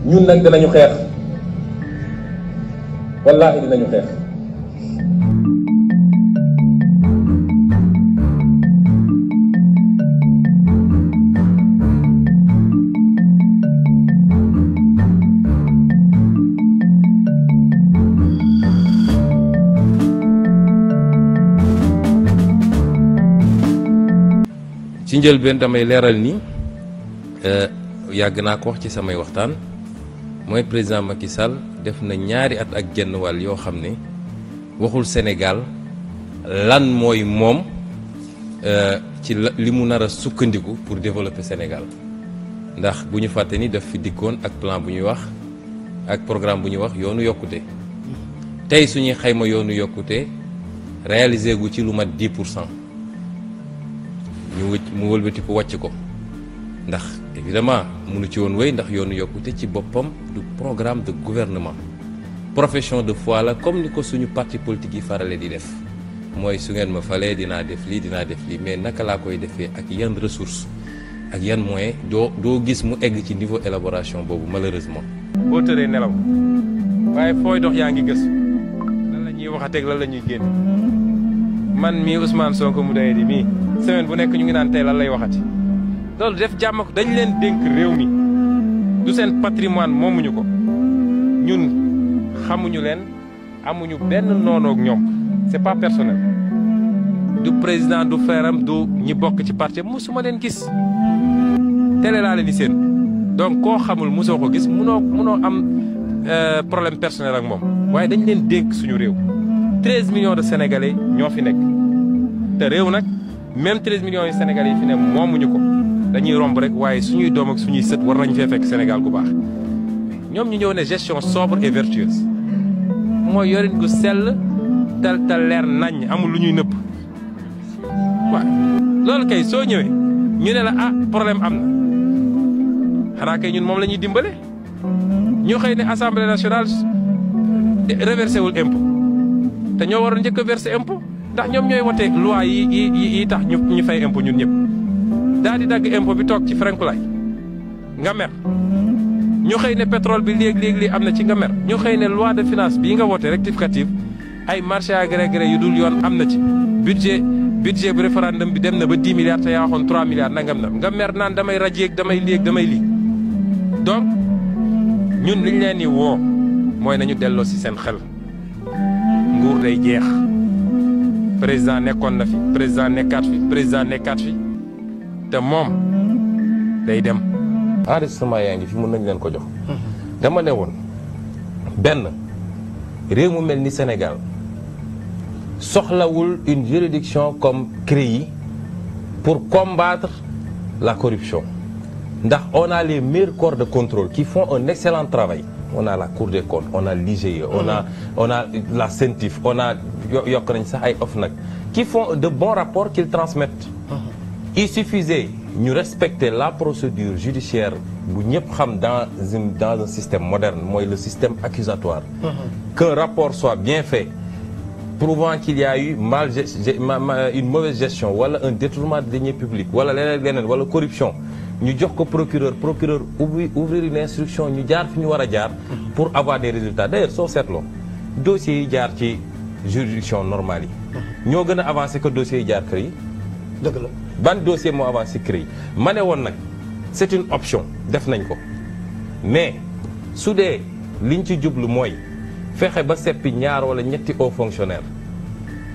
ñun nag dinañu xeex wallaahi dinañu xeex. ci njëlbeen damay leeral ni euh, yàgg naa ko wax ci samay waxtaan. mooy président Macky Sall def na ñaari at ak genn wàll yoo xam ne waxul Sénégal lan mooy moom euh, ci li mu nar a sukkandiku pour développer Sénégal ndax bu ñu fàtte ni daf fi dikkoon ak plan bu ñuy wax ak programme bu ñuy wax yoonu yokkute tey suñuy xayma yoonu yokkute réalisé gu ci lu mat 10 pour cent ñu mu wëlbati ko wàcc ko ndax évidemment mënu ci woon wéy ndax yoonu yokkute ci boppam du programme de gouvernement profession de fois la comme ni ko suñu parti politique yi farale di def mooy su ngeen ma falee dinaa def lii dinaa def lii mais naka laa koy defee ak yan ressources ak yan moyen doo doo gis mu egg ci niveau élaboration boobu malheureusement. boo tëree nelaw waaye fooy dox yaa ngi gëstu lan la ñuy waxateeg lan la ñuy génn man mii Ousmane Sonko mu doyee di mii semaine bu nekk ñu ngi naan tey lan lay waxati. loolu def jàmm ko dañ leen dénk réew mi du seen patrimoine moomuñu ko ñun xamuñu leen amuñu benn noonoog ñoom c'est pas personnel du président du feram du ñi bokk ci parti musuma leen gis télé laa leen di seen donc koo xamul musoo ko gis munoo munoo am euh, problème personnel ak moom waaye dañ leen dénk suñu réew 13 millions de sénégalais ñoo fi nekk te réew nag même 13 millions yu sénégalais yi fi ne moomuñu ko dañuy romb rek waaye suñuy doom ak suñuy sët war nañ fee fekk Sénégal gu baax ñoom ñu ñëw ne gestion sobre et vertueuse mooy yorin gu sell tal tal leer nañ amul lu ñuy nëpp waaw loolu kay soo ñëwee ñu ne la ah problème am na xanaa kay ñun moom lañuy dimbale ñu xëy ne assemblée nationale reversé wul impôt te ñoo waroon njëkk a versé ndax ñoom ñooy wote loi yi yi yi tax ñu ñu fay ñun ñëpp. daal di dagg impôt bi toog ci Ferenkulaay nga mer ñu xëy ne pétrole bi léeg-léeg lii am na ci nga mer ñu xëy ne loi de finance bii nga woote rectificative ay marché à gré gré yu dul yoon am na ci budget budget bu référendum bi dem na ba 10 milliards te yaa waxoon 3 milliards nangam na nga mer naan damay rajeeg damay léeg damay lii donc ñun liñ leen ni woo mooy nañu delloo si seen xel nguur day jeex président nekkoon na fi président nekkaat président nekkaat te moom day dem. enregistrement yaa ngi fi mun nañ leen ko jox. dama ne woon benn réew mu mel ni Sénégal soxlawul une juridiction comme yi pour combattre la corruption ndax on a les meilleurs corps de contrôle qui font un excellent travail. on la cour des comptes on a l'IGE la CENTIF on yokk nañ sax ay nag qui font de bons rapport qu'ils transmettent il suffisait ñu respecter la procédure judiciaire bu ñëpp xam dans un système moderne mooy le système accusatoire mm-hmm. qu'un rapport soit bien fait prouvant qu'il y a eu mal une mauvaise gestion wala un détournement de deniers publics wala leneen leneen wala corruption ñu jox ko procureur procureur ouvrir ouvrir une instruction ñu jaar fi ñu war a jaar pour avoir des résultats d'ailleurs soo seetloo dossiers yi jaar ci juridiction normale yi mm-hmm. ñoo gën a avancé que dossiers jaar yi dëgg la ban dossier moo avant CREI ma ne woon nag c'est une option def nañ ko mais su dee li ñu ci jublu mooy fexe ba seppi ñaar wala ñetti hauts fonctionnaires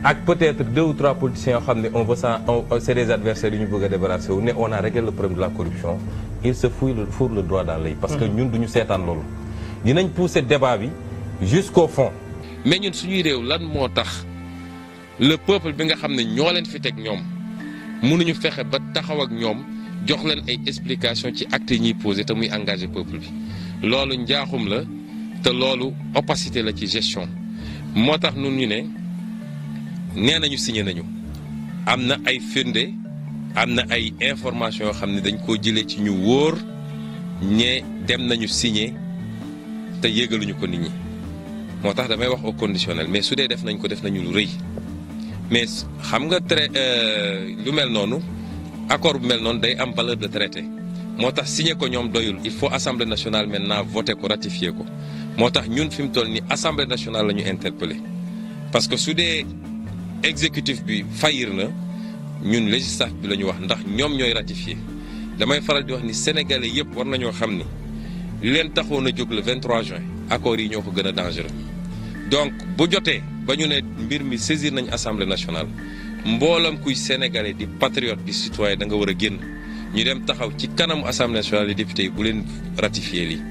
ak peut-être deux ou trois politiciens yoo xam ne on veut ça c'est des yu ñu bëgg a débarrasser wu ne on a réglé le problème de la corruption il se fouille le fourre le droit dans l'œil parce que mmh. ñun duñu seetaan loolu dinañ pousser débat bi jusqu'au fond mais ñun suñuy réew lan moo tax le peuple bi nga xam ne ñoo fi teg ñoom mënuñu fexe ba taxaw ak ñoom jox leen ay explication ci acte yi ñuy posé te muy engagé peuple bi loolu njaaxum la te loolu opacité la ci gestion moo tax nun ñu ne nee nañu signé nañu am na ay firnde am na ay information yoo xam ne dañ koo jëlee ci ñu wóor ñe dem nañu signé te yégaluñu ko nit ñi moo tax damay wax au conditionnel mais su dee def nañ ko def nañu lu rëy mais xam nga trai euh, lu mel noonu accord bu mel noonu day am valeur de traité moo tax signé ko ñoom doyul il faut assemblée nationale maintenant voté ko ratifié ko moo tax ñun fi mu toll nii assemblée nationale la ñu interpellé parce que su dee exécutif bi faillir na ñun législatif bi la ñu wax ndax ñoom ñooy ratifié damay faral di wax ni sénégalais yëpp war nañoo xam ni li leen taxoon a jóg le 23 juin accords yi ñoo ko gën a dangereux. donc bu jotee ba ñu ne mbir mi saisir nañ assemblée nationale mboolam kuy sénégalais di patriote di citoyen da nga war a génn ñu dem taxaw ci kanamu assemblée nationale des députés bu leen ratifier lii.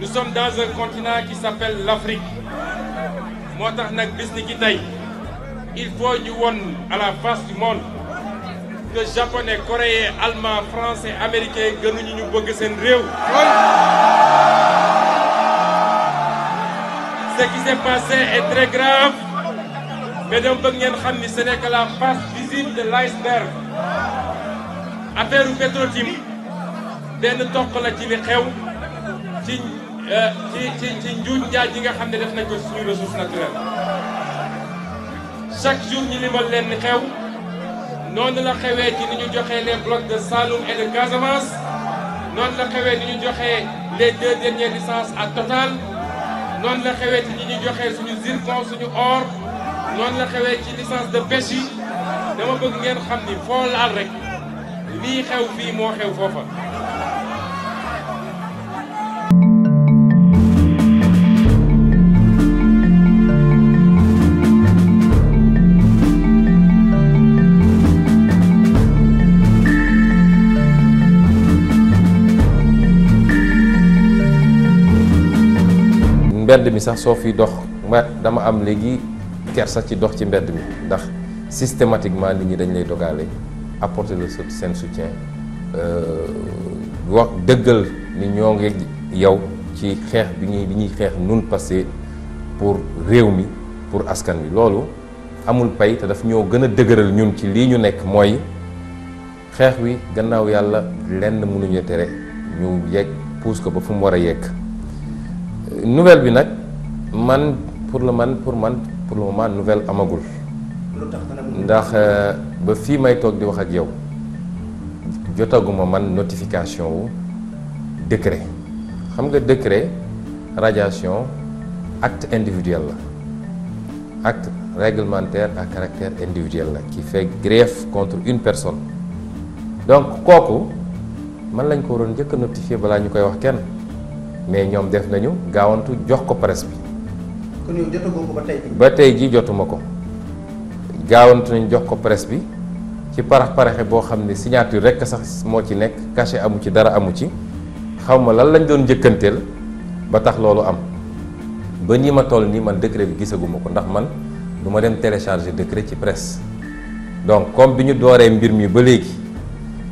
nous sommes dans un continent qui s'appelle l'Afrique moo tax nag bis ni ki tey il faut ñu won à la face du monde que japonais coréen allemand français américain gënuñu ñu bëgg seen réew. ce qui s'est passé est très ngeen xam ni ce n'est que la face visible de l'iceberg affaire Petrotim benn la ci li xew ci euh, ci ci yi nga xam ne def nañ ko suñu ressource naturelle chaque jour ñu limal leen ni xew noonu la xewee ci ni ñu joxee les blocs de Saloum et de Casamance noonu la xewee ni ñu joxee les deux dernières licences à Total noonu la xewee ci ñi ñu joxee suñu zircon suñu or noonu la xewee ci licence de pêche dama bëgg ngeen xam ni foo laal rek lii xew fii moo xew foofa mbedd mi sax soo fi dox ma dama am léegi sax ci dox ci mbedd mi ndax systématiquement nit ñi dañ lay dogaale apporter le seen soutien euh, wax dëggal ni ñoo ngi yow ci xeex bi ñuy bi ñuy xeex nun passé pour réew mi pour askan wi loolu amul pay te daf ñoo gën a dëgëral ñun ci lii ñu nekk mooy xeex wi gannaaw yàlla lenn mënuñu tere ñu yegg puus ko ba fu mu war a yegg nouvelle bi nag man pour le man pour man pour le man nouvelle amagul. ndax euh, ba fii may toog di wax ak yow jotaguma man notification wu décret xam nga décret radiation acte individuel la acte réglementaire à caractère individuel la ki fait grief contre une personne donc kooku man lañ ko waroon jëkk a balaa ñu koy wax kenn. mais ñoom def nañu gaawantu jox ko presse bi. ba tey jii. jotuma ko gaawantu nañ jox ko presse bi ci parax paraxe boo xam ne signature rek sax moo ci nekk cachet amu ci dara amu ci xaw ma lan lañ doon njëkkanteel ba tax loolu am ba nii ma toll nii man décret bi gisaguma ko ndax man du ma dem télécharger décret ci presse donc comme bi ñu dooree mbir mi ba léegi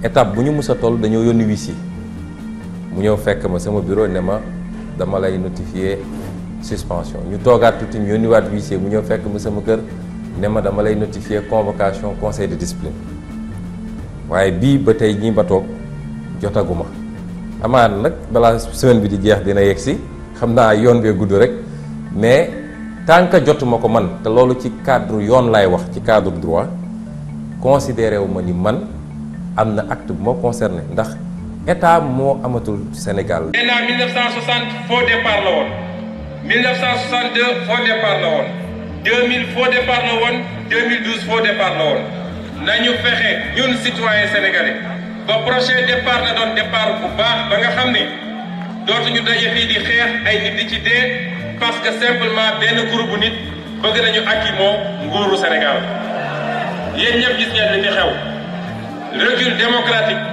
étape bu ñu mus a toll dañoo yónni huissier. mu ñëw fekk ma sama bureau ne ma dama lay notifier suspension ñu toogaat tuuti ñu yónniwaat huissier mu ñëw fekk ma sama kër ne ma dama lay notifier convocation conseil de discipline waaye bii ba tey ñi ma toog jotaguma amaan nag balaa semaine bi di jeex dina yegg si xam naa yoon bee gudd rek mais tant que jotuma ko man te loolu ci cadre yoon laay wax ci cadre droit considéré wu ma ni man am na act bu ma concerné ndax état moo amatul Sénégal. nee naa 1960 faux départ la woon 1962 faux départ la woon 2000 faux départ la woon 2012 faux départ la woon nañu fexe ñun citoyen sénégalais ba prochain départ na doon départ bu baax ba nga xam ne dootuñu daje fii di xeex ay nit di ci dee parce que simplement benn groupe bu nit bëgg nañu akki moo nguuru Sénégal yéen ñëpp gis ngeen fi xew recul démocratique.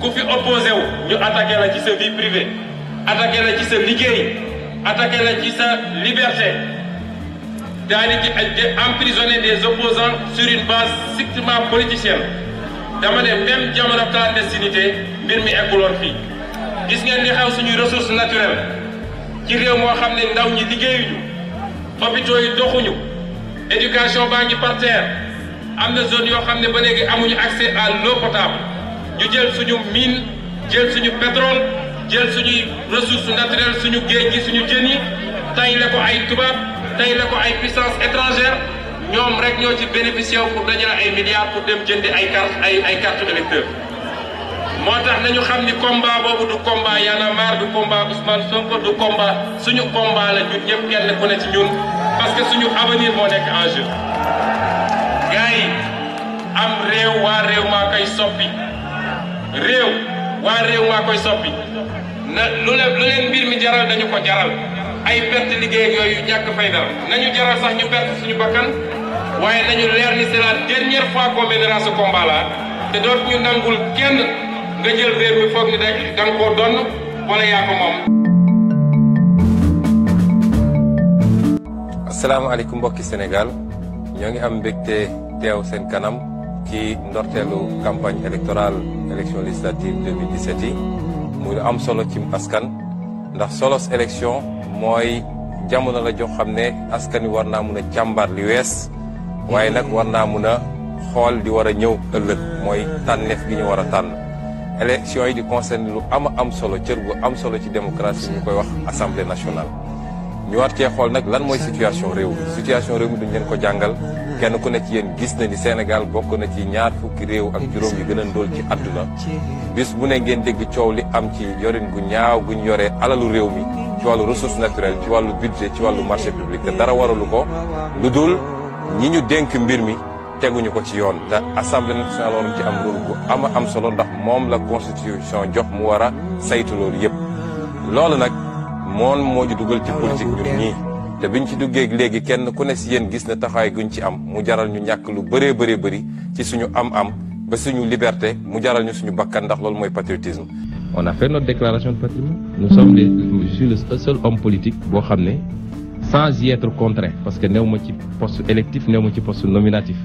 ku fi opposé wu ñu attaqué la ci sa vie privée attaqué la ci sa liggéey attaqué la ci sa liberté daal di ci emprisonner des opposants sur une base strictement politicienne dama ne même jamono clandestinité mbir mi egguloon fii gis ngeen ni xew suñuy ressource naturelles ci réew moo xam ne ndaw ñi liggéeyuñu hôpitaux yi doxuñu éducation baa ngi par am na zone yoo xam ne ba léegi amuñu accès à l'eau potable ñu jël suñu mine jël suñu pétrole jël suñuy ressources naturelles suñu géej gi suñu jën yi tay la ko ay tubaab tay la ko ay puissance étrangère ñoom rek ñoo ci bénéficié wu pour dajale ay milliards pour dem jëndi ay carte ay ay carte électeur moo tax nañu xam ni combat boobu du combat Y en a marre du combat Ousmane du combat suñu combat la ñun ñëpp kenn ku ne ci ñun parce que suñu avenir moo nekk en jeu gars am réew waa réew maa koy soppi réew waa réew waa koy soppi lu leen mbir mi jaral dañu ko jaral ay perte liggéey yooyu ñàkk fay dara nañu jaral sax ñu perte suñu bakkan waaye nañu leer ni c'est la fois qu'on mènera ce combat là te doot ñu nangul kenn nga jël réew mi foog ni rek da koo donn wala yaa ko moom. asalaamaaleykum mbokki Sénégal ñoo ngi am mbégte teew seen kanam. ci ndorteelu campagne électorale élection législative 2017 yi muy lu am solo ci askan ndax solos élection mooy jamono la jox xam ne askan wi war naa mun a càmbar li wees waaye nag war naa mun a xool di war a ñëw ëllëg mooy tànneef gi ñu war a tànn élection yi di concerne lu am am solo cër gu am solo ci démocratie ñu koy wax assemblée nationale ñu war cee xool nag lan mooy situation réew mi situation réew mi duñ leen ko jàngal kenn ku ne ci yéen gis na ni Sénégal bokk na ci ñaar fukki réew ak juróom yu gën a ndóol ci àdduna bis bu ne ngeen dégg coow li am ci yorin gu ñaaw ñu yore alalu réew mi ci wàllu ressource naturelle ci wàllu budget ci wàllu marché public te dara waralu ko lu dul ñi ñu dénk mbir mi teguñu ko ci yoon te assemblée nationale waroon ci am rôle bu ama am solo ndax moom la constitution jox mu war a saytu loolu yëpp loolu nag moom moo ñu dugal ci politique ñun ñii te biñ ci duggee léegi kenn ku ne si yéen gis na taxawaay guñ ci am mu jaral ñu ñàkk lu bëree bëree bari ci suñu am-am ba suñu liberté mu jaral ñu suñu bakkan ndax loolu mooy patriotisme. on a fait notre déclaration de patrimoine. nous sommes les je suis politique boo xam ne sans y être contraint parce que new ma ci post électif néew ma ci post nominatif.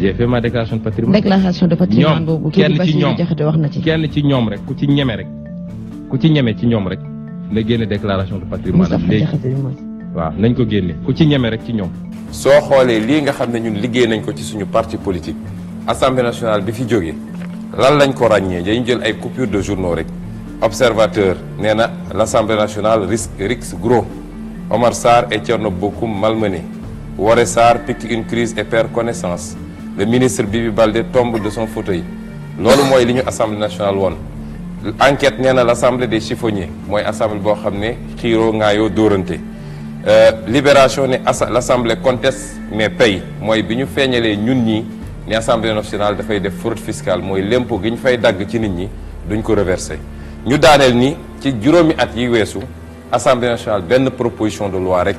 j'ai fait ma déclaration de patrimoine. déclaration de patrimoine boobu kenn ci ñoom rek ku ci ñeme rek ku ci ñeme ci ñoom rek. na génne déclaration de patrimoine am waaw nañ ko génne ku ci ñeme rek ci ñoom soo xoolee lii nga xam ne ñun liggéey nañ ko ci suñu parti politique assemblée nationale bi fi jógee lan lañ ko ràññee dañu jël ay coupure de journaux rek observateur nee na l' assemblée nationale risque risque gros Omar Sarr et Thierno Bocoum malmenés Woré Sarr pique une crise et perd connaissance le ministre Bibi Baldé tombe de son fauteuil loolu mooy li ñu assemblée nationale woon enquête nee na l'assemblée des chiffonniers mooy assemblée boo xam ne xiiroo ngaayoo dóorante euh, libération ne asa l'assemblée conteste mais paye mooy bi ñu feeñalee ñun ñi ne assemblée nationale dafay def fraude fiscale mooy lémpo gi ñu fay dagg ci nit ñi duñ ko reverser ñu daaneel ni ci juróomi at yi weesu assemblée nationale benn proposition de loi rek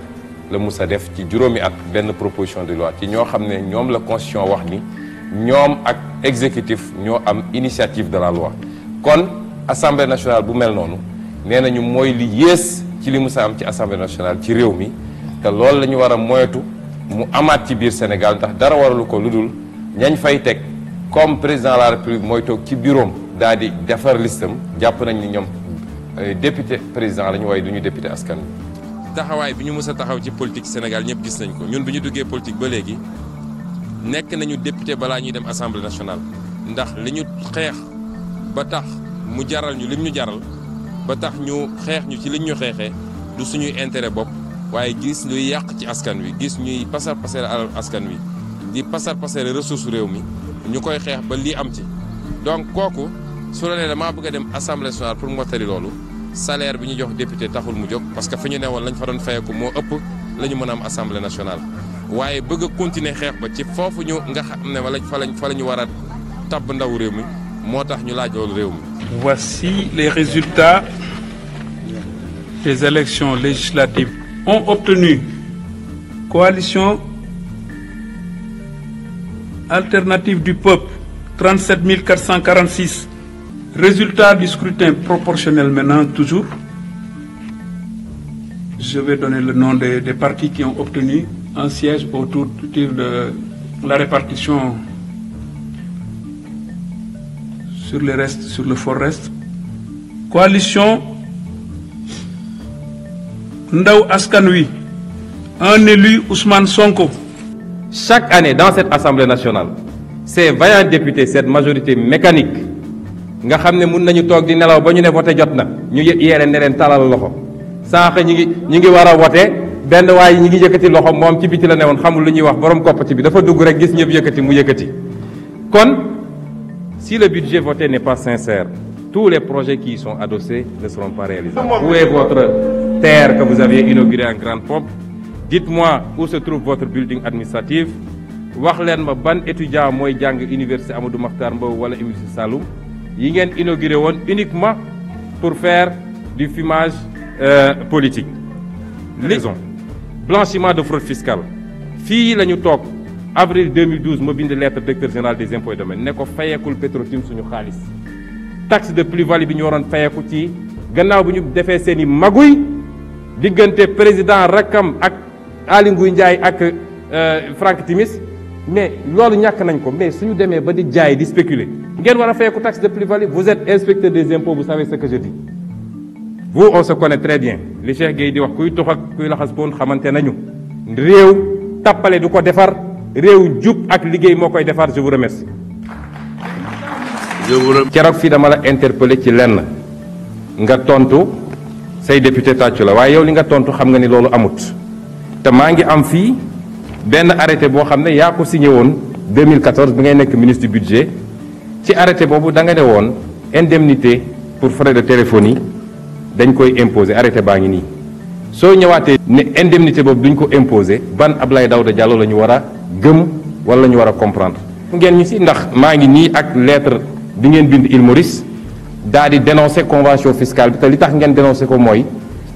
la mus a def ci juróomi at benn proposition de loi ci ñoo xam ne ñoom la constitution wax ni ñoom ak exécutif ñoo am initiative de la loi assemblée nationale bu mel noonu nee nañu mooy li yées ci li musa am ci assemblée nationale ci réew mi te loolu la ñu war a moytu mu amaat ci biir Sénégal ndax dara waralu ko lu dul ñañ fay teg comme président la république mooy toog ci bureau daal di defar listam jàpp nañ ni ñoom euh, député président la ñu waaye du ñu député askan taxawaay bi ñu mës a taxaw ci politique Sénégal ñëpp gis nañ ko ñun bi ñu duggee politique ba léegi nekk nañu député balaa ñuy dem assemblée nationale ndax li ñu tax mu jaral ñu lim ñu jaral ba tax ñu xeex ñu ci liñ ñu xeexee du suñuy intérêt bopp waaye gis luy yàq ci askan wi gis ñuy pasar pasar alal askan wi di pasar pasar ressource réew mi ñu koy xeex ba lii am ci donc kooku su la nee damaa bëgg a dem assemblée nationale pour mottali loolu salaire bi ñu jox député taxul mu jóg parce que fi ñu woon lañ fa doon fayeeku moo ëpp la mën a am assemblée nationale waaye bëgg a continuer xeex ba ci foofu ñu nga xam ne wala fa lañ fa la ñu war a tabb ndaw réew mi moo tax ñu laaj loolu réew mi Voici les résultats des élections législatives. Ont obtenu coalition alternative du peuple 37 446. Résultat du scrutin proportionnel maintenant toujours. Je le nom des, des partis qui ont obtenu un siège de la répartition sur le reste, sur le fort reste coalition Ndaw Askan Wi un élu Ousmane Sonko. chaque année dans cette assemblée nationale ces vaillants députés cette majorité mécanique nga xam ne mun nañu toog di nelaw ba ñu ne voté jot na ñu yeere ne leen talal loxo sànq ñi ngi ñi ngi war a voté benn waaye ñi ngi yëkkati loxo moom ci biti la ne woon xamul lu ñuy wax borom koppati bi dafa dugg rek gis ñëpp yëkkati mu yëkkati kon. Si le budget voté n'est pas sincère, tous les projets qui y sont adossés ne seront pas réalisables. Où est votre terre que vous aviez inaugurée en grande pompe? Dites-moi où se trouve votre building administratif wax leen ma ban étudiant mooy jàng université Amadou Mahtar Mbow wala université Saloum yi ngeen inauguré woon uniquement pour faire du fumage euh, politique. raison blanchiment de fraude fiscale fii la ñu toog. avril 2012 ma bind lettre directeur général des impôts et domaines ne ko fayekul Petrotim suñu xaalis taxe de plus-value bi ñu waroon fayeku ci gannaaw bi ñu defee seen i maguy diggante président rakkam ak Aly guy njaay ak euh, Franck Timis mais loolu ñàkk nañ ko mais suñu demee ba di jaay di spéculer ngeen war a fayeku taxe de plus-value vous êtes inspecteur des impôts vous savez ce que je dis vous on se très bien li Cheikh Gueye di wax kuy tox ak kuy laxas poon xamante nañu réew tappale du ko defar réew jub ak liggéey moo koy defar je vous remercie. keroog fii dama la interpellé ci lenn nga tontu say député tàccu la waaye yow li nga tontu xam nga ni loolu amut te maa ngi am fii benn arrêté boo xam ne yaa ko signé woon 2014 bi ngay nekk ministre budget ci arrêté boobu danga ne woon indemnité pour frais de yi dañ koy imposer arrêté baa ngi nii soo ñëwaatee ne indemnité boobu duñ ko imposer ban Ablaye Daouda Diallo la ñu war a gëm wala la ñu war a comprendre ngeen ñu si ndax maa ngi nii ak lettre bi ngeen bind Île Maurice daal di dénoncer convention fiscale bi te li tax ngeen dénoncer ko mooy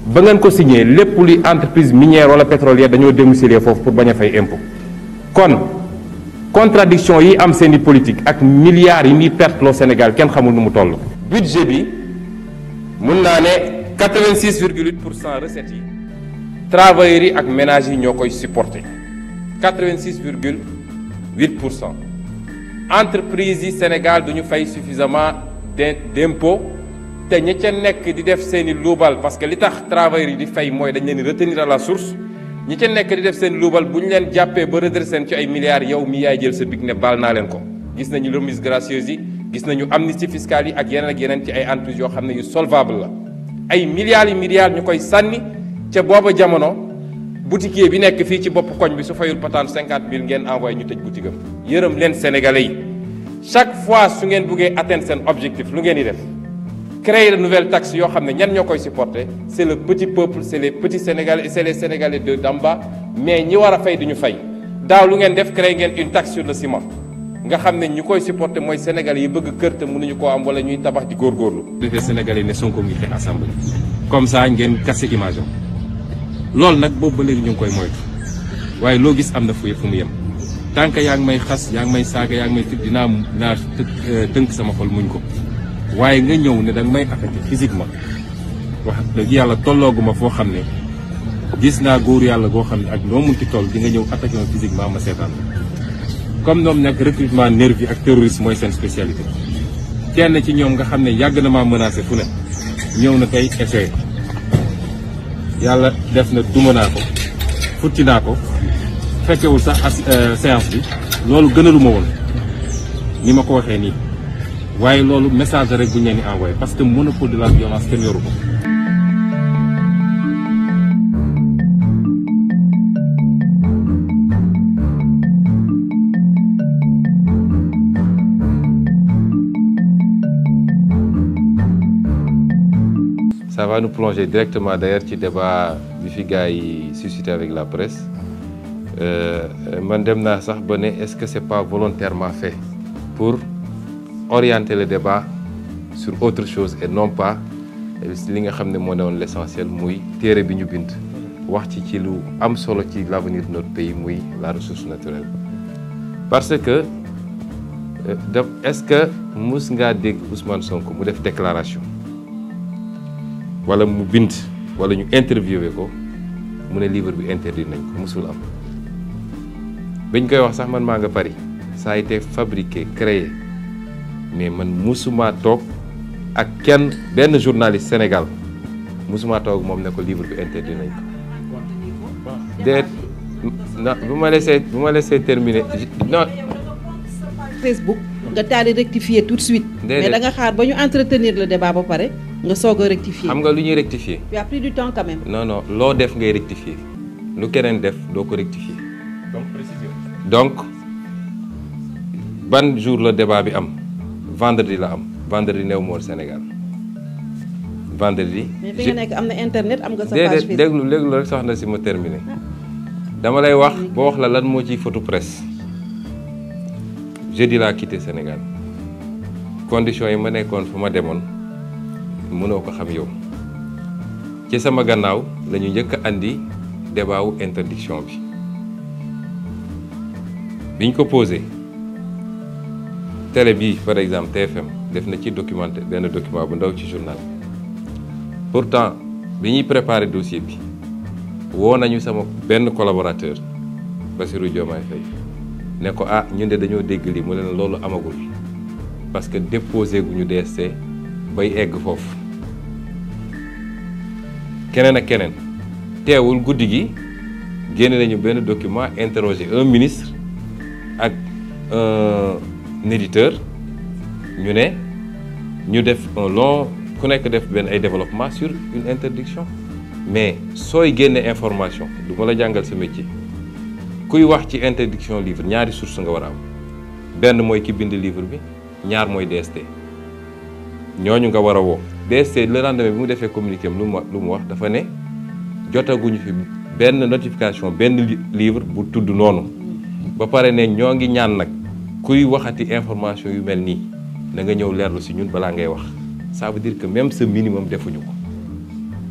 ba ngeen ko signé lépp luy entreprise minière wala pétrolière dañoo domicilier foofu pour bañ a fay impôt kon contradiction yi am seeni politique ak milliards yi ñuy perte loo Sénégal kenn xamul nu mu toll budget bi mun naa ne 86 virgule 8 pour cent recettes yi travailleurs yi ak ménages yi ñoo koy supporté 86 virgule 8 pour cent entreprise yi Sénégal duñu fay suffisamment d'impôt te ña ca nekk di def seen i luubal parce que li tax travailleurs yi di fay mooy dañ leen retenir à la source ñi ca nekk di def seen luubal bu ñu leen jàppee ba redresser seen ci ay milliards yow mi yaay jël sa big ne baal naa leen ko gis nañu remise gracieuse yi gis nañu amnistie fiscale yi ak yeneen ak yeneen ci ay entreprises yoo xam ne yu solvable la ay milliards yu milliards ñu koy sànni ca booba jamono boutiquier bi nekk fii ci bopp koñ bi su fayul patente cinquante mille ngeen envoyé ñu tëj boutique am yërëm leen sénégalais yi chaque fois su ngeen buggee atteindre seen objectif lu ngeen di def créer de nouvelles taxes yoo xam ne ñan ñoo koy supporter c' est le petit peuple c' est les petits de Damba mais ñi war a fay du ñu fay daaw lu ngeen def créer ngeen une taxe sur le ciment nga xam ne ñi koy supporter mooy sénégalais yi bëgg kër te mënuñu ko am wala ñuy tabax di góorgóorlu. bu defee sénégalais ne Sonko ngi xeex assemblée comme ça ngeen casser image loolu nag boobu ba léegi ñu ngi koy moytu waaye loo gis am na fu fu mu yem tànk yaa ngi may xas yaa ngi may saaga yaa ngi may tudd dinaa naa euh, tënk sama xol muñ ko waaye nga ñëw ne danga may attaqué physiquement wax dëgg yàlla tollooguma foo xam ne gis naa góor yàlla goo xam ne ak noo mun ci toll di nga ñëw attaqué ma physiquement ma seetaan comme ñoom nag recrutement nervi ak terrorisme mooy seen spécialité kenn ci ñoom nga xam ne yàgg na maa menacé fu ne ñëw na tey essayé yàlla def na duma naa ko futti naa ko fekkewul sax as euh, séance bi loolu gënaluma woon ni ma ko waxee nii waaye loolu message rek bu ñu leen di envoyé parce que monopole de la violence kenn yoru ko ça va nous directement d'ailleurs ci débat bi fi gars yi suscité avec la presse euh, man dem naa sax ba ne est-ce que c'est pas volontairement fait pour orienter le débat sur autre chose et non pas li nga xam ne moo newoon l'essentiel muy téere bi ñu bind wax ci ci lu am solo ci l'avenir de notre pays muy la ressource naturelle parce que euh, da est-ce que mus ngaa dégg Ousmane Sonko mu def déclaration wala mu bind wala ñu interviewé ko mu ne livre bi interdit nañ ko mosul am biñ koy wax sax man maa nga Paris ça a été fabriqué mais man mosumaa toog ak kenn benn journaliste Sénégal mosumaa toog moom ne ko livre bi interdit nañ ko déet non bu ma laissé bu ma laissé terminer non Facebook nga taal di rectifier tout de suite mais da nga xaar ba ñu entretenir le débat ba pare nga soog a rectifier. xam nga lu ñuy rectifier. tu du temps quand même. non loo def ngay rectifier lu keneen def doo ko rectifier. donc donc ban jour la débat bi am vendredi la am vendredi néew mool Sénégal vendredi. mais fi nga nekk am na internet am nga sa déglu déglu rek si ma terminé dama lay wax ah. wax la lan moo ciy photo presse jeudi laa quitté Sénégal conditions yi ma nekkoon fu ma demoon. mënoo ko xam yow ci sama gannaaw la ñu njëkk a andi débat wu interdiction bi biñ ko posé télé bi par exemple TFM def na ci documenté benn document bu ndaw ci journal pourtant bi ñuy préparé dossier bi woo nañu sama benn collaborateur Bassirou Diomaye Faye ne ko ah ñu ne dañoo dégg li mu ne loolu amagul parce que déposé gu ñu DST bay egg foofu keneen ak keneen teewul guddi gi génne nañu benn document interroger un ministre ak euh, un éditeur ñu ne ñu def un long ku nekk def benn ay développement sur une interdiction mais sooy génne information du ma la jàngal sa métier kuy wax ci interdiction livre ñaari source nga war a am benn mooy ki bind livre bi ñaar mooy DST ñooñu nga war a woo DST le lendemain bi mu defee communiqué am lu mu lu mu wax dafa ne jotaguñu fi benn notification benn livre bu tudd noonu ba pare ne ñoo ngi ñaan nag kuy waxati information yu mel nii da nga ñëw leerlu si ñun balaa ngay wax ça veut dire que même ce minimum defuñu ko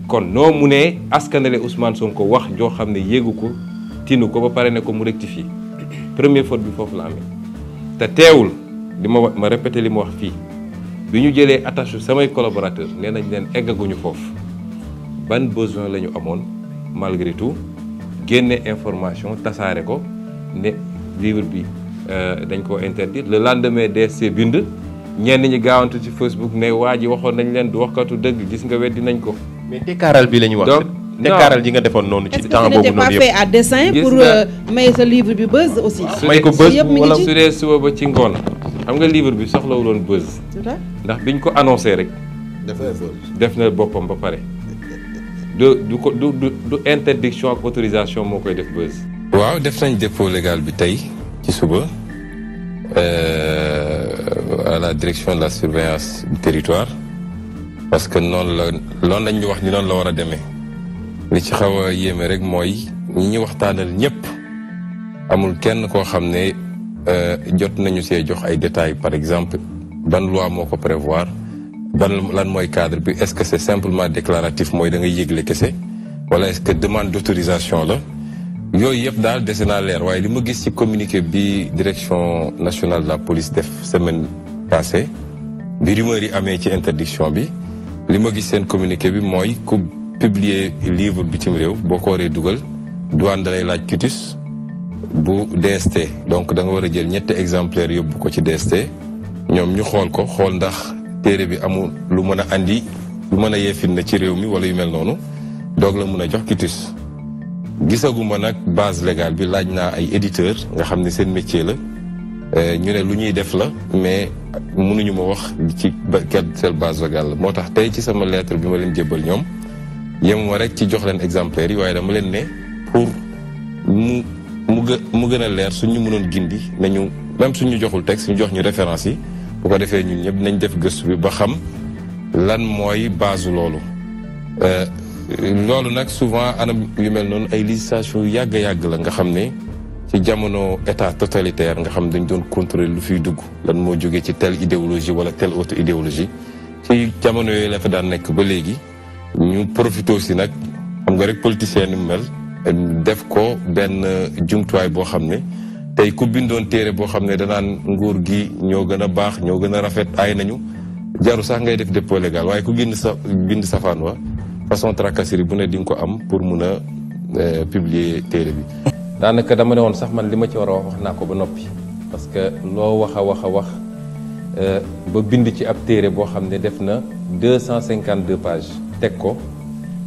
kon noo mu ne askanale Ousmane ko wax joo xam ne yéegu ko tinu ko ba pare ne ko mu rectifier première faute bi foofu la amee te teewul li ma ma répété li ma wax fii bi ñu jëlee attache samay collaborateurs nee nañ leen eggaguñu foofu ban besoin la ñu amoon malgré tout génne information tasaare ko ne livre bi euh, dañ koo interdire le lendemain DSC bind ñenn ñi gaawantu ci Facebook ne waa ji waxoon nañ leen du waxkatu dëgg gis nga weddi nañ ko. mais déclaral bi la ñu wax. déclaral ji nga defoon noonu ci temps boobu noonu yëpp est-ce que à dessein pour euh, may sa livre bi buzz aussi. ko buzz wala su dee suba ba ci ngoon. xam nga livre bi soxlawul woon buzz. ndax ñu ko annoncé rek. def na boppam ba pare. du du ko du du interdiction ak autorisation moo koy def buzz. waaw def nañ dépôt légal bi tey ci suba euh, à la direction de la surveillance du territoire parce que noonu la loolu lañ ñu wax ni noonu la war a demee li ci xaw a yéeme rek mooy ñi ñu waxtaanal ñëpp amul kenn koo xam ne. Euh, jot nañu see jox ay détails par exemple ban loi moo ko prévoir ban lan mooy cadre bi est-ce que c'est simplement déclaratif mooy da nga yëgle kese wala est-ce que demande d'autorisation la yooyu yëpp daal dese naa leer waaye li ma gis ci communiqué bi direction nationale de la police def semaine passée bi rumeur yi amee ci interdiction bi li ma gis seen communiqué bi mooy ku publier livre bitim réew boo ko dugal douane dalay laaj cutis bu DST donc da nga war a jël ñetti exemplaire yóbbu ko ci DST ñoom ñu xool ko xool ndax téere bi amul lu mën a indi lu mën a yeefin na ci réew mi wala yu mel noonu doog la mën a jox kitus gisaguma nag base légale bi laaj naa ay éditeur nga xam ni seen métier la euh, ñu ne lu ñuy def la mais mënuñu ma wax ci kenn seen base légale la moo tax tey ci sama lettre bi ma leen jébbal ñoom yemuma rek ci jox leen exemplaire yi waaye dama leen ne pour mu mu gë mu gën a leer suñu mënoon gindi nañu même suñu joxul texte ñu jox ñu référence yi bu ko defee ñun ñëpp nañ def gëstu bi ba xam lan mooy base loolu. Euh, loolu nag souvent anam yu mel noonu ay législation yu yàgg yàgg la nga xam ne ci jamono état totalitaire nga xam dañu doon contrôler lu fiy dugg lan moo jógee ci telle idéologie wala telle autre idéologie ci jamono yooyu la fa daan nekk ba léegi ñu profité si nag xam nga rek politicien ni mu mel. def ko benn jumtuwaay boo xam ne tey ku bindoon téere boo xam ne danaan nguur gi ñoo gën a baax ñoo gën a rafet ay nañu jaru sax ngay def dépôt légal waaye ku bind sa bind safaan wa façon tracasserie bu ne di nga ko am pour mun a euh, publier téere bi daanaka dama ne woon sax man li ma ci war a wax naa ko ba noppi parce que loo wax a wax a wax euh, ba bind ci ab téere boo xam ne def na deux cent cinquante deux pages teg ko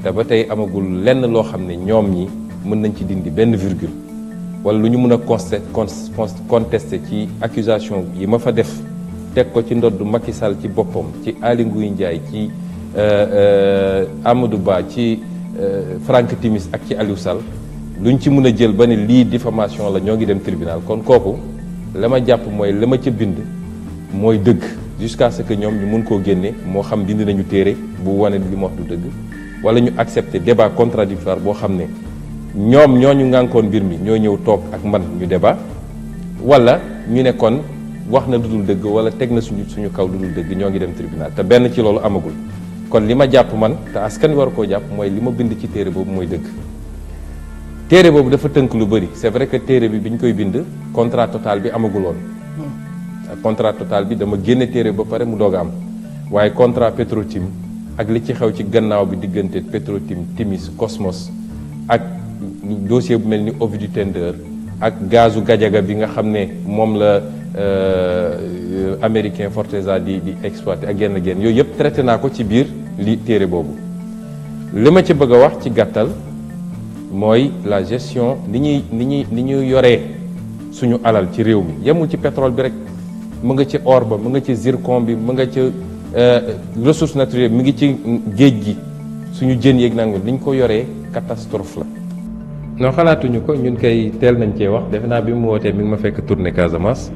te ba tey amagul lenn loo xam ne ñoom ñi mën nañ ci dindi benn virgule wala lu ñu mën a conste contester ci accusation yi ma fa def teg ko ci ndodd Macky Sall ci boppam ci Aly Ngouille Ndiaye ci euh, euh, Amadou Ba ci euh, Franck Timis ak ci Aliou Sall luñ ci mën a jël ba ne lii diffamation la ñoo ngi dem tribunal kon kooku la ma jàpp mooy la ma ca bind mooy dëgg jusqu'à ce que ñoom ñu mun koo génne moo xam bind nañu téere bu wane li ma du dëgg wala ñu accepter débat contradictoire boo xam ne ñoom ñoo ñu ngànkoon mbir mi ñoo ñëw toog ak man ñu débat wala ñu nekkoon wax na lu dul dëgg wala teg na suñu kaw lu dul dëgg ñoo ngi dem tribunal te benn ci loolu amagul kon li ma jàpp man te askan wi war koo jàpp mooy li ma bind ci téere boobu mooy dëgg téere boobu dafa tënk lu bëri c'est vrai que téere bi bi ñu koy bind contrat totale bi amaguloon hmm. contrat totale bi dama génne téere ba pare mu doog am waaye contrat petro ak li ci xew ci gannaaw bi diggante petro Timis Cosmos ak dossier bu mel ni Ovi du Tender ak gazu Gadiaga bi nga xam ne moom la euh, américain Forteza di di exploité ak genn genn yooyu yëpp traité naa ko ci biir li téere boobu li ma ci bëgg a wax ci gàttal mooy la gestion ni ñuy ni ñuy ni ñuy yoree suñu alal ci réew mi yemul ci pétrole bi rek mu nga ci or ba mu nga ci zircon bi mu nga ci euh, ressource naturelle mi ngi ci géej gi suñu jën yeeg nangu ni ñu ko yoree catastrophe la non xalaatuñu ko ñun kay teel nañ cee wax defe naa bi mu wootee mi ngi ma fekk tournée Casamance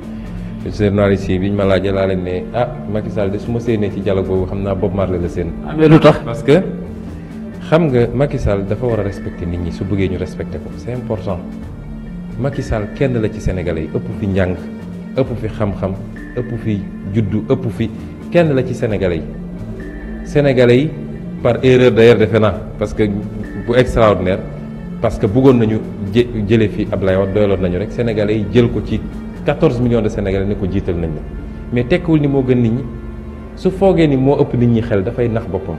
journaliste yi bi ñu ma laajee laa leen ne ah Macky Sall de su ma séenee ci dialogue boobu xam naa Bob Marley la seen. amee ah, lu tax parce que xam nga Macky Sall dafa war a respecter nit ñi su bëggee ñu respecter ko c'est important Macky Sall kenn la ci sénégalais yi ëpp fi njàng ëpp fi xam-xam ëpp fi juddu ëpp fi kenn la ci sénégalais yi sénégalais yi par erreur d'ailleurs defe naa parce que bu extraordinaire. parce que bëggoon nañu jë jëlee fi Ablaye Wade doyaloon nañu rek sénégalais yi jël ko ci 14 millions de sénégalais ne ko jiital nañ la mais tekkiwul ni moo gën nit ñi su foogee ni moo ëpp nit ñi xel dafay nax boppam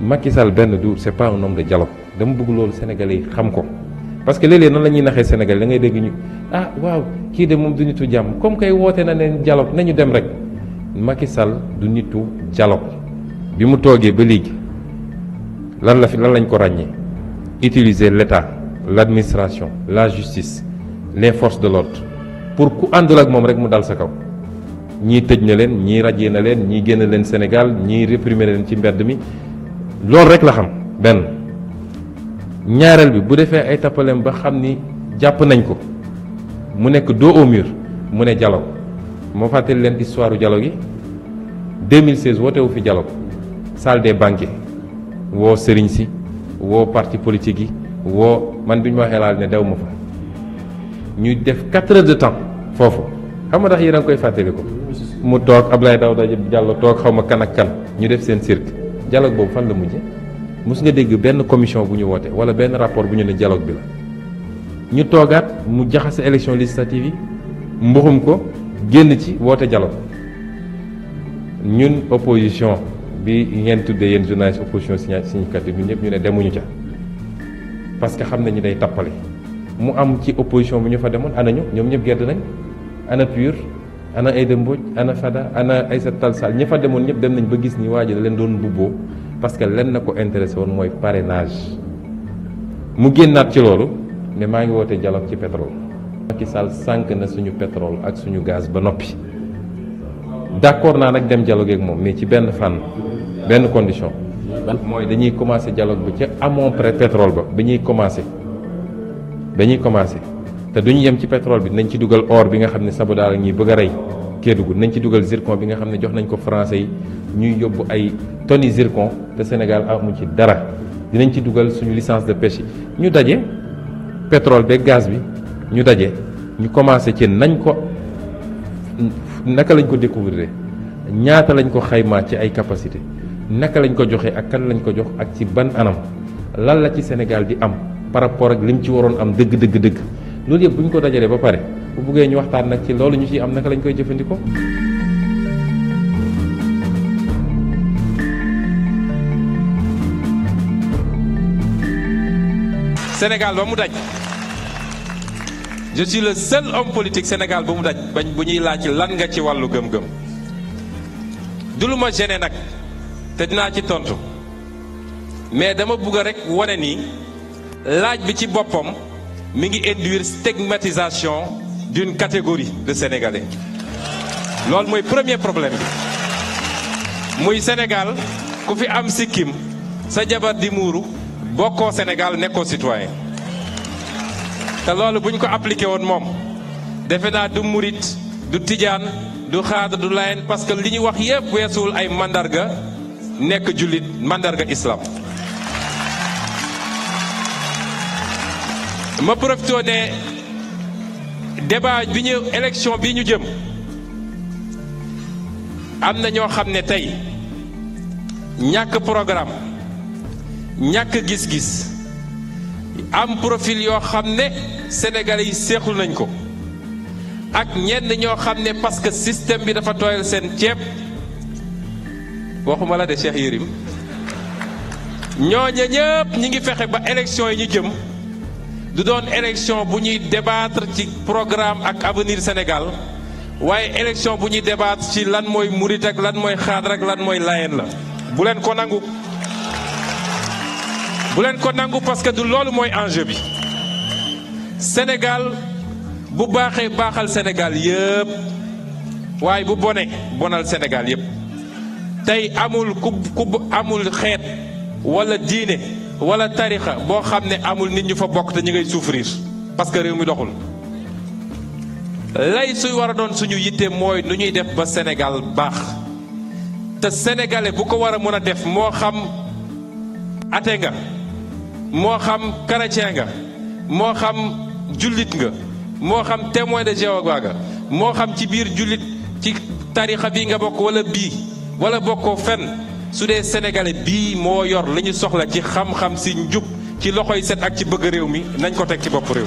Macky Sall benn du c'est pas un homme de dialogue dama bëgg loolu sénégalais yi xam ko. parce que léeg-léeg noonu la ñuy naxee sénégalais da ngay dégg ñu ah waaw kii de moom du nitu jàmm comme kay wootee na ne dialogue nañu dem rek Macky Sall du nitu dialogue bi mu toogee ba léegi lan la fi lan lañ ko ràññee. utiliser l'État l'administration la justice les forces de l'ordre pour ku àndul ak moom rek mu dal sa kaw ñii tëj na leen ñii rajee na leen ñii génn leen Sénégal ñii réprimer leen ci mbedd mi loolu rek la xam benn ñaareel bi bu defee ay tappaleem ba xam ni jàpp nañ ko mu nekk dos au mur mu ne dialogue moo fàttali leen histoire u dialogue yi 2016 woote wu fi dialogue salle des banquets woo sëriñ si woo parti politique yi woo man bi ñu waxee laal ne dew ma fa ñu def quatre heures de temps foofu xam nga ndax yéen a ngi koy fàttali ko mu toog Abdoulaye Daouda Diallo toog xaw ma kan ak kan ñu def seen cirque dialogue boobu fan la mujje mos nga dégg benn commission bu ñu woote wala benn rapport bu ñu ne dialogue bi la ñu toogaat mu jaxase élection législative yi mbuxum ko génn ci woote dialogue ñun opposition bi ngeen tuddee yéen journaliste opposition significative ñun ñëpp ñu ne demuñu ca parce que xam nañu day tappale mu am ci opposition bi ñu fa demoon ana ñoom ñëpp gedd nañ ana PUR ana Aïda Mbodj ana Fada ana Aïssata Tall Sall ñi fa demoon ñëpp dem nañ ba gis ni waa ji da leen doon bubboo parce que len na ko intéressé woon mooy parrainage mu génnaat ci loolu ne maa ngi woote dialogue ci pétrole Macky Sall sànq na suñu pétrole ak suñu gaz ba noppi d'accord naa nag dem dialogue ak moom mais ci benn fànn benn condition mooy dañuy commencé jaloog bi ca amoon pré pétrole ba bi ñuy commencé dañuy commencé te duñu yem ci pétrole bi nañ ci dugal or bi nga xam ne Sabodala la ñuy bëgg a rey Kédougou nañ ci dugal zircon bi nga xam ne jox nañ ko français yi ñuy yóbbu ay tonni zircon te Sénégal amu ci dara dinañ ci dugal suñu licence de pêche yi ñu daje pétrole beeg gaz bi ñu daje ñu commencé ci nañ ko naka lañ ko découvrir ñaata lañ ko xaymaa ci ay capacité naka lañ ko joxe ak kan lañ ko jox ak ci ban anam lan la ci Sénégal di am par ak lim ci waroon am dëgg dëgg dëgg loolu yëpp bu ñu ko dajalee ba pare bu buggee ñu waxtaan nag ci loolu ñu ciy am naka lañ koy jëfandikoo. Sénégal ba mu daj je suis le seul homme ba mu daj bañ bu ñuy laaj lan nga ci wàllu gëm-gëm du lu ma gêné nag. te dinaa ci tontu mais dama bugg rek wane ni laaj bi ci boppam mi ngi induire stigmatisation d'une catégorie de sénégalais loolu mooy premier problème bi muy Sénégal ku fi am sikkim sa jabar di muuru bokkoo Sénégal nekkoo citoyen te loolu buñ ko appliqué woon moom defe naa du murit du tijaan du xaadar du layen parce que li ñu wax yépp weesuwul ay mandarga nekk jullit màndarga islam ma profitoo ne débat bi ñu élection bi ñu jëm am na ñoo xam ne tey ñàkk programme ñàkk gis-gis am profil yoo xam ne senegal yi seexlu nañ ko ak ñenn ñoo xam ne parce que système bi dafa tooyal seen ceeb waxuma la de Cheikh Yérim ñooña ñëpp ñi ngi fexe ba élection yi ñu jëm du doon élection bu ñuy débattre ci programme ak avenir Sénégal waaye élection bu ñuy débattre ci lan mooy murit ak lan mooy xaadar ak lan mooy layeen la bu leen ko nangu bu leen ko parce que du loolu mooy enjeu bi Sénégal bu baaxee baaxal Sénégal yëpp waaye bu bone bonal Sénégal yëpp tey amul ku ku amul xeet wala diine wala tarixa boo xam ne amul nit ñu fa bokk te ñu ngay souffrir parce que réew mi doxul lay suy war a doon suñu yitte mooy nu ñuy def ba Sénégal baax te sénégalais bu ko war a mën a def moo xam ate nga moo xam chrétien nga moo xam jullit nga moo xam témoin de Jéhovah nga moo xam ci biir jullit ci tarixa bii nga bokk wala bii wala bokkoo fen su dee sénégalais bii moo yor li soxla ci xam-xam si njub ci yi set ak ci bëgg réew mi nañ ko teg ci bopp réew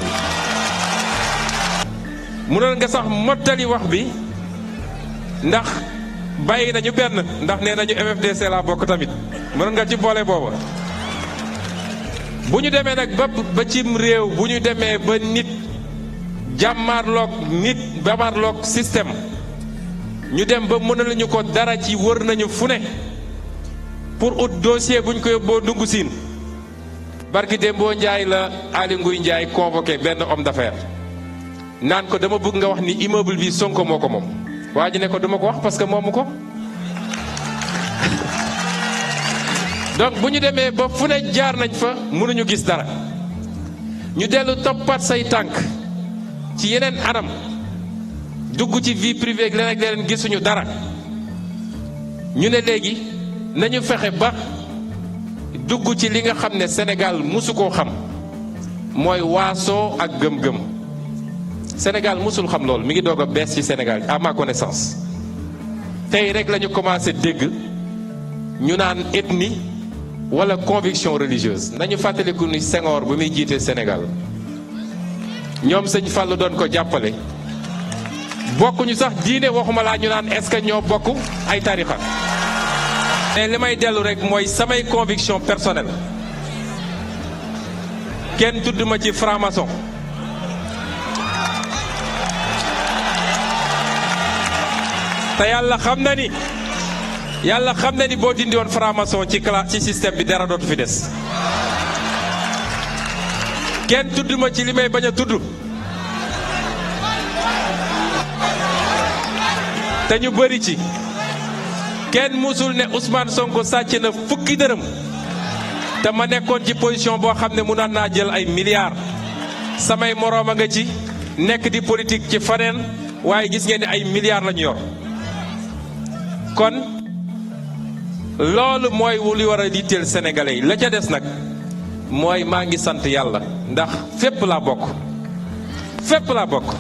mu doon nga sax mottali wax bi ndax bàyyi nañu benn ndax nee nañu MFDC laa bokk tamit mënoon nga ci boole booba. bu ñu demee nag ba ba cim réew bu ñu demee ba nit jàmmaarloog nit jàmmaarloog système. ñu dem ba mënaluñu ko dara ci wër nañu fu ne pour ut dossier buñ ko yóbboo ndungu siin barki Dembo Ndiaye la Aly Ngouille Ndiaye convoqué benn homme d'affaires naan ko dama bëgg nga wax ni immeuble bi Sonko moo ko moom waa ji ne ko duma ko wax parce que moomu ko donc bu ñu demee ba fu ne jaar nañ fa mënuñu gis dara ñu dellu toppaat say tànk ci yeneen anam dugg ci vie privée ak leneen ak gisuñu dara ñu ne léegi nañu fexe ba dugg ci li nga xam ne Sénégal mosu koo xam mooy waasoo ak gëm-gëm Sénégal musul xam loolu mi ngi doog a bees ci Sénégal à ma connaissance tey rek lañu ñu commencé dégg ñu naan ethnie walla conviction religieuse nañu fàttaliku ni Senghor bu muy jiite Sénégal ñoom sëñ fàll doon ko jàppale. bokkuñu sax diine waxuma laa ñu naan est-ce que ñoo bokk ay tarixa mais li may dellu rek mooy samay conviction personnel kenn tudd ma ci franc-maçon te yàlla xam na ni yàlla xam na ni boo dindi woon franc-maçon ci classe ci système bi dara dootu fi des kenn tudd ma ci li may bañ tudd te ñu bëri ci kenn musul ne usmaan Sonko sàcc na fukki dërëm te ma nekkoon ci position boo xam ne mënoon naa jël ay milliards samay moroom a nga ci nekk di politique ci faneen waaye gis ngeen ne ay milliards lañu yor kon loolu mooy li war a liiteel sénégalais yi la ca des nag mooy maa ngi sant yàlla ndax fépp laa bokk fépp laa bokk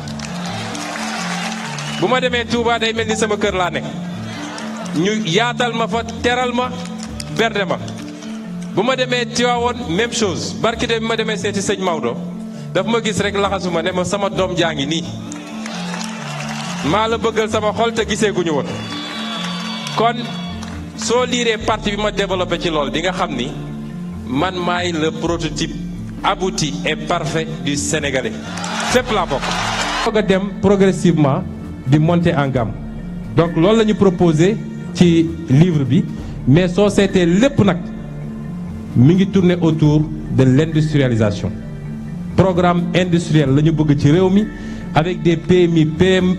bu ma demee Touba day mel ni sama kër laa nekk ñu yaatal ma fa teral ma berde ma bu ma demee Tiwaawoon même chose barki de bi ma demee seeti sëñ Maodo dafa ma gis rek laxasuma ne ma sama doom jaa ngi nii maa la bëggal sama xol te gisee gu ñu woon kon soo liiree parti bi ma développé ci lool di nga xam ni man maay le prototype abouti et parfait du sénégalais sëpp laa bokk. foog a dem progressivement. di monter en gamme donc loolu la ñu proposé ci livre bi mais soo seetee lépp nag mi ngi tourner autour de l'industrialisation programme industriel la ñu bëgg ci réew mi avec des PMI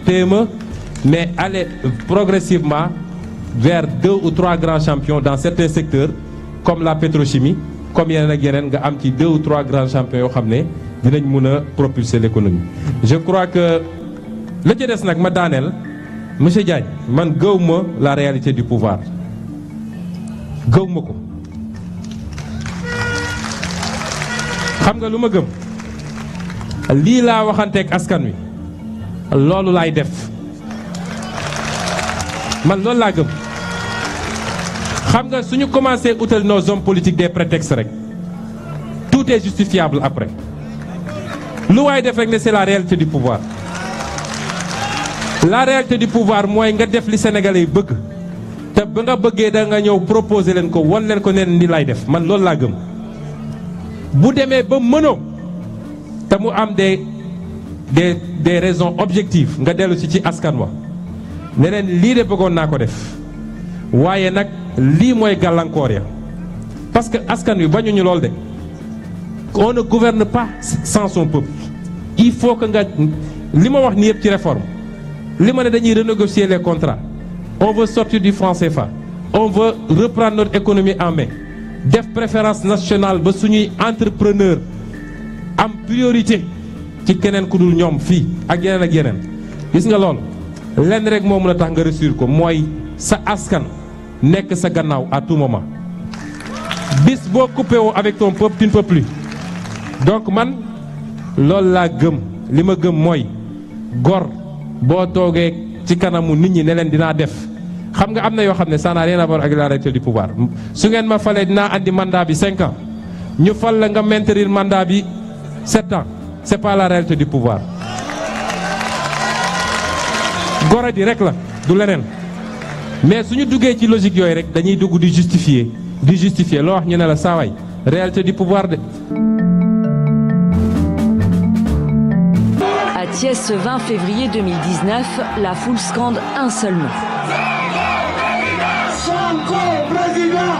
PME mais aller progressivement vers deux ou trois grands champions dans certains secteurs comme la pétrochimie comme yeneen ak yeneen nga am ci deux ou trois yoo xam ne dinañ mën a propulser l'économie je crois que la ci des nag ma daaneel monsieur Diagne man gëw la réalité du pouvoir gëw ko xam nga lu ma gëm lii laa waxanteeg askan wi loolu laay def man loolu laa gëm xam nga suñu commencé utal nos hommes politiques des prétextes rek tout est justifiable après lu waay def rek ne c'est la réalité du pouvoir la réalité du pouvoir mooy nga def li sénégalais yi bëgg te ba nga bëggee da nga ñëw proposer leen ko won leen ko neen ni lay def man loolu laa gëm bu demee ba mënoo te mu am de des des raisons objectives nga dellu si ci askan wa ne lii de bëggoon naa ko def waaye nag lii mooy gàllankoor ya parce que askan wi bañuñu lool de on ne gouverne pa sans son il faut que nga li ma wax ni yëpp ci réforme li ma ne dañuy renégocier les contrats on veut sortir du franc fa on veut reprendre notre économie en def préférence nationale ba suñuy entrepreneur am priorité ci keneen ku dul ñoom fii ak yeneen ak yeneen gis nga lool lenn rek moo mën a tax nga réussir ko mooy sa askan nekk sa gannaaw à tout moment bis boo coupé woo avec ton peuple tu ne peux donc man loolu laa gëm li ma gëm mooy gor boo toogee ci kanamu nit ñi ne leen dinaa def xam nga am na yoo xam ne ça n'a rien à voir ak la réalité du pouvoir su ngeen ma falee dinaa andi mandat bi 5 ans ñu fal la nga maintenir mandat bi 7 ans c'est pas la réalité du pouvoir. gore di rek la du leneen mais suñu duggee ci logique yooyu rek dañuy dugg di justifier di justifier loo wax ñu ne la saawaay réalité di pouvoir de. Thiès ce 20 février 2019, la foule scande un seul nom.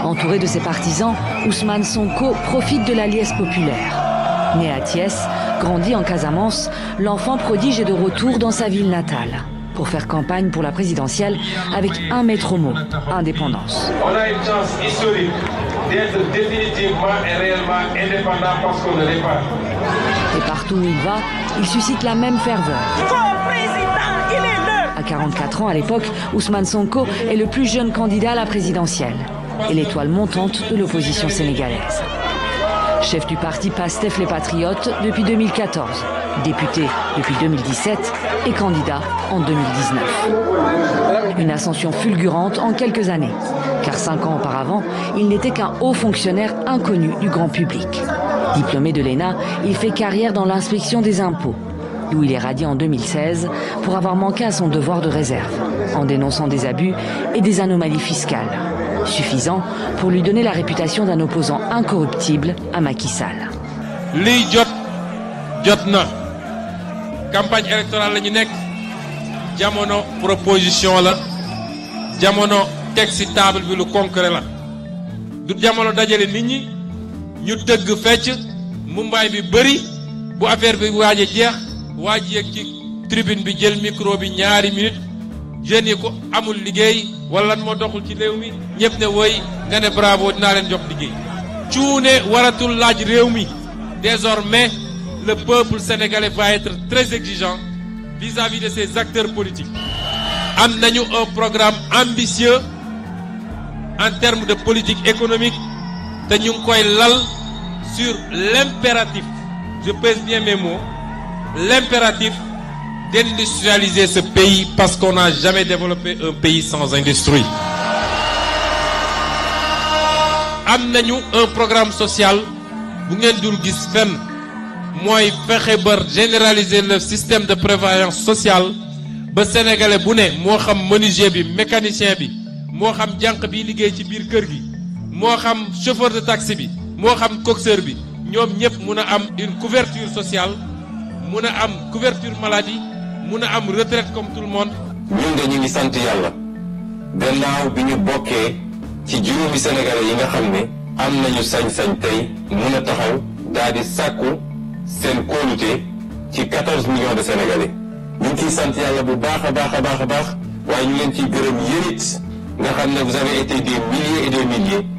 Entouré de ses partisans, Ousmane Sonko profite de la liesse populaire. Né à Thiès, grandi en Casamance, l'enfant prodige est de retour dans sa ville natale pour faire campagne pour la présidentielle avec un maître mot, indépendance. On a une chance historique d'être définitivement et réellement indépendant parce qu'on ne l'est Et partout où il même ferveur. Bon président, il est le... À 44 le plus jeune candidat à la présidentielle et l'étoile montante de l'opposition sénégalaise. Chef du parti PASTEF Les Patriotes depuis 2014, député depuis 2017 et candidat en 2019. Une ascension fulgurante en quelques années, car cinq ans auparavant, il n'était qu'un haut fonctionnaire inconnu du grand public. Diplômé de l'ENA, il fait carrière dans l'inspection des impôts, d'où il est radié en 2016 pour avoir manqué à son devoir de réserve, en dénonçant des abus et des anomalies fiscales, suffisant pour lui donner la réputation d'un opposant incorruptible à Macky Sall. lii jot jot na campagne électorale la ñu nekk jamono proposition la jamono teg ci table bi lu concret la ñu dëgg fecc mumbaay bi bëri bu affaire bi waaj a jeex waaj yeeg ci tribune bi jël micro bi ñaari minute jeunes yi ko amul liggéey wala lan moo doxul ci réew mi ñëpp ne woy nga ne bravo dinaa leen jox liggéey cuune waratul laaj réew mi désormais le peuple sénégalais va être très exigeant vis-à-vis de ses acteurs politiques am nañu un programme ambitieux en termes de politique économique te ñu ngi koy lal sur l'impératif je pèse bien mes mots l'impératif d'industrialiser ce pays parce qu'on n'a jamais développé un pays sans industrie am nañu un programme social bu ngeen dul gis fenn mooy fexe ba généraliser le système de prévoyance sociale ba sénégalais bu ne moo xam menuisier bi mécanicien bi moo xam jànq bi liggéey ci biir kër gi moo xam chauffeur de taxi bi moo xam coxeur bi ñoom ñëpp mun a am une couverture sociale mun a am couverture maladie mun a am retraite comme tout le monde. ñu ngi sant yàlla gannaaw bi ñu bokkee ci juróomi sénégalais yi nga xam ne am nañu sañ-sañ tey mun a taxaw daal di sàkku seen kóolute ci quatorze millions de sénégalais. ñu ngi ciy sant yàlla bu baax a baax a baax baax waaye ñu leen ciy gërëm yéen it nga xam ne vous avez été des milliers et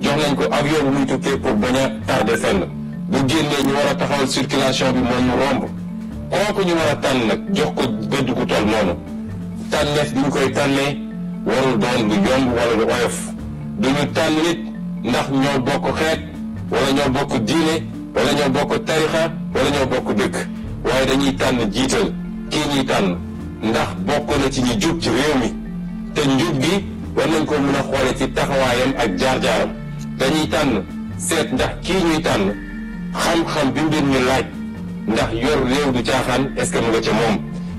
jox nañ ko avion bu muy tukkee pour bañ a tardé fenn bu génnee ñu war a taxawal circulation bi mooy mu romb ko ñu war a tànn nag jox ko gëdd ku toll noonu tànneef bi ñu koy tànnee warul doon du yomb wala du oyof duñu tànn nit ndax ñoo bokk xeet wala ñoo bokk diine wala ñoo bokk tarixa wala ñoo bokk dëkk waaye dañuy tànn jiital kii ñuy tànn ndax bokk na ci ñi jub ci réew mi te njub gi war nañ ko mën a xoole ci taxawaayam ak jaar-jaaram dañuy tànn seet ndax kii ñuy tànn xam-xam bi mu laaj ndax yor réew du caaxaan est-ce que mu nga ca moom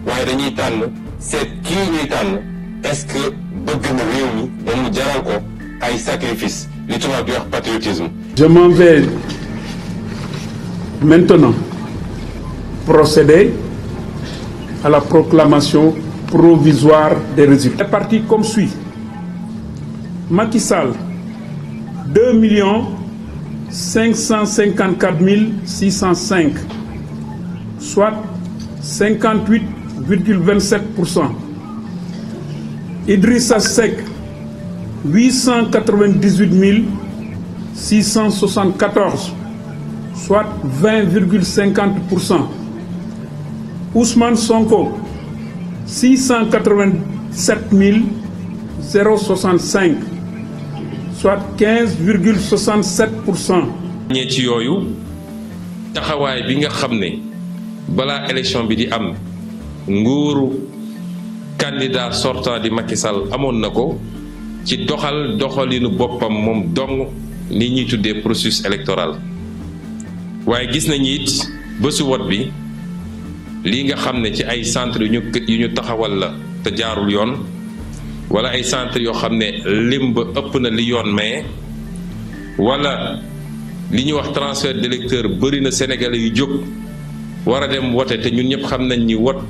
waaye dañuy tànn seet kii ñuy tànn est-ce que bëgg na réew mi ba jaral ko ay sacrifice li tubaab di wax patriotisme. Je m'en vais maintenant procéder à la proclamation provisoire des résultats. comme suit. Macky deux millions cinq cent cinquante quatre mille six cent cinq soit cinquante huit virgule vingt sept pour cent Idrissa Seck huit cent quatre vingt dix huit mille six cent soixante quatorze soit vingt virgule cinquante pour cent Ousmane Sonko six cent quatre vingt sept mille zéro soixante cinq soit quinze virgule soixante sept pour cent. ñee ci yooyu taxawaay bi nga xam ne balaa élection bi di am nguuru candidat sortant di Macky Sall amoon na ko ci doxal doxalinu boppam moom dong li ñuy tuddee processus électoral waaye gis nañu it bésu wot bi lii nga xam ne ci ay centre yu ñu yu ñu taxawal la te jaarul yoon. wala ay centre yoo xam ne lim ba ëpp na li yoon maye wala li ñu wax transfert d'électeur bëri na sénégalais yu jóg war a dem wote te ñun ñëpp xam nañ ni wot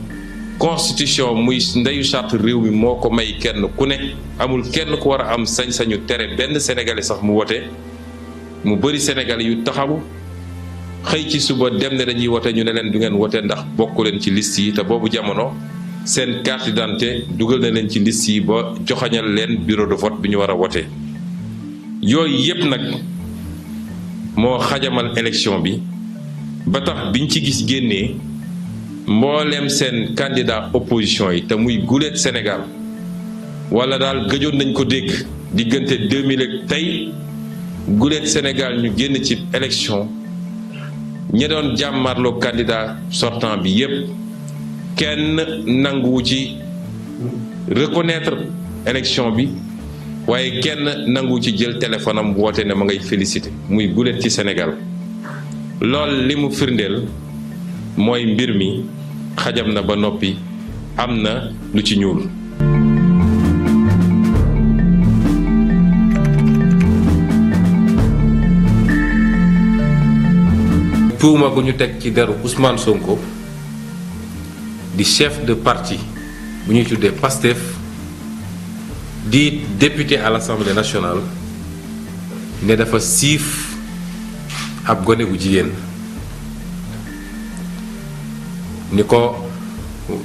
constitution muy ndeyu charte réew mi moo ko may kenn ku ne amul kenn ku war a am sañ-sañu tere benn sénégalais sax mu wote mu bëri sénégalais yu taxaw xëy ci suba dem ne dañuy wote ñu ne leen du ngeen wote ndax bokk leen ci list yi te boobu jamono seen carte dugal na leen ci liste yi ba joxañal leen bureau de vote bi ñu war a wote yooyu yépp nag moo xajamal élection bi ba tax biñ ci gis génnee mbooleem seen candidat opposition yi te muy guleet Sénégal wala daal gëjoon nañ ko dégg diggante 2000 ak tey guleet Sénégal ñu génn ci élection ña doon jàmmarloo candidat sortant bi yépp kenn nanguwu ci reconnaître élection bi waaye kenn nangu ci jël téléphone woote ne ma ngay félicité muy gulet ci senegal lool li mu firndeel mooy mbir mi xajam na ba noppi am na lu ci ñuul tuuma bu ñu teg ci daru Ousmane Sonko di chef de parti bu ñuy tuddee PASTEF di député à l'Assemblée nationale ne dafa siif ab gone gu jigéen ni ko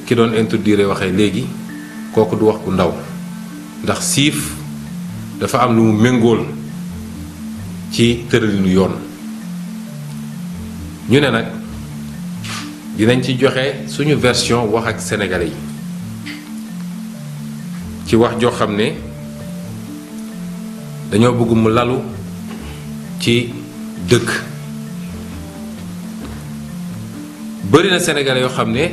ki doon introduire waxee léegi kooku du wax ku ndaw ndax siif dafa am lu mu méngool ci tëralinu yoon ñu ne nag dinañ ci joxe suñu version wax ak sénégalais yi ci wax joo xam ne dañoo bëgg mu lalu ci dëkk bëri na sénégalais yoo xam ne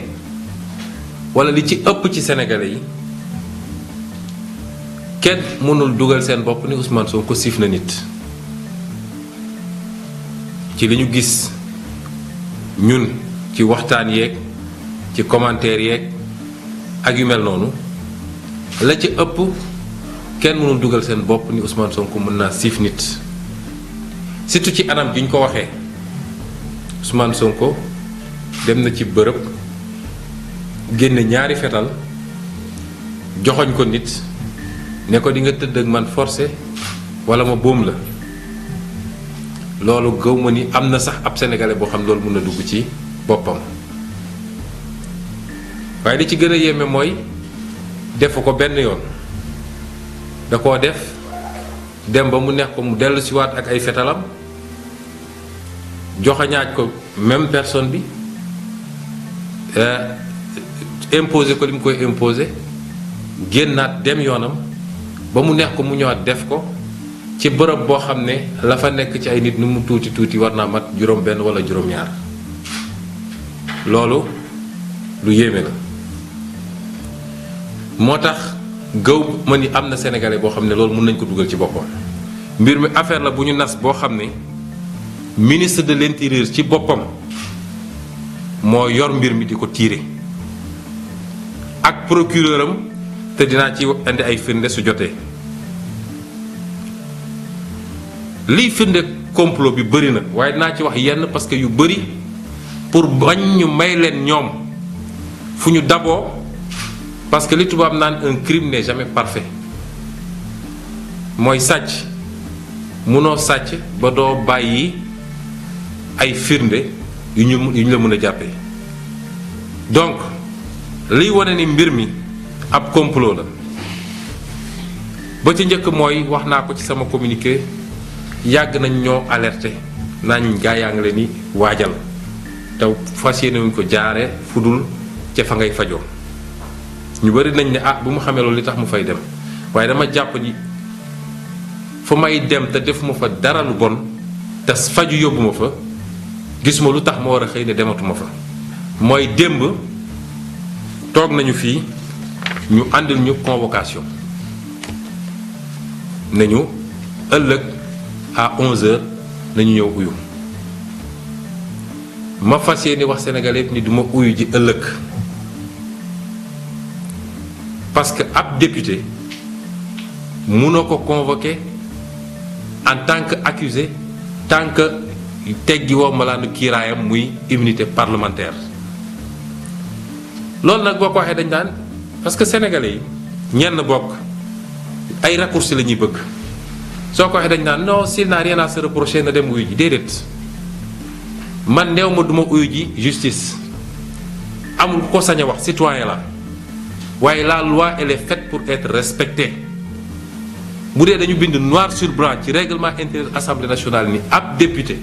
walla li ci ëpp ci sénégalais yi kenn mënul dugal seen bopp ni Ousmane Sonko siif na nit ci li ñu gis ñun. ci waxtaan yeeg ci commentaire yeeg ak yu mel noonu la ci ëpp kenn mënul dugal seen bopp ni Ousmane Sonko mën naa siif nit surtout ci anam gi ñu ko waxee Ousmane Sonko dem na ci bërëb génne ñaari fetal joxoñ ko nit ne ko di nga tëdd ak man forcé wala ma boom la loolu gëw ma ni am na sax ab sénégalais boo xam loolu mën na dugg ci. boppam waaye li ci gën a yéeme mooy defu ko benn yoon da koo def dem ba mu neex ko mu dellusiwaat ak ay fetalam joxañaaj ko même personne bi euh, imposé ko li mu koy imposé génnaat dem yoonam ba mu neex ko mu ñëwaat def ko ci bërëb boo xam ne la fa nekk ci ay nit nu mu tuuti tuuti war naa mat juróom benn wala juróom ñaar loolu lu yéeme la moo tax gëw ma ni am na sénégalais boo xam ne loolu mun nañ ko dugal ci boppam mbir mi affaire la bu ñu nas boo xam ne ministre de l'intérieur ci boppam moo yor mbir mi di ko tiire ak procureur te dinaa ci indi ay firnde su jotee liy firnde complot bi bari na waaye dinaa ci wax yenn parce que yu bari pour bañ ñu may leen ñoom fu ñu daboo parce que li tubaab naan un crime n'est jamais parfait mooy sàcc mënoo sàcc ba doo bàyyi ay firnde yu ñu yu ñu la mën a jàppee donc liy wane ni mbir mi ab complot la ba ci njëkk mooy wax naa ko ci sama communiqué yàgg nañ ñoo alerté nañ gaa yaa ngi leen yi waajal taw fas yéene ko jaare fu dul ca fa ngay fajoo ñu bëri nañ ne ah bu mu xamee loolu li tax mu fay dem waaye dama jàpp ni fu may dem te defuma fa dara lu bon te faju yóbbu fa gisuma lu tax ma war a xëy ne dematuma fa mooy démb toog nañu fii ñu àndil ñu convocation nañu ëllëg a 11h nañu ñëw uyu ma fas yéene wax Sénégalais ni du ma uyu ji ëllëg parce que ab député mënoo ko convoqué en tant que accusé tant que teggi woo malaanu kiiraayam muy immunité parlementaire loolu nag boo ko waxee dañ daan parce que sénégalais yi ñenn bokk ay raccourci la ñuy bëgg soo ko waxee dañ daan non s'il n'a rien à se na dem wuyu déedéet man néew ma du ma uyu ji justice amul ko sañ wax citoyen la waaye la loi elle est faite pour être respectée bu dee dañu bind noir sur blanc ci règlement intérieur assemblée nationale ni ab député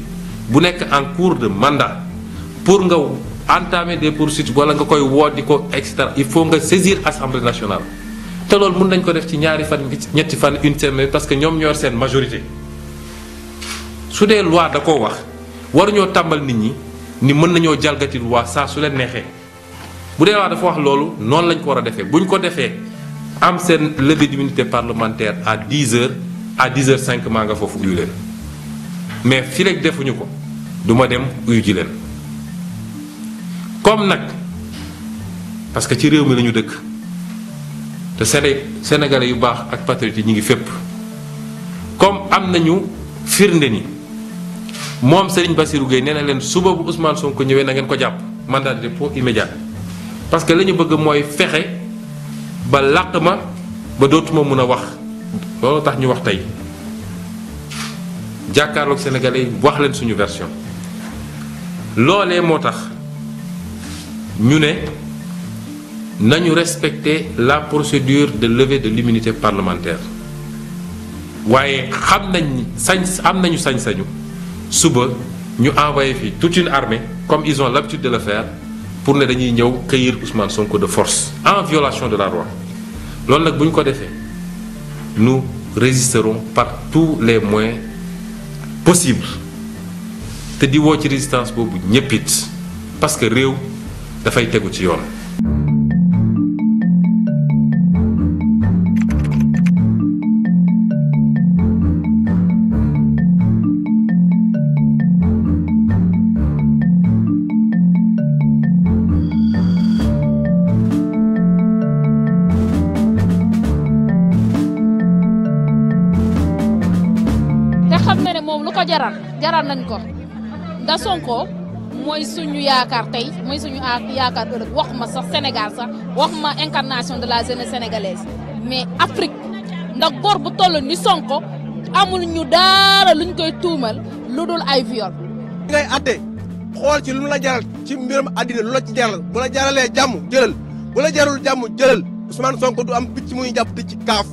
bu nekk en cours de mandat pour nga de pour poursuites wala nga koy woo di ko et cetera il faut nga saisir assemblée nationale. te loolu mun nañ ko def ci ñaari fan ñetti fan une semaine parce que ñoom ñoo seen majorité su dee loi da koo wax. waruñoo tàmbal nit ñi ni mën nañoo jalgati loi saa su leen neexee bu dee wax dafa wax loolu noonu lañ ko war a defee bu ñu ko defee am seen levée d'immunité parlementaire à 10 heures à 10 heures maa nga foofu uyu leen mais fii rek defuñu ko duma dem uyu ji leen comme nag parce que ci réew mi lañu dëkk te sénégalais yu baax ak patriote yi ñu ngi fépp comme am nañu firnde ni moom Serigne Bassirou Gueye nee na leen suba bu soo ko ñëwee na ngeen ko jàpp mandaa de dépôt immédiat parce que li bëgg mooy fexe ba làq ma ba dootuma mën a wax loolu tax ñu wax tey jàkkaarlook sénégalais yi wax leen suñu version loolee moo tax ñu ne nañu respecter la procédure de lever de l'immunité parlementaire waaye xam nañ sañ am nañu sañ-sañu suba ñu envoyé fii tout une armée comme ison ont l'habitude de le faire pour ne dañuy ñëw cueillir Ousmane Sonko de force en violation de la loi loolu nag bu ñu ko defee nu résisterons par tous les moyens possibles te di woo ci résistance boobu ñëpp it parce que réew dafay tegu ci yoon. da Sonko mooy suñu yaakaar tey mooy suñu yaakaar ëllëg wax ma sax Sénégal sax wax ma incarnation de la jeunesse sénégalaise mais Afrique ndax góor bu toll ni Sonko amul ñu daara luñ koy tuumal lu dul ay viol. ngay àtte xool ci lu mu la jaral ci mbiram àddina lu la ci jaral bu la jaralee jàmm jëlal bu la jarul jàmm jëlal Ousmane Sonko du am picc muy jàpp di ci kaaf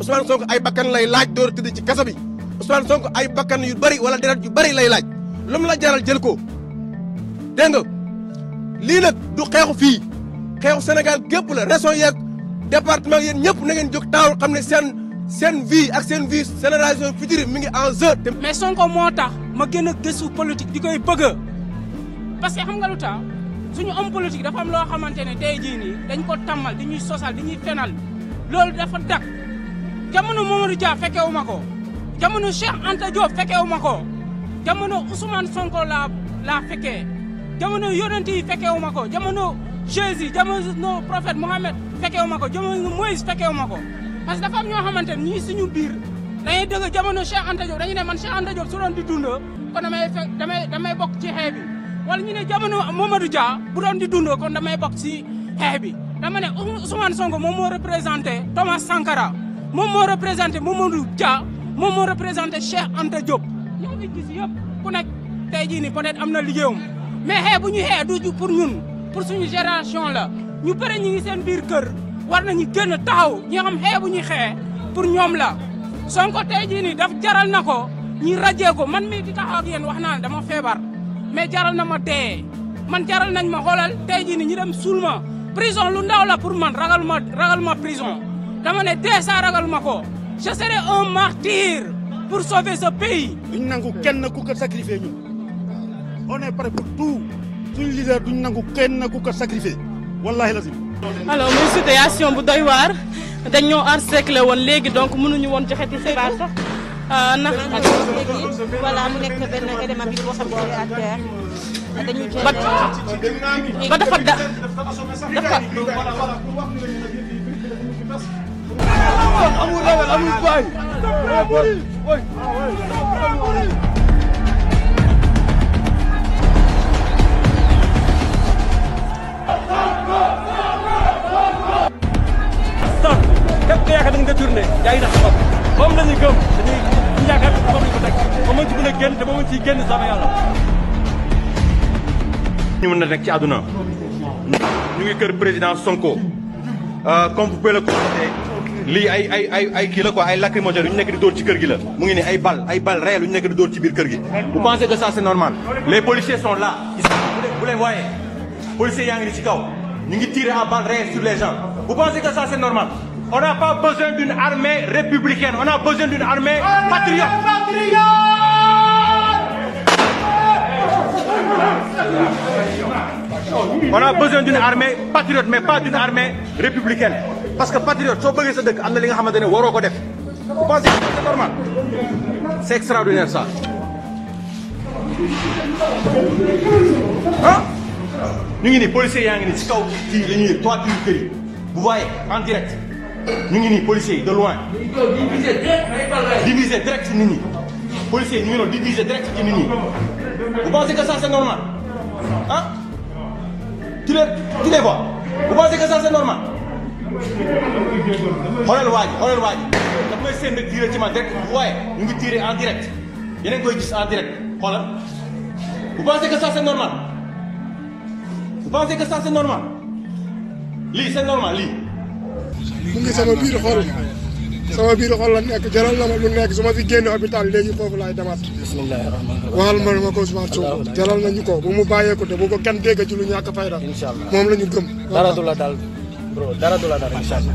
Ousmane Sonko ay bakkan lay laaj door tëdd ci kaso bi Ousmane Sonko ay bakkan yu bari wala deret yu bari lay laaj. lu la jaral jël ko dégg nga lii nag du xeexu fii xeexu senegal gépp la région yeeg département yéen ñëpp na ngeen jóg taawul xam ne seen seen vie ak seen vie génération future mi ngi en jeu. mais Sonko moo tax ma gën a gëstu politique di koy bëgg parce que xam nga lu tax suñu homme politique dafa am loo xamante ne tey jii dañ ko tàmmal di ñuy sosal di ñuy fenal loolu dafa dak jamono Mamadou Dia fekkewu ma ko jamono Cheikh Anta Diop fekkewu ma ko. jamono Ousmane Sonko laa laa fekkee jamono yonent yi fekkeewu ma ko jamono Jésus jamono prophète Mohammed fekkeewu ma ko jamono Moïse fekkeewu ma ko parce que ñoo xamante ne ñii suñu biir dañuy dëgg jamono Cheikh Anta Diop dañu ne man Cheikh Anta Diop su doon di dund kon damay fekk damay damay bokk ci xeex bi wala ñu ne jamono Mamadou Dia bu doon di dund kon damay bokk ci xeex bi dama ne Ousmane Sonko moom moo représenté Thomas Sankara moom moo représenté Mamadou Dia moom moo représenté Cheikh Anta Diop yow ngi gis yëpp ku nekk tey jii nii peut-être am na liggéeyam mais xee bu ñu xee du pour ñun pour suñu génération la ñu bëre ñu ngi seen biir kër war nañu gën a taxaw ñi xam xee bu ñuy xee pour ñoom la Sonko tey jii nii daf jaral na ko ñi rajee ko man mii di taxaw ak yéen wax naa ne dama feebar mais jaral na ma dee man jaral nañ ma xoolal tey jii nii ñu dem suul ma prison lu ndaw la pour man ragal ma ragal ma prison dama ne dee saa ragal ma ko je serai un martyr pour sauver sa pays. duñ nangu kenn ku ko sacrifié ñun on est prêt pour tout suñu leader duñ nangu kenn ku ko sacrifié wallahi lazim. alors muy situation bu doy waar dañ ñoo encercler woon léegi donc mënuñu woon joxe ci xibaar sax. Ah, ndax voilà mu nekk ba dafa da dafa. amul ragal amul baay képp ku yaakaar da nga détourné yaa ngi nax sa bopp moom la ñu gëm dañuy yaakaar sa bopp ñu ko teg ba mën ci mën a génn te ba mën ciy génn sama yàlla. mën na nekk ci àdduna ñu kër président Sonko euh, comme vous pouvez le constater. lii ay ay ay ay kii la quoi ay lacrymogène yu ñu nekk di dóor ci kër gi la mu ngi ne ay bal ay bal réel yu ñu nekk di dóor ci biir kër gi vous pensez que ça c'est normal les policiers sont là vous les voyez policiers yaa ngi ni ci kaw ñu ngi tirer à balles réelles sur les gens vous pensez que ça normal on pas besoin d'une armée républicaine on a besoin d'une armée patriote a besoin d'une armée patriote mais pas d'une armée républicaine parce que patriote soo bëggee sa dëkk am na li nga xamante ne waroo ko def vous pensez que c'est normal c'est extraordinaire ça ah ñu ngi nii policiers yaa ngi nii si kaw kii la ñuy toiture kër yi vous voyez en direct ñu ngi nii policiers yi de loin diviser direct ci nit ñi ñu ngi noonu diviser direct ci nit ñi vous pensez que normal ah tu les tu les vois vous pensez normal xoolal waa ji xoolal waa ji daf may seen nag diire ci man direct waaye ñu ngi tiire en direct yéen a ngi koy gis en direct xoolal vous pensez que ça normal vous pensez que ça normal lii mu ngi sama biir xol sama biir xol la nekk jaral na ma lu nekk su ma fi génne hôpital léegi foofu laay demaat. waxal ma ma ko Ousmane jaral nañu ko bu mu bàyyee ko bu ko kenn dégg ci lu ñàkk fayda moom la ñu gëm. dara du la bro dara du la dara incha allah.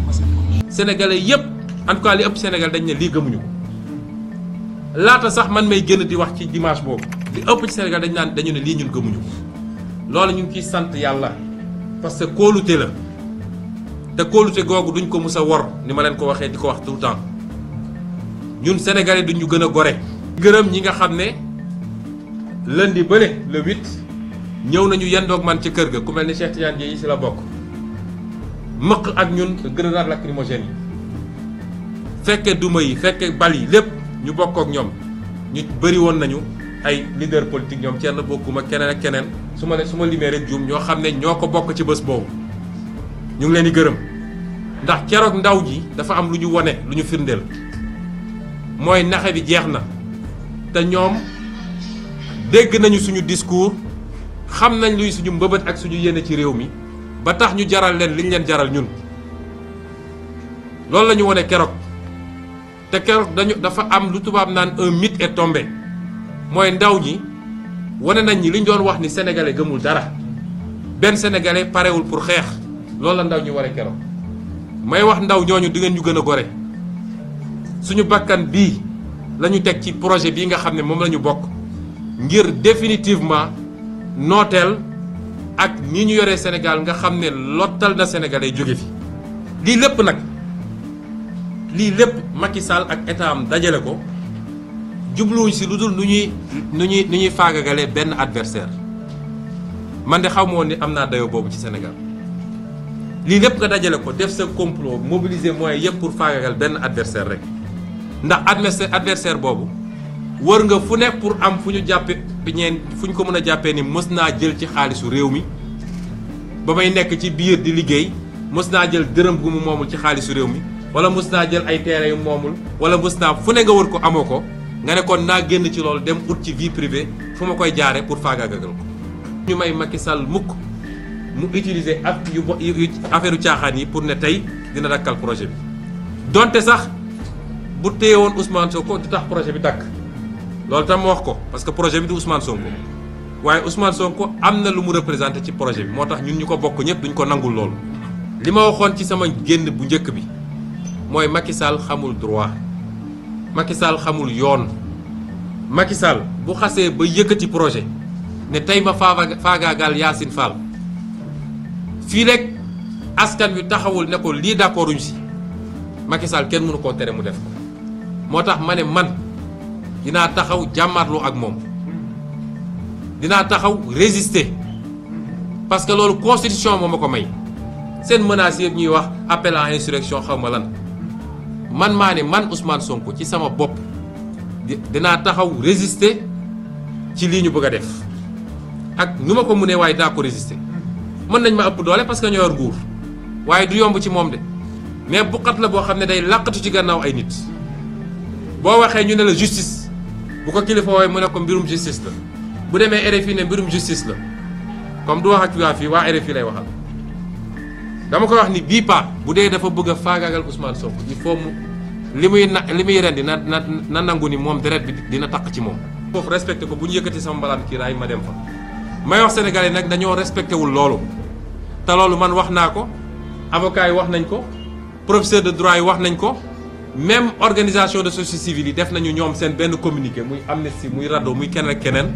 yëpp en tout cas li ëpp Sénégal dañ ne lii gëmuñu ko laata sax man may gën di wax ci dimanche boobu li ëpp ci Sénégal dañ naan dañu ne lii ñun gëmuñu ko loolu ñu ngi ciy sant yàlla parce que kóolute la te kóolute googu duñ ko mus a wor ni ma leen ko waxee di ko wax tout le ñun sénégalais duñ ñu gën a gore. gërëm ñi nga xam ne di bële le 8 ñëw nañu doog man ci kër ga ku mel ni Cheikh Tidiane Dièye si la bokk. mëq ak ñun grenade lacrymogène yi fekke duma yi fekke bal yi lépp ñu bokk ñoom ñu bëri woon nañu ay leader politique ñoom na bokkuma keneen ak keneen su ma ne su ma limee rek juum ñoo xam ne ñoo ko bokk ci bés boobu ñu ngi leen di gërëm ndax keroog ndaw ji dafa am lu ñu wone lu ñu firndeel mooy naxe bi jeex na te ñoom dégg nañu suñu discours xam nañ luy suñu mbëbët ak suñu yéene ci réew mi ba tax ñu jaral leen li liñ leen jaral ñun loolu la ñu wone keroog te keroog dañu dafa am lu tubaab naan un mythe est tombé mooy ndaw ñi wane nañ ñi liñ doon wax ni sénégalais gëmul dara benn sénégalais parewul pour xeex loolu la ndaw ñi wone keroog may wax ndaw ñooñu di ngeen ñu gën a gore suñu bakkan bii lañu teg ci projet bii nga xam ne moom la ñu bokk ngir definitivement nooteel. ak ni ñu yoree Sénégal nga xam ne lottal na sénégalais jóge fi lii lépp nag lii lépp Macky Sall ak état dajale ko jubluwuñ si lu dul nu ñuy nu ñuy nu ñuy faagagalee benn adversaire man de xaw moo ni am naa dayoo boobu ci senegal lii lépp nga dajale ko def sa complot mobiliser moyens yëpp pour faagagal benn adversaire rek ndax adversaire adversaire boobu. wër nga fu ne pour am fu ñu jàppee ñeen fu ñu ko mën a jàppee ni mës naa jël ci xaalisu réew mi ba may nekk ci biir di liggéey mës naa jël dërëm gu mu moomul ci xaalisu réew mi wala mës naa jël ay terrain yu moomul wala mës naa fu ne nga wër ko amoo ko nga nekkoon kon naa génn ci loolu dem ut ci vie privée fu ma koy jaaree pour faagaagagal ko. ñu may Macky Sall mukk mu utiliser ak yu bo caaxaan yi pour ne tey dina dakkal projet bi donte sax bu téye woon Ousmane Sonko du tax projet bi takk. loolu tam wax ko parce que projet bi du Ousmane Sonko waaye Ousmane Sonko am na lu mu représenté ci projet bi moo tax ñun ñu ko bokk ñëpp duñ ko nangul loolu. li ma waxoon ci sama génn bu njëkk bi mooy Macky Sall xamul droit Macky xamul yoon Macky bu xasee ba yëkkati projet ne tey ma faagaagaal Yacine Fall fii rek askan wi taxawul ne ko lii d'accorduñ si Macky Sall kenn mënu koo tere mu def ko moo tax ma ne man. dinaa taxaw jàmmarloo ak moom dinaa taxaw résister parce que loolu constitution moo ma ko may seen menaces yëpp ñuy wax appel à insurrection xaw ma lan man maa ne man Ousmane Sonko ci sama bopp dinaa taxaw résister ci lii ñu bëgg a def ak nu ma ko mënee waaye dinaa ko résisté mën nañ ma ëpp doole parce que ñoo yor nguur waaye du yomb ci moom de mais buqat la boo xam ne day làqatu ci gannaaw ay nit boo waxee ñu ne la justice. bu ko kilifa woowee mu ne ko mbirum justice la bu demee RFI ne mbirum justice la comme du wax ak waa fii waa RFI lay waxal dama koy wax ni bii part bu dee dafa bëgg a faagaagal Ousmane Sonko il faut mu li muy na li muy rendi na na na nangu ni moom deret bi dina taq ci moom. foofu respecté ko bu ñu yëkkati sama mbalaan kiiraay ma dem fa may wax yi nag dañoo respecté wul loolu te loolu man wax naa ko avocat yi wax nañ ko professeur de droit yi wax nañ ko. même organisation de société civile yi def nañu ñoom seen benn communiqué muy Amnesty muy RADDHO muy keneen ak keneen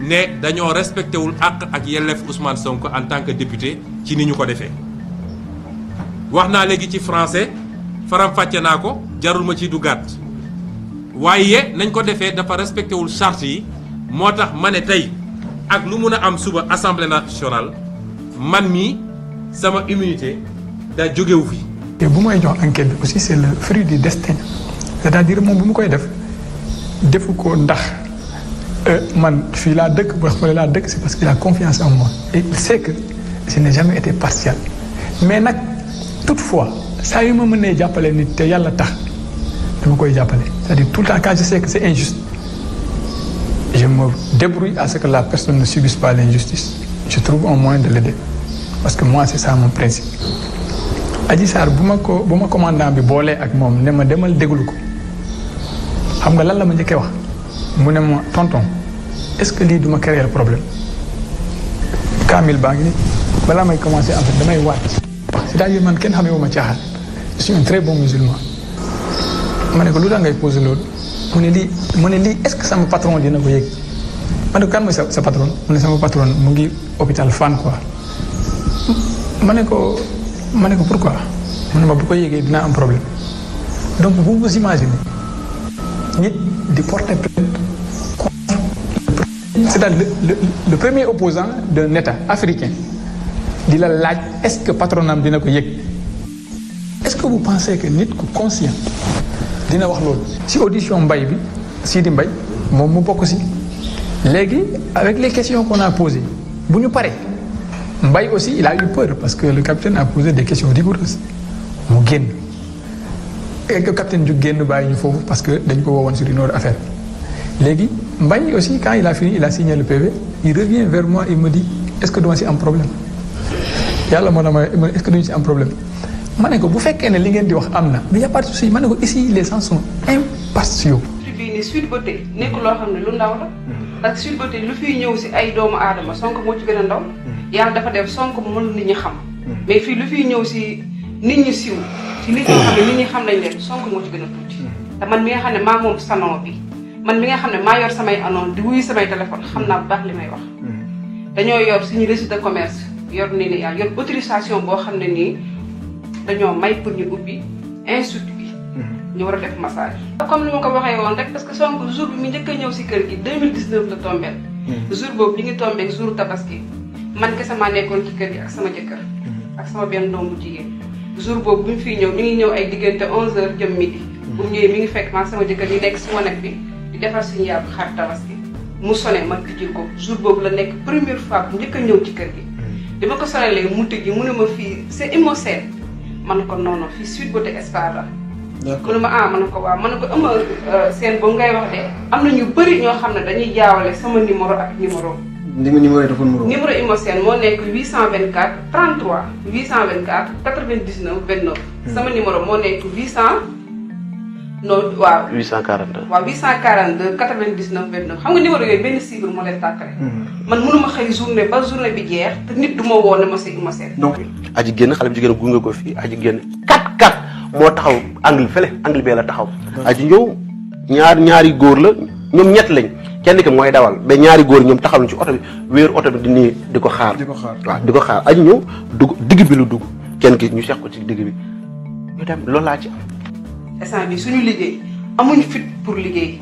ne dañoo respecté wul àq ak yelleef Ousmane Sonko en tant que député ci ni ñu ko defee. wax naa léegi ci français faram-fàcce naa ko jarul ma ci du gàtt waaye nañ ko defee dafa respecté wul charte yi moo tax ma ne tey ak lu mun a am suba assemblée nationale man mii sama immunité da jógewu fi. te bu may jox enquête bi aussi c' est le fruit du destin c' est à dire moom bu mu koy def defu ko ndax euh, man fii laa dëkk bu xoolee laa dëkk c' parce que a confiance en moi et il sait que jamais été partial mais nag toutefois saa yi ma mën mënee jàppale nit te yàlla tax dama koy jàppale c' est à dire tout le temps quand je sais je me débrouille à ce que la personne ne subisse pas l'injustice je trouve un moyen de l'aider parce que moi c' est ça mon Adji Sarr bu ma ko bu ma commandant bi boolee ak moom ne ma demal déglu ko xam nga lan la ma njëkkee wax mu ne ma tonton est-ce que lii du ma créer problème Kamil baa ngi balaa may commencer en fait damay waat c'est-à-dire man kenn xamee wu ma caaxaan je suis un très bon ma ne ko lu tax ngay posé loolu mu ne lii mu ne lii est-ce que sama patron dina ko yëg ma ne ko kan mooy sa sa patron mu ne sama patron mu ngi hôpital Fann quoi ma ne ko. ma ne ko pour quoi mu ne ma bu ko yéegee dinaa am problème donc vous vous imaginez nit di porter plainte contre c'est-à-dire le, le, le premier opposant d'un État africain di la laaj est-ce que patronam dina ko yëg est-ce que vous pensez que nit ku conscient dina wax loolu ci audition mbay bi Sidi Mbaye moom mu bokk si léegi avec les questions qu'on a posées bu ñu paree mbay aussi il a eu peur parce que le capitaine a posé des questions rigoureuses mu génn et que capitaine ju génn bàyyi ñu foofu parce que dañ ko woowoon sur une autre affaire léegi Mbaye aussi quand il a fini il a signé le PV il revient vers il me dit est-ce que duma si am problème yàlla moo dama est-ce que duñu si am problème ma ne ko bu fekkee ne li ngeen di wax am na mais y a pas ma ne ko ici les gens sont impatients. tribune Sweet Beauté nekk loo xam ne lu ndaw la. Mm-hmm. parce que Sweet Beauté doomu aadama Sonko moo a yàlla dafa dem sonk Sonko mënul nit ñi xam. Hmm. mais fii lu fi ñëw si nit ñi siw ci nit ñoo xam ne nit ñi xam nañ leen Sonko moo ci gën a tuuti. Hmm. te man mi nga xam ne maa moom salon bi man mi nga xam ne maa yor samay annonce di wuyu samay téléphone xam naa bu baax li may wax. Hmm. dañoo yor suñu registre de commerce yor ni ne yàlla yor autorisation boo xam ne nii dañoo may pour ñu ubbi institut bi. ñu war a def massage. comme ni ma ko waxee woon rek parce que Sonko jour bi mu njëkk ngi tombé jour tabaski. man kese maa nekkoon ci kër gi ak sama jëkkër. Mhm. ak sama benn doomu jigéen. jour boobu bu ñu fiy ñëw ñu ngi ñëw ay diggante 11h jëm midi. mu mhm. ñëwee mi ngi fekk man sama jëkkër ñu nekk si wanag bi di defar suñu yàpp xar tabaski mu sone ma tijjil ko jour boobu la nekk première fois bu a ñëw ci kër gi. dama mhm. ko sonalee mu tëjji mu ne ma fii c'est Imosène man ko noonu fii Sweet Beauté Spa la. d'accord mu ne ma ah ko waaw ma ne ko ama euh, seen boobu ngay wax de am na ñu bëri ñoo xam ne dañuy jaawale sama numéro ak numéro. numéro numéro dafa numéro. numéro Imosène moo nekk 824 33 824 99 29. sama numéro moo nekk 800. non waaw. 842 waaw 842 99 29 xam nga numéro yooyu benn cible moo leen tàkkale. Hmm. man mënuma xëy journée ba journée bi jeex te nit du ma woo ne ma si Imosène. donc aji génn xale bi jigéen gunge ko fii aji génn 4 4 moo taxaw angle fële angle bee la taxaw. Hmm. aji ñëw ñaar ñaari góor la ñoom ñett lañ. kenn ki mooy dawal ba ñaari góor ñoom taxaw ci oto bi wéeru oto bi di nii di ko xaar. di ko xaar waaw di ko xaar aji ñëw dugg digg bi lu dugg kenn ki ñu seq ko ci digg bi ñu dem loolu laa ci am. pour liggéey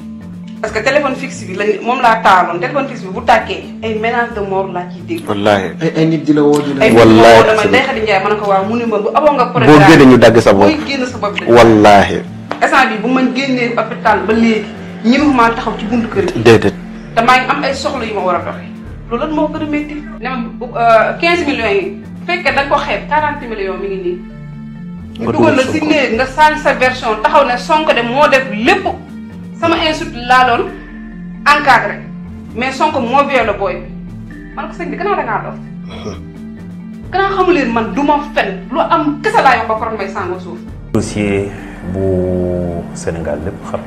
parce que téléphone fixe bi moom laa taaloon téléphone fixe bi bu tàkkee ay menaces de laa ciy dégg. wallaahi ay la woo di la. wallaahi ay nit di la woo man mu boo génnee ñu dagg sa bopp booy bu ma génnee hôpital ba léegi ñemewumaa taxaw ci buntu kër yi. déedéet. ngi am ay soxla yu ma war a doxee. loolu lan moo gën a métti. ne ma 15 euh, millions yi fekkee da ko xeeb 40 millions mi ngi nii. nga dugal la si nga sànni sa version taxaw ne Sonko de moo def lépp sama insulte laa doon encadré mais Sonko moo violé booy bi man ko sëñ bi gannaaw ngaa dof gannaaw xamu leen man du fen lu am kese laa yomb a korom mbay sàngoo suuf. dossier bu Sénégal lépp xam.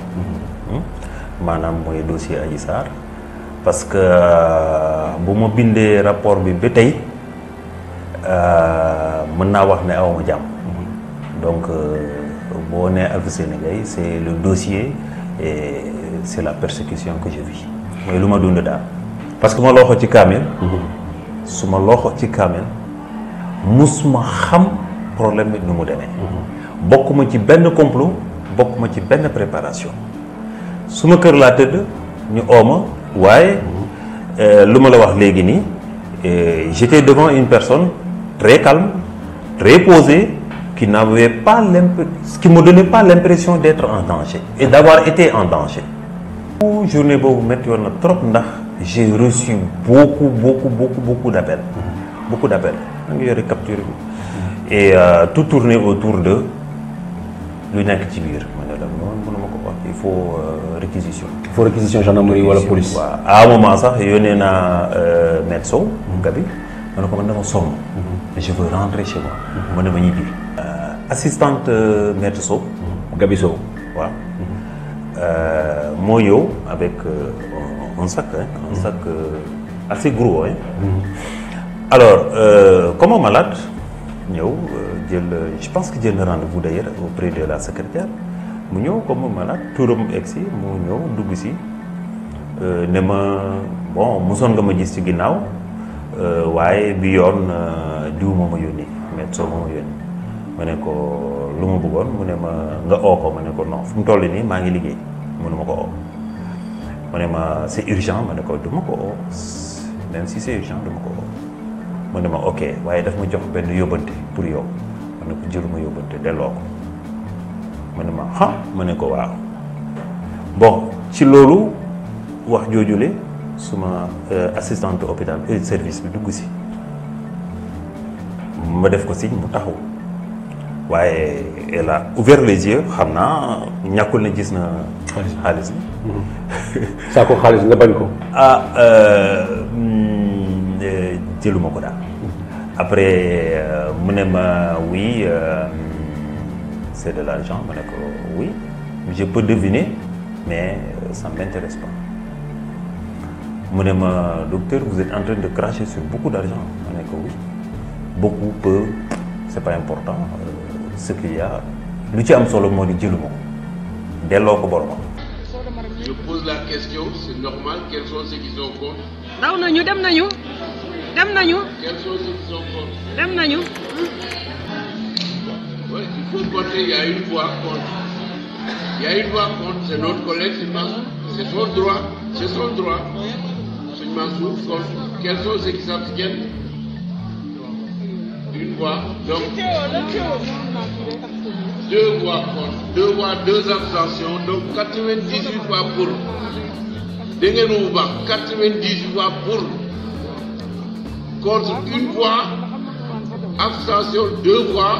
maanaam mooy dossier Adji Sarr parce que euh, bu ma bindee rapport bi ba tey euh, mën naa wax ne awma jàmm donc euh, boo nee Alpha Sénégal c'est le dossier et c'est la persécution que je vis mooy lu ma dund daal parce que ma loxo ci kaamel su ma loxo ci kaamel mus ma xam problème bi nu mu demee bokkuma ci benn complot bokkuma ci benn préparation suma kër laa tëdd ñu ooma waaye euh, lu ma la wax léegi nii euh, j'étais devant une personne très calme très posée qui n'avait pas l'impression qui me donnait pas l'impression d'être en danger et d'avoir été en danger journée boobu métti woon na trop ndax j'ai reçu beaucoup beaucoup beaucoup beaucoup d'appels beaucoup d'appels da yore capture bi et euh, tout tournait autour de lu nekk ci biir faut euh, réquisition. il faut réquisition gendarmerie wala police. waaw à un moment sax yónnee naa euh, maître Sow. Mhm. Gabi ma ne ko man dama sonn. Mhm. je veux rentrer chez moi. Mhm. ma ne ma ñibbi. Euh, assistante maître Sow. Gabi Sow moo ñëw avec un sac un sac assez gros hein. alors comme malade ñëw jël je pense que jël na rendez-vous d'ailleurs auprès de la secrétaire. mu ñëw comme malade turam egg si mu ñëw dugg si euh, ne ma bon mosoon nga ma gis ci ginnaaw euh, waaye bi yoon euh, diw moo ma yónni met soo moo ma yónni ma ne ko lu ma buggoon mu ne ma nga oo ko ma ne ko non fu mu toll nii maa ngi liggéey mënu ma ko oo mu ne ma c'est urgent ma ne ko du ko oo même si c'est urgent du ko oo mu ne ma ok waaye daf ma jox benn yóbbante pour yow ma ne ko jëru ma yóbbante delloo ko ma ne ma ah ma ne ko waaw bon ci loolu wax joojule suma euh, assistante hôpital euh, service bi dugg si ma def ko si mu taxaw waaye elle a ouvert les xam naa ñàkkul na gis na. xaalis bi saa ko xaalis nga bañ ko. ah euh, hmm, jëluma ko daal. Mm-hmm. après mu ne ma oui. c'est de l'argent ma ne ko oui je peux deviner mais euh, ça ne m'intéresse pas mu ne ma docteur vous êtes en train de cracher sur beaucoup d'argent ma ne ko oui beaucoup peu c'est pas important euh, ce qu'il y a lu ci am solo moo di jëluma ko delloo ko boromam. daw nañu dem nañu. dem nañu. dem nañu. Bon, il faut compter, il y a une voix contre. Il y a une voix contre, c'est notre collègue, c'est C'est son droit, c'est son droit. C'est Mansour contre. Quels sont ceux qui s'abstiennent Une voix, donc. Deux voix contre, deux voix, deux abstentions, donc 98 voix pour. Dengenou 98 voix pour. Contre une voix, abstention, deux voix.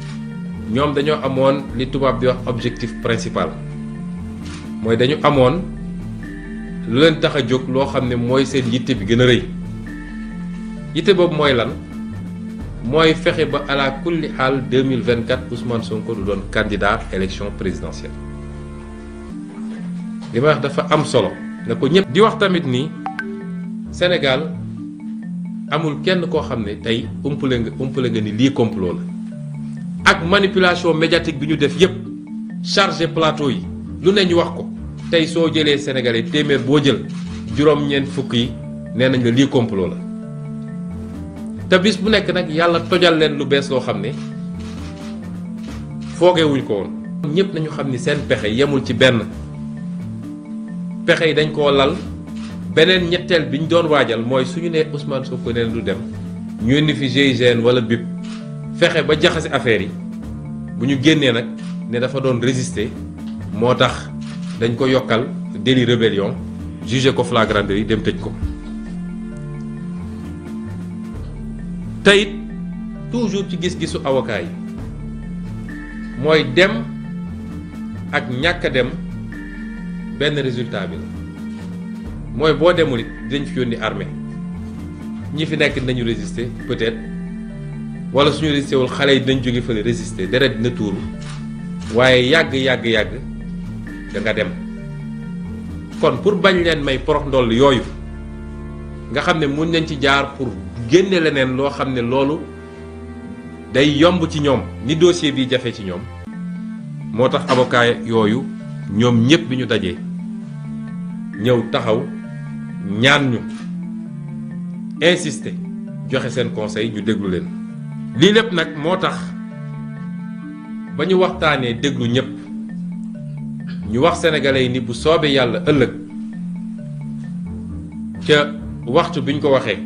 ñoom dañoo amoon li tubaab bi wax objectif principal mooy dañu amoon lu leen tax a jóg loo xam ne mooy seen yitte bi gën a rëy yitte boobu mooy lan mooy fexe ba ala kulli xaal 2024 Ousmane Sonko du doon candidat élection présidentielle li ma wax dafa am solo na ko ñëpp. di wax tamit nii Sénégal amul kenn koo xam ne tey umpale nga umpale nga ni lii complot la. ak manipulation médiatique bi ñu def yépp chargé plateau yi lu ne ñu wax ko tey soo jëlee sénégalais téeméer boo jël juróom-ñeent fukk yi nee nañ la lii complot la te bu nekk nag yàlla tojal leen lu bees loo xam ne foogeewuñ ko woon. ñëpp nañu xam ni seen pexe yemul ci benn pexe yi dañ ko lal beneen ñetteel bi ñu doon waajal mooy suñu nee Ousmane ko neen du dem ñuy indi fi GIGN wala BIP. fexe ba jaxase affaire yi bu ñu génnee nag ne dafa doon résister moo tax dañ ko yokkal délit rébellion jugé ko flagrander délit dem tëj ko teyit toujours ci gis-gisu avocat yi mooy dem ak ñàkk dem benn résultat bi la mooy boo demul it dañ fi yónni armée ñi fi nekk dañu résister peut-être wala suñu résisté wul xale yi dinañ jóge fële résister deret dina tuuru waaye yàgg yàgg yàgg da nga dem kon pour bañ leen may porox ndoll yooyu nga xam ne mun nañ ci jaar pour génne leneen loo xam ne loolu day yomb ci ñoom ni dossier bi jafe ci ñoom moo tax avocat yooyu ñoom ñëpp bi ñu daje ñëw taxaw ñaan ñu insister joxe seen conseil ñu déglu leen lii lépp nag moo tax ba ñu waxtaanee déglu ñépp ñu wax sénégalais yi ni bu soobee yàlla ëllëg ca waxtu bi ñu ko waxee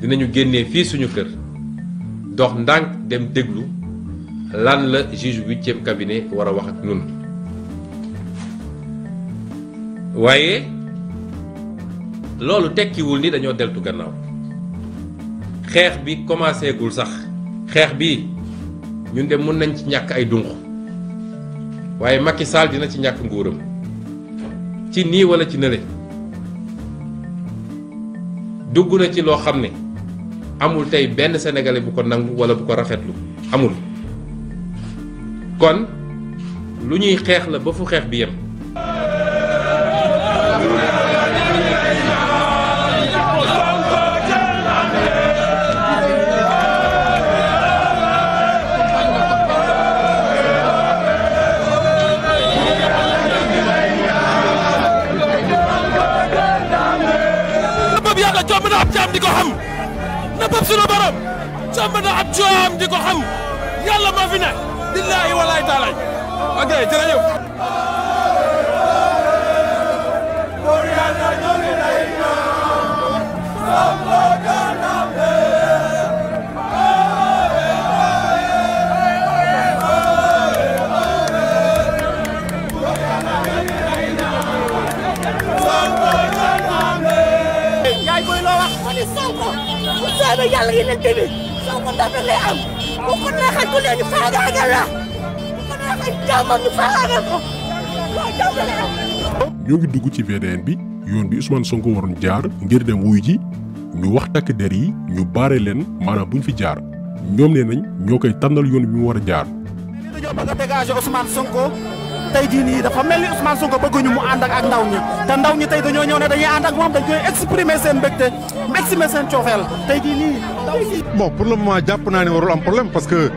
dinañu génnee fii suñu kër dox ndànk dem déglu lan la juge huitième cabinet war a wax ak nun waaye loolu tekkiwul ni dañoo deltu gannaaw xeex bi commencé gul sax xeex bi ñun de mën nañ ci ñàkk ay dunq waaye mag Macky Sall dina ci ñàkk nguuram ci nii walla ci nële dugg na ci loo xam ne amul tey benn sénégalais bu ko nangu wala bu ko rafetlu amul kon lu ñuy xeex la ba fu xeex bi yem. sàmm na ab jaam di ko xam na bëb sunu borom sàmm na ab jaam di ko xam yàlla moo fi ne billaahi walaay taalaay ok jërëjëf Moriana ñoo ngi lay ñaan xaaral ñoo ngi dugg ci VDN bi yoon bi Ousmane Sonko waroon jaar ngir dem wuy ji ñu wax takk der yi ñu baare leen maanaam buñ fi jaar ñoom nee nañ ñoo koy tànnal yoon bi mu war a jaar. dañoo bëgg a dégager Ousmane Sonko. tey jii nii dafa mel ni Ousmane Sonko bëgguñu mu ànd ak ndaw ñi te ndaw ñi tey dañoo ñëw ne dañuy ànd ak moom dañ koy exprimer seen mbégte exprimer seen coofeel tey jii nii ndaw si. bon pour le moment jàpp naa ne warul am polem parce que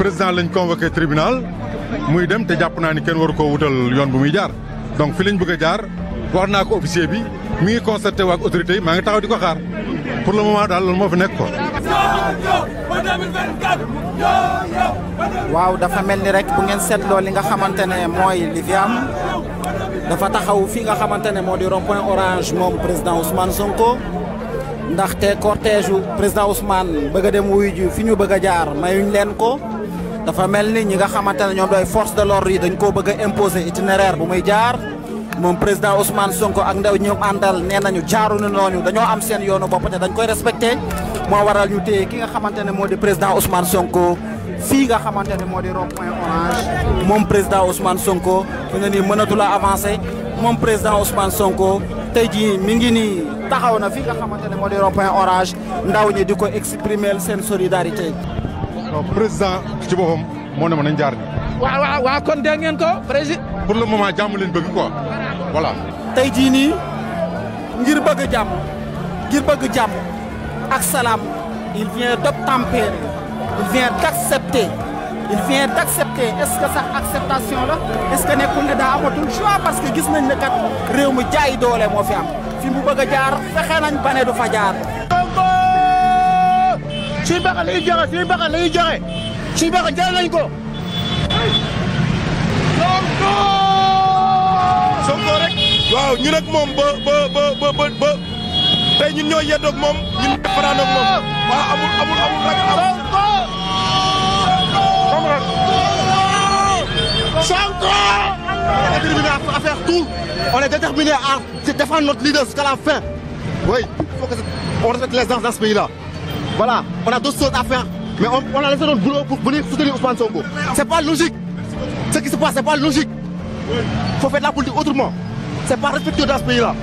président lañ convoqué tribunal muy dem te jàpp naa ni kenn waru koo wutal yoon bu muy jaar donc fi lañ bëgg a jaar wax naa ko officier bi mu ngi concerté waa autorité yi maa ngi taxaw di ko xaar pour le moment daal loolu moo fi nekk ko waaw dafa mel ni rek bu ngeen seetloo li nga xamante ne mooy li fi am dafa taxaw fii nga xamante ne moo di rond orange moom président Ousmane Sonko ndaxte cortège u président Ousmane bëgg dem wuyu ji fi ñu bëgg jaar mayuñ leen ko dafa mel ni ñi nga xamante ne ñoom doy force de l'ordre yi dañ koo bëgg a imposer itinéraire bu muy jaar. moom président Ousmane Sonko ak ndaw ñoom àndal nee nañu jaaruñu nooñu dañoo am seen yoonu bopp dañ koy respecté moo waral ñu téye ki nga xamante ne moo di président Ousmane Sonko fii nga xamante ne moo di rond point orange moom président Ousmane Sonko fi nga nii avancé moom président Ousmane Sonko tey jii mi ngi nii taxaw na fii nga xamante ne moo di rond point orange ndaw ñi di ko exprimer seen solidarité. président ci boppam moo ne ma nañ jaar pour le moment jàmm leen bëgg quoi voilà. tey jii nii ngir bëgg jàmm ngir bëgg jàmm ak salaam il vient d'obtempérer il vient d'accepter il vient d'accepter est-ce que sax acceptation la est-ce que nekkul ne daa amatul parce que gis nañ ne kat réew mi jaay doole moo fi am fi mu bëgg a jaar fexe nañ ba ne du fa jaar. suñu baax la ñuy joxe suñu baax Sonko rek waaw ñun ak moom ba ba ba ba ba tey ñun ñoo yeddoog moom ñun ñoo fanaan ak moom waaw amul amul amul ragal amul. Sonko on est déterminé à faire tout on est déterminé à défendre notre leader jusqu'à la fin oui il faut que on respecte les gens dans ce pays-là voilà on a d'autres choses à faire mais on, on a laissé notre boulot pour venir soutenir Ousmane Sonko c'est pas logique ce qui se passe c'est pas logique Il faut faire la politique autrement. C'est pas respectueux dans ce pays-là.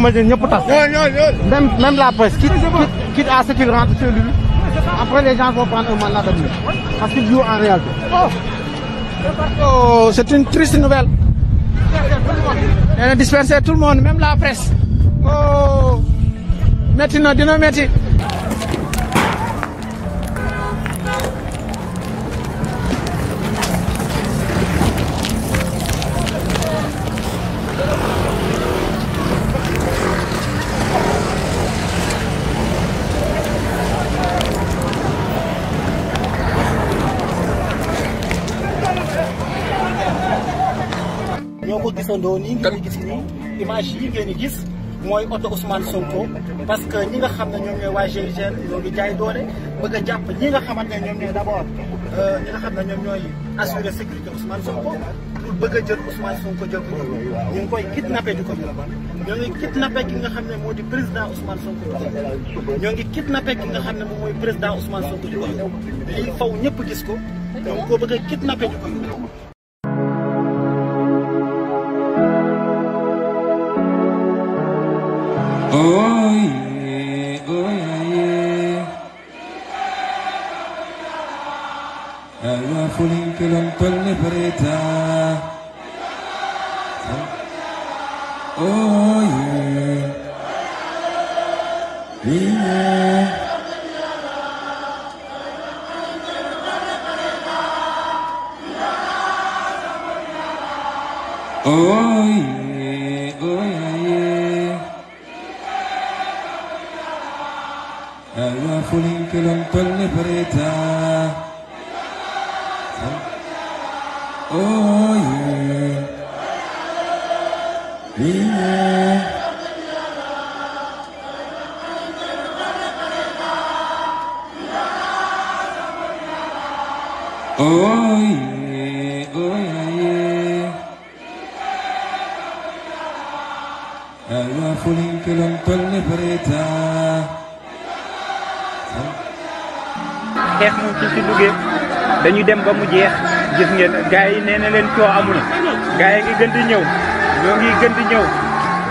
ma ñëpp tas. même même la presse quitte quitte quitte à ce qu'il rentre après les gens vont prendre un mandat d'amener parce qu'il joue en réalité. oh c'est une triste nouvelle. nee na tout le monde même la presse. oh métti na dina métti. gisandoo nii ngeen gis nii image yi ngeen gis mooy oto Ousmane Sonko parce que ñi nga xam ne ñoom ñooy waa GIGN ñoo ngi jaay doole bëgg a jàpp ñi nga xamante ne ñoom ñooy d'abord euh, ñi nga xam ne ñoom ñooy assurer sécurité Ousmane Sonko pour bëgg a jël Ousmane Sonko jël ko yóbbu ñu ngi koy kidnappé di ko yóbbu ñoo ngi kidnappé ki nga xam ne moo di président Ousmane Sonko di ko ñoo ngi kidnappé ki nga xam ne moom mooy président Ousmane Sonko di ko yóbbu lii faw ñëpp gis ko ñoo ngi ko bëgg a kidnappé di ko Oye, oye. Agua fulín que lo antoine preta. ñu dem ba mu jeex gis ngeen gars yi leen coo amul gars ngi gën di ñëw ñoo ngi gën di ñëw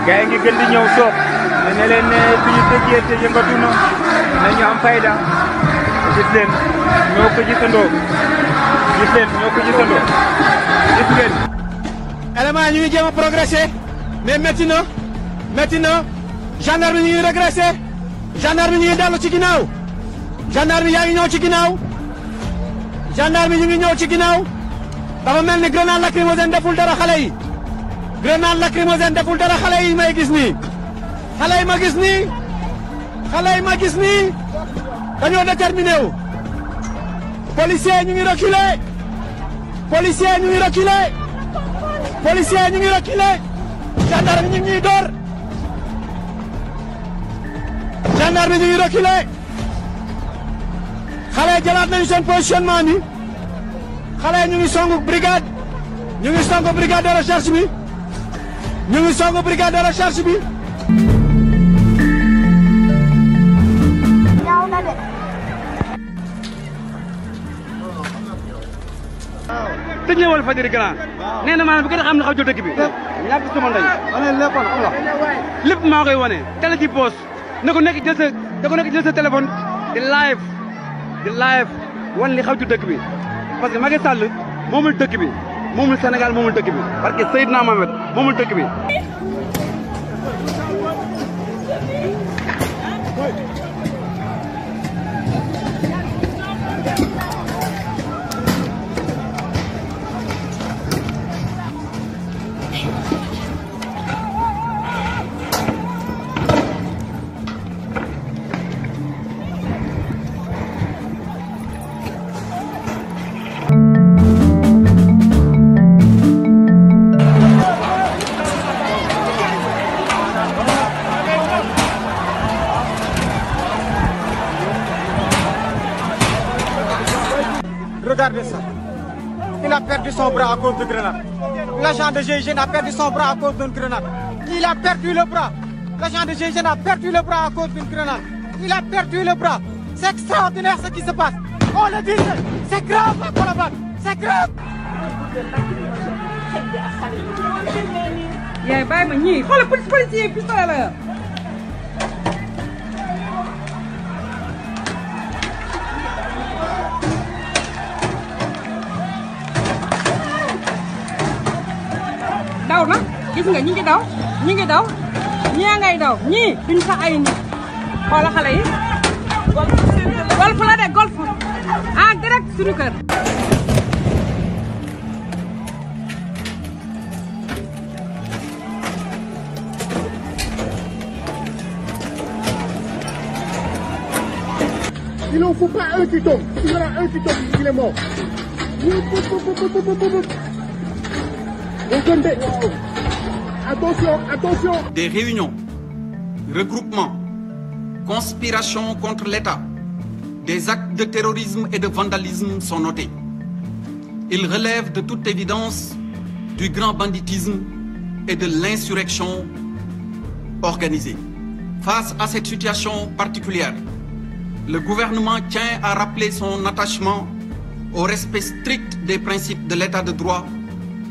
gars ngi gën di ñëw toog ne ne leen suñu tëjee te yëngatu na nañu am fayda gis leen ñoo ko gisandoo gis leen ñoo ko gisandoo gis ngeen. élément ñu ngi jéem a progressé mais métti na métti na gendarme ñu ngi régressé gendarme yi ñu ngi dellu ci ginnaaw gendarme yaa ngi ñëw ci ginnaaw. gendarme yi ñu ngi ñëw ci ginnaaw dafa mel ni grenade lacrymogène deful dara xale yi grenade lacrymogène deful dara xale yi may gis nii yi ma gis nii xale yi ma gis nii dañoo déterminé wu policier ñu ngi reculé policier ñu ngi reculé policier ñu ngi reculé gendarme ñu ngi ñuy door ñu ngi reculé jalaat jëlaat nañu seen positionnement ni xale ñu ngi songu brigade ñu ngi songu brigade de recherche bi ñu ngi songu brigade de recherche bi. ñaaw na de. tëj na wala fajiri grand. nee xam ne xaw jot dëkk bi. ñàkk sama la. maa koy wane. tele ci poos na ko nekk jël sa di live. di live wan li xaw ci dëkk bi parce que Macky Sall moomul dëkk bi moomul Sénégal moomul dëkk bi parce que Seydina Mohamed moomul dëkk bi son bras à cause de grenade. L'agent perdu son bras à cause d'une grenade. Il a perdu le bras. L'agent de GIGN a perdu le bras à cause d'une grenade. Il a perdu le bras. C'est extraordinaire ce qui se passe. On le dit, c'est grave la Colobane. C'est grave. gis nga ñi ngi daw ñi ngi daw ñii ngay daw ñii duñ fa ay nit xoola xale yi golf la de golf a un qui attention, attention. Des réunions, regroupements, conspirations contre l'État, des actes de terrorisme et de vandalisme sont notés. Ils relèvent de toute évidence du grand banditisme et de l'insurrection organisée. Face à cette situation particulière, le gouvernement tient à rappeler son attachement au respect strict des principes de l'état de droit,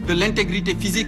de l'intégrité physique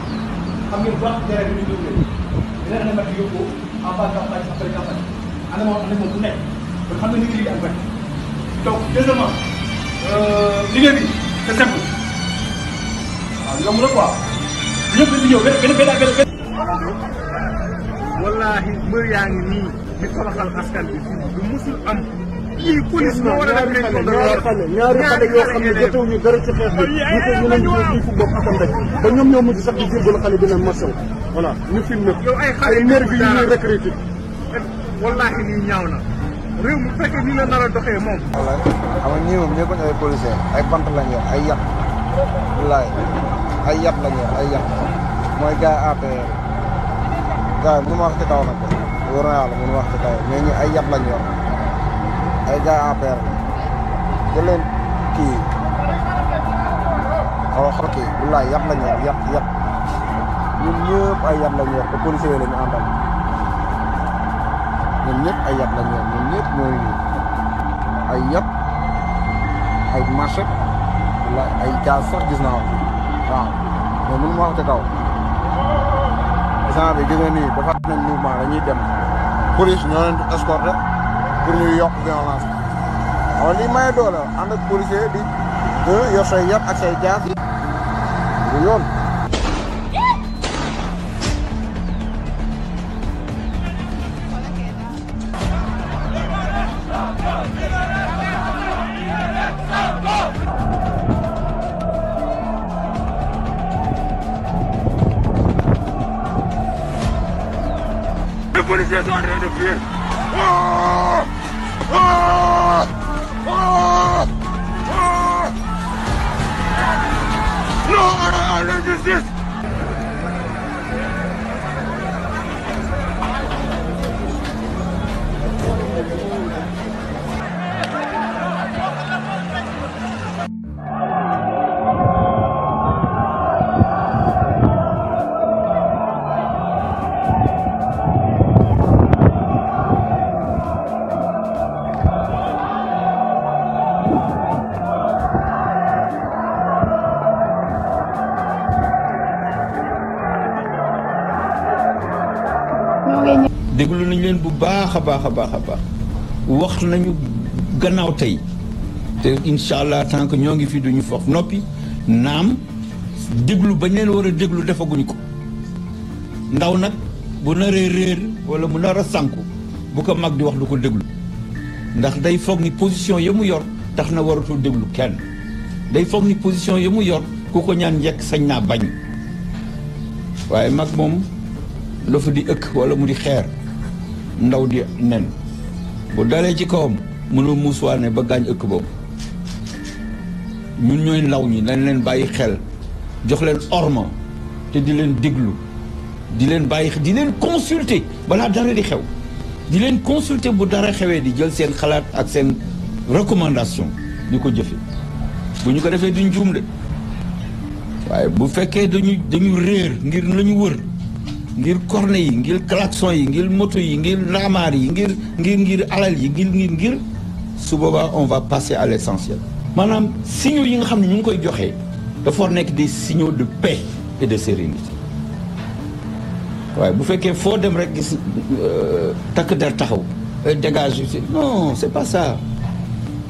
am ngeen droit terrain bi ñu jóg leen dinañ la mën yóbbu en bas campagne après campagne ana moom ana moom bu nekk kon xam nga ni liggéey bi ak bëri donc deuxièmement euh, liggéey bi c'est simple waaw ah, yomb la quoi ñëpp dañuy ñëw benn benn benn benn. wallaahi mbër yaa ngi nii di toroxal askan bi du musul am. lii police moo war a def réaction de ñaari xale ñaari xale yoo xam ne jotewuñu dara ci xeex bi ñu ko ñu ne ñu ko bokk atam rek ba ñoom ñoo mujj sax di jébbal xale bi leen masaw voilà ñu filmé ko ay nervi yu ñuy recruté wallaahi lii ñaaw na réew mi fekk ni la nar a doxee moom wala xam nga ñii moom ñëpp ay policier ay bant lañ yor ay yat laay ay yat lañ yor ay yat mooy gars yi APR gars yi mënu ma wax ci kaw nag war na yàlla mënu ma wax ci kaw mais ñi ay yat lañ yor ay gars APR ah, da kii xaw a xaw kii wallaay yàpp la ñu yor yàpp yàpp ñun ñëpp ay yàpp la ñu yor te ay yàpp la ay yàpp ay marché wallaay ay gaz ma wax kaw instant bi gis nga nii ba fàttali ne mouvement dañuy dem police ñoo leen di pour ñu yokk violence bi waaw lii maye doole ànd ak policier di yor say yat ak yi du yoon baax a baax a baax a wax nañu gannaaw tey te incha allah tant ñoo ngi fi duñu foofu noppi naam déglu bañ leen war a déglu defaguñ ko ndaw nag bu naree réer wala mu nar a sànku bu ko mag di wax du ko déglu ndax day foog ni position ya mu yor tax na waratul déglu kenn day foog ni position ya mu yor ku ko ñaan njëkk sañ naa bañ waaye mag moom la di ëkk wala mu di xeer ndaw di nen bu dalee ci kawam mënul muuswaane ba gaañ ëkk boobu ñun ñooy ndaw ñi dañ leen bàyyi xel jox leen orma te di leen déglu di leen bàyyi di leen consulter balaa dara di xew di leen consulter bu dara xewee di jël seen xalaat ak seen recommandation di ko jëfe bu ñu ko defee duñ juum de waaye bu fekkee dañu dañu réer ngir lañu wër ngir corne yi ngir klaxon yi ngir moto yi ngir ndaamaar yi ngir ngir ngir alal yi ngir ngir ngir su boobaa on va passer à l' essentiel maanaam signaux yi nga xam ne ñu ngi koy joxe dafa nekk des signaux de paix et de sérénité waaye bu fekkee foo dem rek gis euh, takk der taxaw dégage non c' est pas ça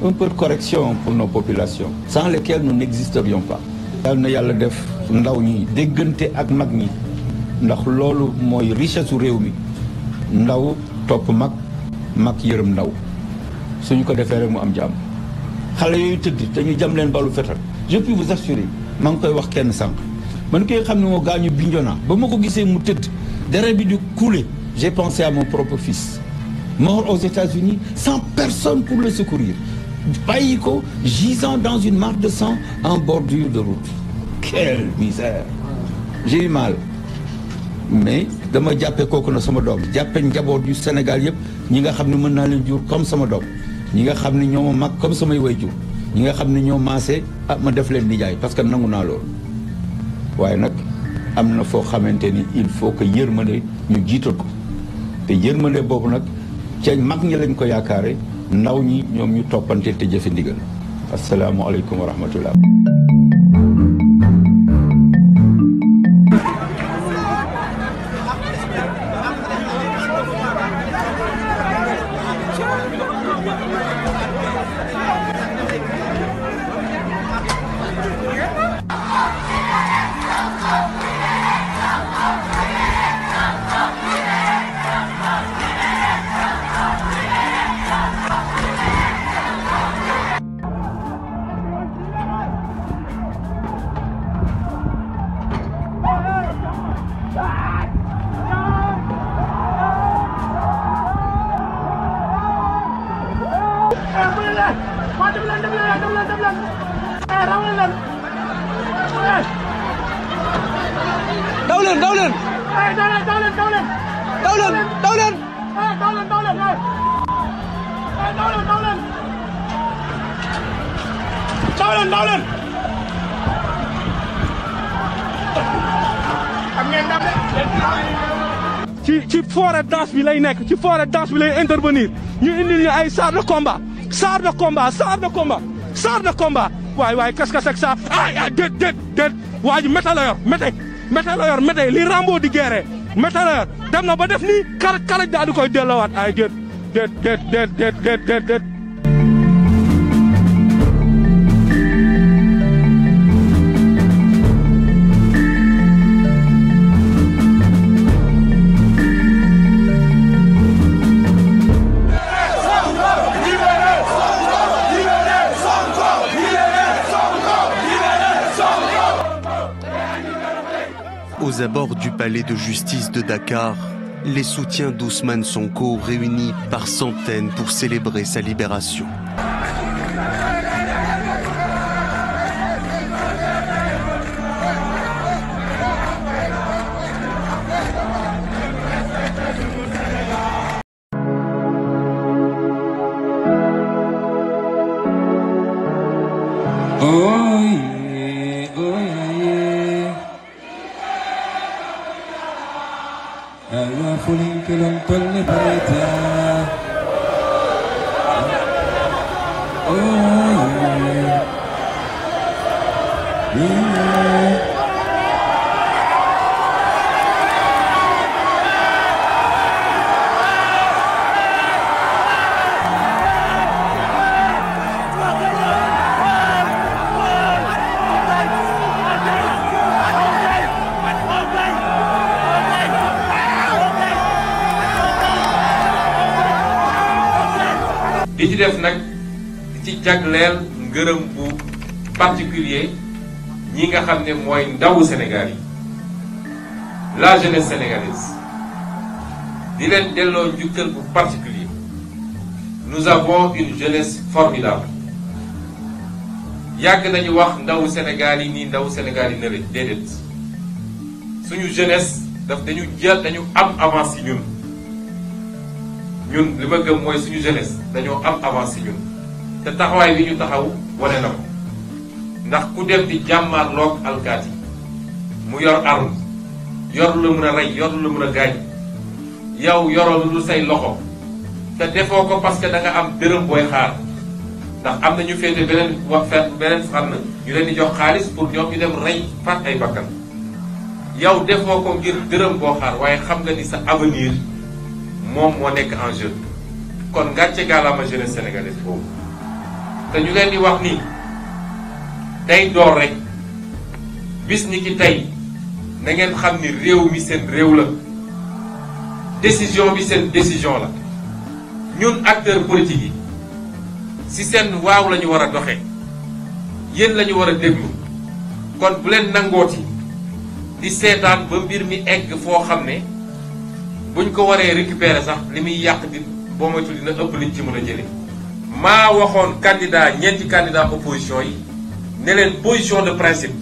un peu de correction pour nos populations sans lesquelles nous n'existerions pas yàlla na yàlla def ndaw ñi déggante ak mag ñi ndax loolu mooy richesse su réew mi ndaw topp mag mag yërëm ndaw suñu ko defee rek mu am jàmm xale yooyu tëdd te ñu jam leen balu fetal je puis vous assurer maa koy wax kenn sànq man koy xam ne moo gaañu Bignona ba ma ko gisee mu tëdd deret bi di couler j'ai pensé à mon propre fils mort aux États-Unis sans personne pour le secourir bàyyi ko gisant dans une mare de sang en bordure de route quelle misère j'ai mal mais dama jàppee kooku na sama doom jàppee njaboot yu Sénégal yëpp ñi nga xam ne mën naa leen jur comme sama doom ñi nga xam ni ñoo ma mag comme samay way jur ñi nga xam ne ñoo maase ah ma def leen nijaay parce que nangu naa loolu waaye nag am na foo xamante ni il faut que yërmande ñu jiital ko te yërmande boobu nag ca mag ñi lañ ko yaakaare ndaw ñi ñoom ñu toppante te jëfe ndigal asalaamaaleykum wa rahmatullah nekk ci forêt dense bi lay intervenir ñu indil ñu ay char de combat char de combat waay waay kaskas ak ay ay déet déet déet waa ji mété la yor mété mété li Rambo di guerre mété la yor na ba def nii kar karaj daal koy delloowaat ay déet déet déet déet déet aux abords du palais de justice de Dakar, les soutiens d'Ousmane Sonko réunis par centaines pour célébrer sa libération. jagleel ngërëm bu particulier ñi nga xam ne mooy ndawu Sénégal yi la jeunesse sénégalaise di leen delloo njukkal bu particulier nous avons une jeunesse formidable yàgg nañu wax ndawu Sénégal yi nii ndawu Sénégal yi ne lañ déedéet suñu jeunesse daf dañu jël dañu am avance yi ñun ñun li ma mooy suñu jeunesse dañoo am avance yi ñun te taxawaay bi ñu taxaw wane na ko ndax ku dem di jàmmaarloog alkaati mu yor arme yor lu la mën a rey yor lu la mën a gaañ yow yoroo lu say loxo te defoo ko parce que da am dërëm booy xaar ndax am na ñu féete beneen wax beneen fànn ñu leen di jox xaalis pour ñoom ñu dem rey faat ay bakkan yow defoo ko ngir dërëm boo xaar waaye xam nga ni sa avenir moom moo nekk en jeu kon ngàcce gaalama jeunesse sénégalaise boobu te ñu leen di wax ni tey door rek bis ni ki tey na ngeen xam ni réew mi seen réew la décision bi seen décision la ñun acteurs politiques yi si seen waaw lañu ñu war a doxee yéen la ñu war a déglu kon bu leen nangooti di seetaan ba mbir mi egg foo xam ne buñ ko waree récupérer sax li muy yàq di boo moytul dina ëpp liñ ci mën a jëlee. maa waxoon candidat ñeenti candidat opposition yi ne leen position de principe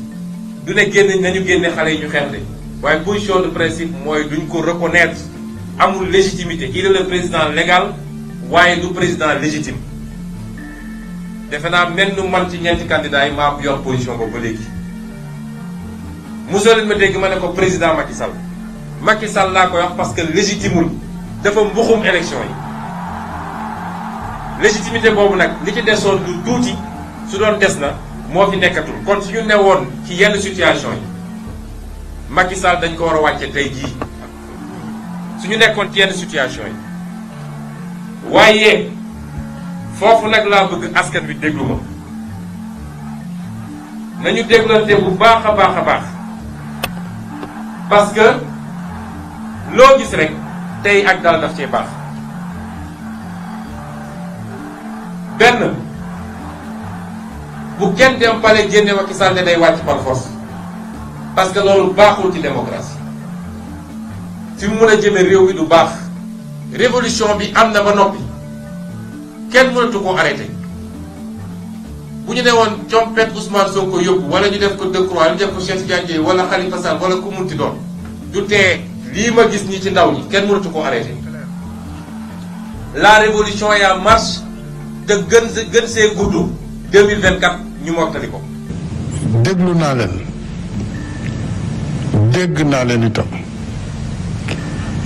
du ne génn nañu génne xale yi ñu xeex de waaye position de principe mooy duñ ko reconnaître amul légitimité il est le président légal waaye du président légitime defe naa mel nu man ci ñeenti candidats yi maa yor position boobu ba léegi mosolin ma dégg ma ne ko président Macky Sall Macky Sall laa koy wax parce que légitimul dafa mbuxum élection yi proximité boobu nag li ci desoon lu tuuti su doon des na moo fi nekkatul kon suñu woon ci yenn situation yi Macky Sall dañ ko war a wàcce tey jii suñu nekkoon ci yenn situation yi waaye foofu nag laa bëgg askan bi déglu ma nañu déglante bu baax a baax a baax parce que loo gis rek tey ak daal daf cee baax benn bu kenn dem pale génne Macky Sall day wàcc par parce que loolu baaxul ci démocratie fi mu mën a jëme réew mi du baax révolution bi am na ba noppi kenn mënatu ko arrêté bu ñu ne woon compet Ousmane Sonko yóbbu wala ñu def ko Decroix ñu def ko Cheikh Tidiane Dièye wala Khalifa Sall wala ku munti doon du tee lii ma gis ñi ci ndaw ñi kenn mënatu ko arrêté la révolution ya marche te naa leen dégg naa leen itam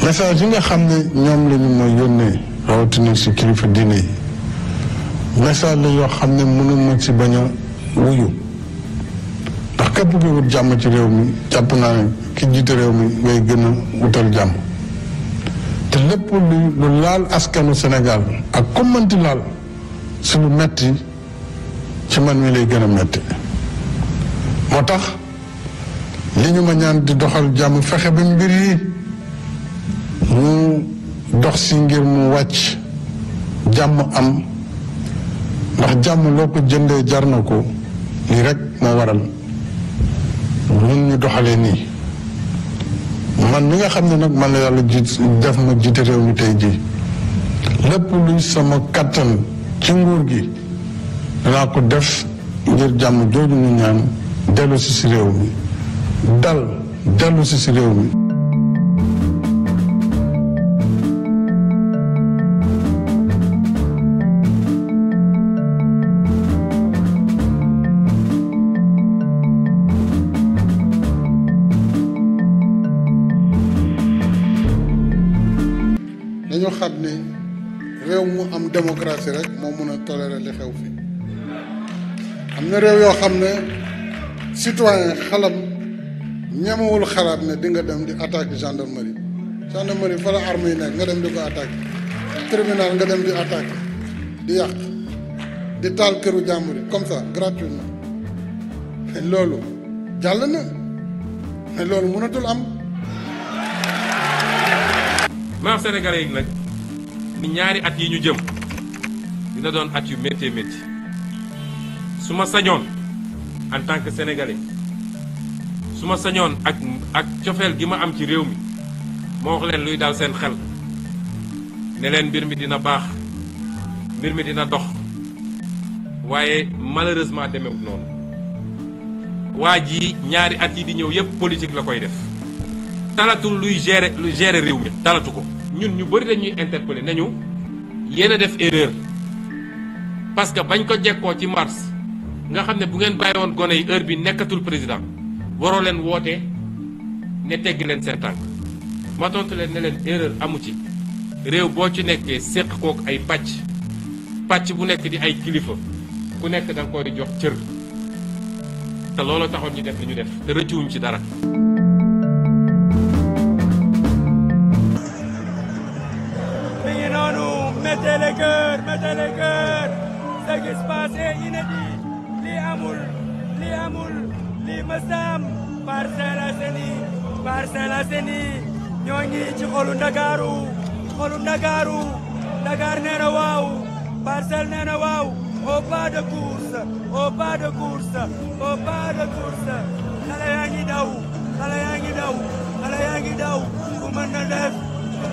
message yi nga xam ne ñoom la ñu ma yónnee rawatina si kilifa diine yi message la yoo xam ne mënuma si bañ a ndax képp kuy wut jàmm ci réew mi jàpp naa ne ki jiite réew mi ngay gën a wutal jàmm te lépp lu lu laal askanu senegal ak commenti laal suñu metti ci man mi lay gën a metti moo tax li ñu ma ñaan di doxal jàmm fexe ba mbir yi mu dox si ngir mu wàcc jàmm am ndax jàmm loo ko jëndee jar na ko lii rek moo waral ñun ñu doxalee nii man mi nga xam ne nag man la yàlla jiit def ma jiite réew mi tey jii lépp luy sama kattan ci nguur gi danaa ko def ngir jàmm jooju ñu ñaan dellu si si réew mi dal dellu si si réew mi na réew yoo xam ne citoyen xalam ñemewul xalaat ne di nga dem di attaque gendarmerie gendarmerie fa la arme yi nekk nga dem di ko attaque tribunal nga dem di attaque di yàq di taal këru jàmbur yi comme ça gratuitement mais loolu jàll na mais loolu mënatul am. maa Sénégalais yi nag ñaari at yi ñu jëm dina doon at yu métti métti. su ma sañoon en tant que sénégalais su ma sañoon ak ak cofeel gi ma am ci réew mi moo wax leen luy dal seen xel ne leen mbir mi dina baax mbir mi dina dox waaye malheureusement demewut noonu waa ji ñaari at yi di ñëw yëpp politique la koy def talatul luy gérer luy gérer réew mi talatu ko ñun ñu bëri dañuy interpeller nañu yéen a def erreur parce que bañ ko jekkoo ci mars nga xam ne bu ngeen bàyyi woon gone yi heure bi nekkatul président waroo leen woote ne tegg leen seen tànk ma tontu leen ne leen erreur amu ci réew boo ci nekkee séq kook ay pàcc pàcc bu nekk di ay kilifa ku nekk da nga koy jox cër te looloo taxoon ñu def ñu def te rëccuwuñ ci dara mi ngi noonu mettez les cœurs mettez les cœurs ce qui se li amul li amul li mësam Parcelles Assainies ñoo ngi xolu Ndakaaru xolu Ndakaaru Dakar nee na waaw Parcelles nee na waaw au pas de course au pas de course au pas de yaa ngi daw xale yaa ngi daw xale yaa ngi daw ku mën na def ku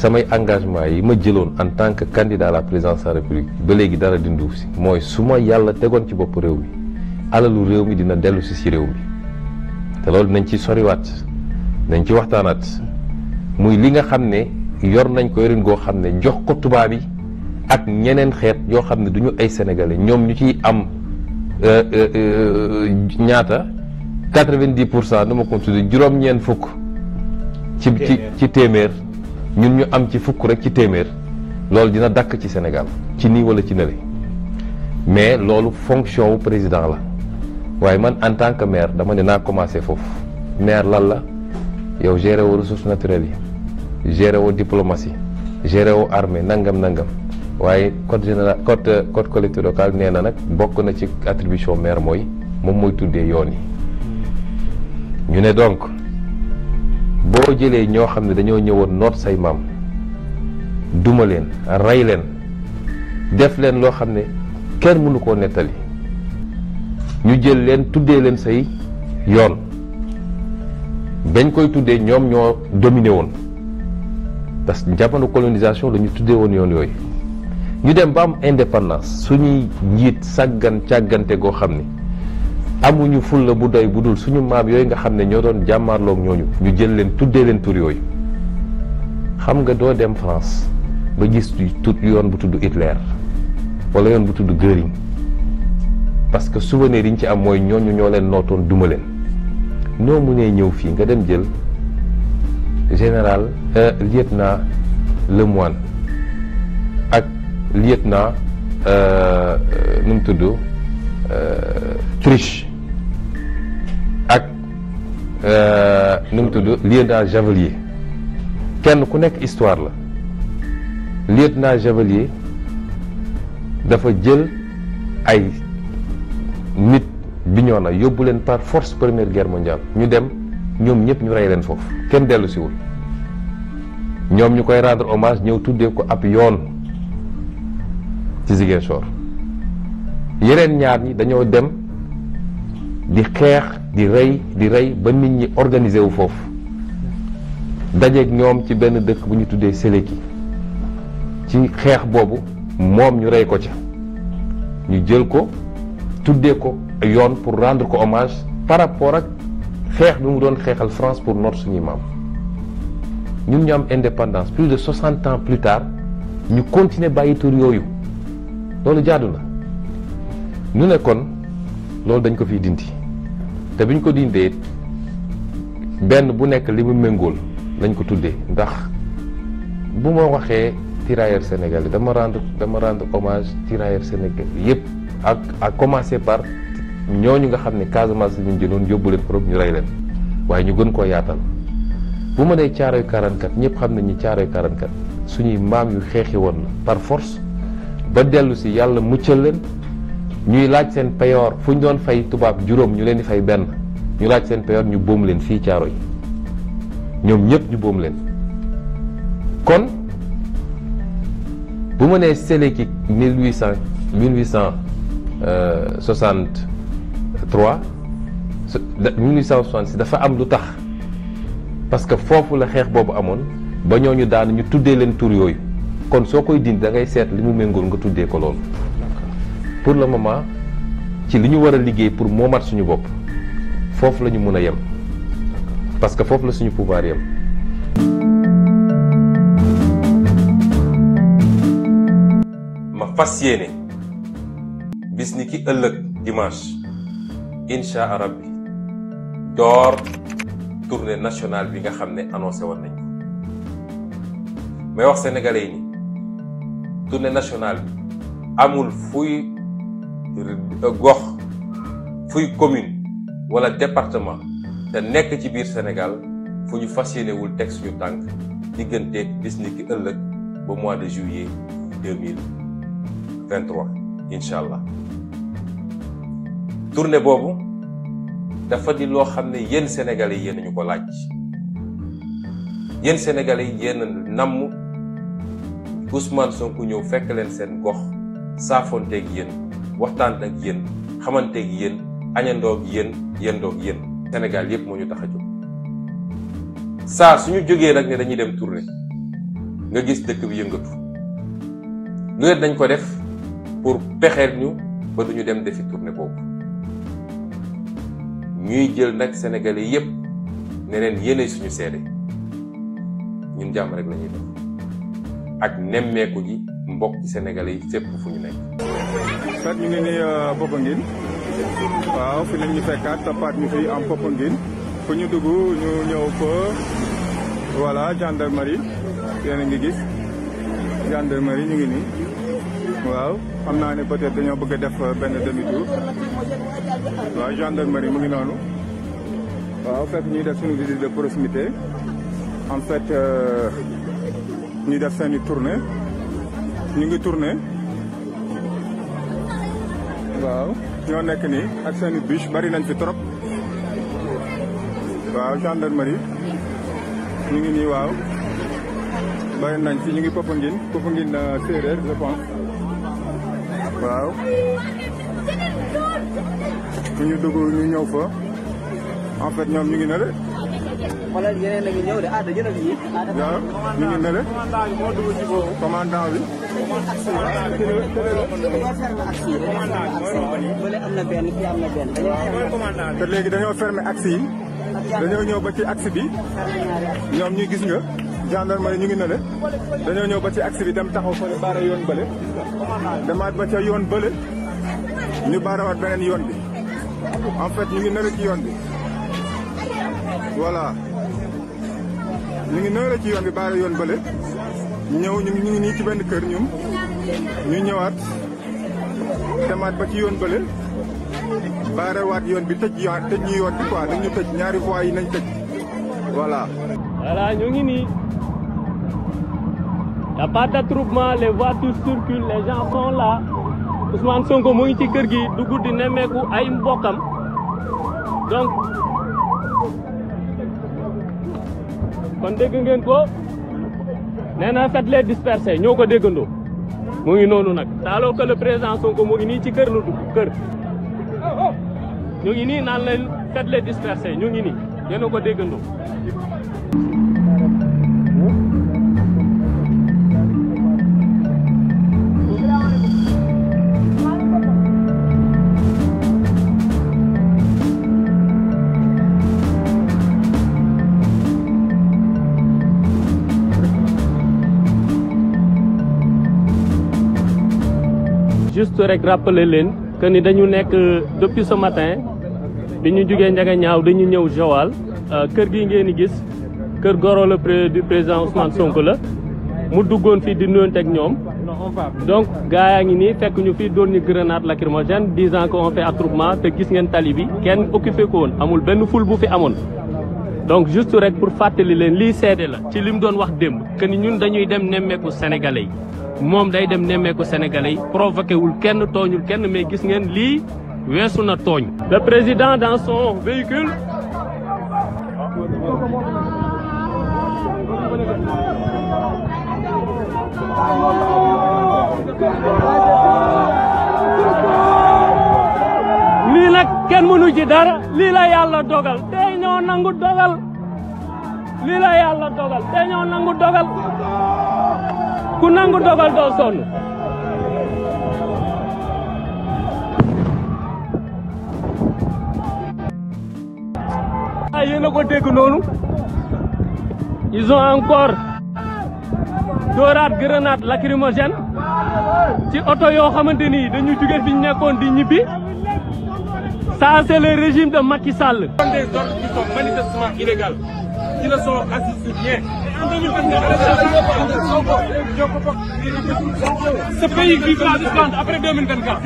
samay engagement yi ma jëloon en tant que candidat la présidence de la république ba léegi dara di nduuf si mooy su ma yàlla tegoon ci bopp réew mi alalu réew mi dina dellu si si réew mi te loolu nañ ci soriwaat nañ ci waxtaanaat muy li nga xam ne yor nañ ko yorin goo xam ne jox ko tubaab yi ak ñeneen xeet yoo xam ne du ñu ay sénégalais ñoom ñu ciy am euh, euh, euh, ñaata quatre-vingt-dix pour cent dama ko tudd juróom-ñeent fukk ci ci ci téeméer ñun ñu am ci fukk rek ci téeméer loolu dina dakk ci Sénégal ci nii wala ci nële mais loolu fonction wu président la waaye man en tant que maire dama ne naa commencé foofu maire lan la yow gérer woo ressources naturelles yi gérer woo diplomatie gérer woo armée nangam nangam waaye code général code code collectivité locale nee na nag bokk na ci attribution maire mooy moom mooy tuddee yoon yi ñu ne donc boo jëlee ñoo xam ne dañoo ñëwoon noot say maam duma leen rey leen def leen loo xam ne kenn mënu koo nettali ñu jël leen tuddee leen say yoon bañ koy tuddee ñoom ñoo dominé woon parce que jamono colonisation la ñu tuddee woon yoon yooyu ñu dem ba am indépendance suñuy njiit sàggan càggante goo xam ne amuñu fulla bu doy bu dul suñu maam yooyu nga xam ne ñoo doon jàmmaarlook ñooñu ñu jël leen tuddee leen tur yooyu xam nga doo dem France ba gis tut yoon bu tudd Hitler wala yoon bu tudd Göring parce que souvenirs yi ñu ci am mooy ñooñu ñoo leen nootoon duma leen noo mënee ñëw fii nga dem jël général euh, lieutenant Lemoine ak lieutenant euh, euh, nu mu tudd Triche Euh, nu mu tudd lieutenant Javelier kenn ku nekk histoire la lieutenant Javelier dafa jël ay nit na yóbbu leen par force première guerre mondiale ñu dem ñoom ñëpp ñu rey leen foofu kenn dellu siwul ñoom ñu koy rendre hommage ñëw tuddee ko ab yoon ci Ziguinchor yeneen ñaar ñi dañoo dem di xeex di rey di rey ba nit ñi organiser wu foofu dajeek ñoom ci benn dëkk bu ñu tuddee Séléki ci xeex boobu moom ñu rey ko ca ñu jël ko tuddee ko yoon pour rendre ko hommage par rapport ak xeex bi mu doon xeexal France pour noot suñuy maam ñun ñu am indépendance plus de soixante ans plus tard ñu continuer bàyyi tur yooyu loolu jaadu na ñu nekkoon loolu dañ ko fiy dindi te ñu ko dindee benn bu nekk li mu méngool lañ ko tuddee ndax bu ma waxee tirailleurs sénégalais dama rendre dama rend hommage tirailleurs sénégalais yëpp ak à commencer par ñoo ñu nga xam ne Casamance la ñu jëloon yóbbu leen Europe ñu rey leen waaye ñu gën koo yaatal bu ma nee caaroy 44 ñëpp xam nañ ni caaroy 44 suñuy maam yu xeexi woon la par force ba dellu si yàlla muccal leen. ñuy laaj seen payoor fu ñu doon fay tubaab juróom ñu leen di fay benn ñu laaj seen payoor ñu boom leen fii caaro yi ñoom ñëpp ñu boom leen kon bu ma nee Séléki mille huit cent mille huit cent soixante trois mille huit cent soixante six dafa am lu tax parce que foofu la xeex boobu amoon ba ñooñu daan ñu tuddee leen tur yooyu kon soo koy dindi da ngay seet li mu méngoon nga tuddee ko loolu pour le moment ci li ñu war a liggéey pour moo moomaat suñu bopp foofu la ñu mën a yem parce que foofu la suñu pouvoir yem. ma fas yéene bis ni ki ëllëg dimanche incha arab bi door tournée nationale bi nga xam ne annoncé woon nañ ko may wax sénégalais yi ni tournée nationale bi amul fuy. gox fuy commune wala département te nekk ci biir Sénégal fu ñu fas yéenewul teg suñu tànk diggante bis ki ëllëg ba mois de juillet deux mille vingt allah tournée boobu dafa di loo xam ne yéen Sénégalais yi yéen ñu ko laaj yéen Sénégalais yi yéen namm Ousmane Sonko ñëw fekk leen seen gox saafonteeg yéen. waxtaan ak yéen xamante ak yéen añandoo ak yéen yendoo ak yéen Sénégal yépp moo ñu tax a jóg saa suñu jógee nag ne dañuy dem tournée nga gis dëkk bi yëngatu lu ne dañ ko def pour pexeel ñu ba duñu dem defi tournée boobu ñuy jël nag sénégalais yépp ne leen yéene suñu seede ñun jàmm rek lañuy def ak nemmeeku ji mbokk sénégalais yi fépp fu ñu nekk fekk ñu ngi nii Popenguine euh, waaw fi lañ ñu fekkaat toppaat ñu fii am Popenguine fu ñu dugg ñu ñëw fa voilà gendarmerie yéen a gis gendarmerie ñu ngi nii waaw xam naa ne peut-être dañoo bëgg a def euh, benn demi-tour waaw gendarmerie mu ngi noonu waaw fekk ñuy def suñu visite de proximité en fait euh, ñuy def seeni tournée ñu ngi tourné waaw ñoo nekk nii ak seen bari nañ fi trop waaw gendarmerie ñu ngi nii waaw bari nañ fi ñu ngi Popenguine Popenguine euh, séeréer je waaw ñu ñu ñu ñëw fa en fait ñoom ñu ngi ne xoolal yeneen a ngi ñëw ah, ñu ngi am na benn te léegi dañoo fermer accès yi. dañoo ñëw ba ci accès bi. ñoom ñuy gis nga. gendarmerie ñu ngi ne le dañoo ñëw ba ci accès bi dem taxaw fële baara yoon bële. demaat ba ca yoon bële. ñu baarawaat beneen yoon bi. en fait ñu ngi ne le ci yoon bi. voilà ñu ngi nële ci yoon bi baare yoon bële ñëw ñu ñu nii ci kër ñun ñu ñëwaat demaat ba ci yoon bële baarewaat yoon bi tëj yoon tëj ñu yoon bi ñaari voies yi nañ tëj voilà. voilà ñu ngi nii y a pas d'attroupement les voitures circulent les gens sont Sonko mu ngi ci kër gi du guddi nemmeeku ay mbokkam donc. kon dégg ngeen ko nee na faites les disperser ñoo ko déggandoo mu ngi noonu nag te alors que ko président Sonko nii ci kër lu dugg kër ñu ngi nii naan leen faites les disperser ñu ngi nii yéen a ko déggandoo juste rek rappeler leen que ni dañu nekk depuis ce matin bi ñu jugee Ndiaga ñaaw dañu ñëw Joal euh, kër gi ngeen di gis kër goro la du président Ousmane Sonko la mu duggoon fii di nuyoon teg ñoom donc gaa yaa ngi nii fekk ñu fii doon ñu grenade lacrymogène disant que on fait attroupement te gis ngeen bi kenn occupé ko woon amul benn ful bu fi amoon donc juste rek pour fàttali leen lii seede la ci li mu doon wax démb que ni ñun dañuy dem nemmeeku sénégalais yi moom day dem nemmeeku sénégalais yi provoqué wul kenn tooñul kenn mais gis ngeen lii weesu na tooñ. le président dans son lii nag kenn mënu ci dara lii la yàlla dogal te ñoo nangu dogal lii la yàlla dogal te ñoo nangu dogal. ku nangu dogal doo sonn ah yéen a ko dégg noonu ils encore dooraat grenade lacrymogène ci oto yoo xamante ni dañu jóge fi ñu nekkoon di ñibbi ça c'est le régime de Macky Sall. des ordres qui sont manifestement illégaux qui ne sont assis sur Ce pays vivra jusqu'en après 2024.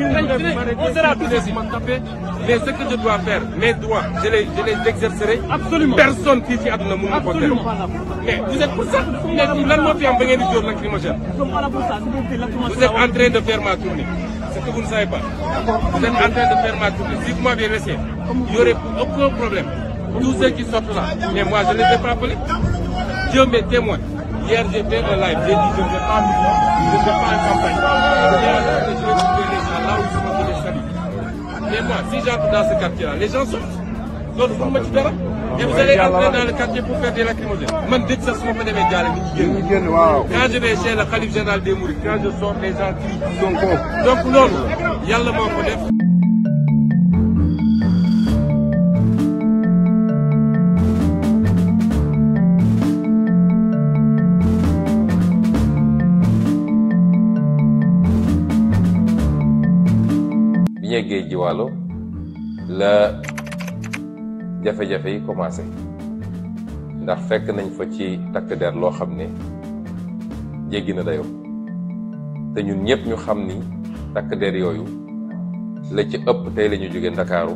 On sera tous ici. Mais ce que je dois faire, mes droits, je les, je les exercerai. Absolument. Personne qui ci àdduna mënu ko def. Mais vous êtes pour ça. Mais lan moo fi am ba ngeen di jóor lacrymogène. Vous êtes en de faire ma tournée. C'est que vous ne Vous êtes en de faire ma tournée. Si vous m'avez resté, il aucun problème. Tous ceux qui sortent là. Mais moi, je ne les Dieu m'est témoin. Hier, j'ai fait un live. J'ai dit, je ne fais pas je ne fais pas une campagne. Je vais trouver les gens là où ils moi, si j'entre dans ce quartier-là, les gens sortent. loolu foog ma et vous allez entrer dans le quartier pour faire des lacrymogènes. man dëgg sax su ma fa demee jaaree je vais chez le khalife général des Mourides. quand je sors les donc loolu yàlla moo yeggee jiwaalo la jafe-jafe yi commencé ndax fekk nañ fa ci takk der loo xam ne jéggi na dayoo te ñun ñëpp ñu xam ni takk der yooyu la ci ëpp tey la jóge Ndakaaru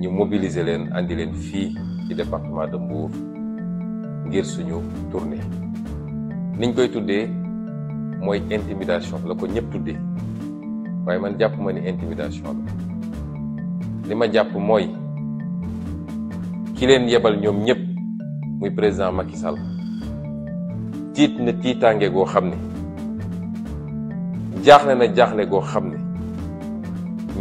ñu mobiliser leen andi leen fii ci département de Mbour ngir suñu tournée niñ koy tuddee mooy intimidation la ko ñëpp tuddee waaye man jàpp ma ni intimidation la li ma jàpp mooy ki leen yebal ñoom ñëpp muy président Macky Sall tiit na tiitaange goo xam ne jaaxle na jaaxle goo xam ne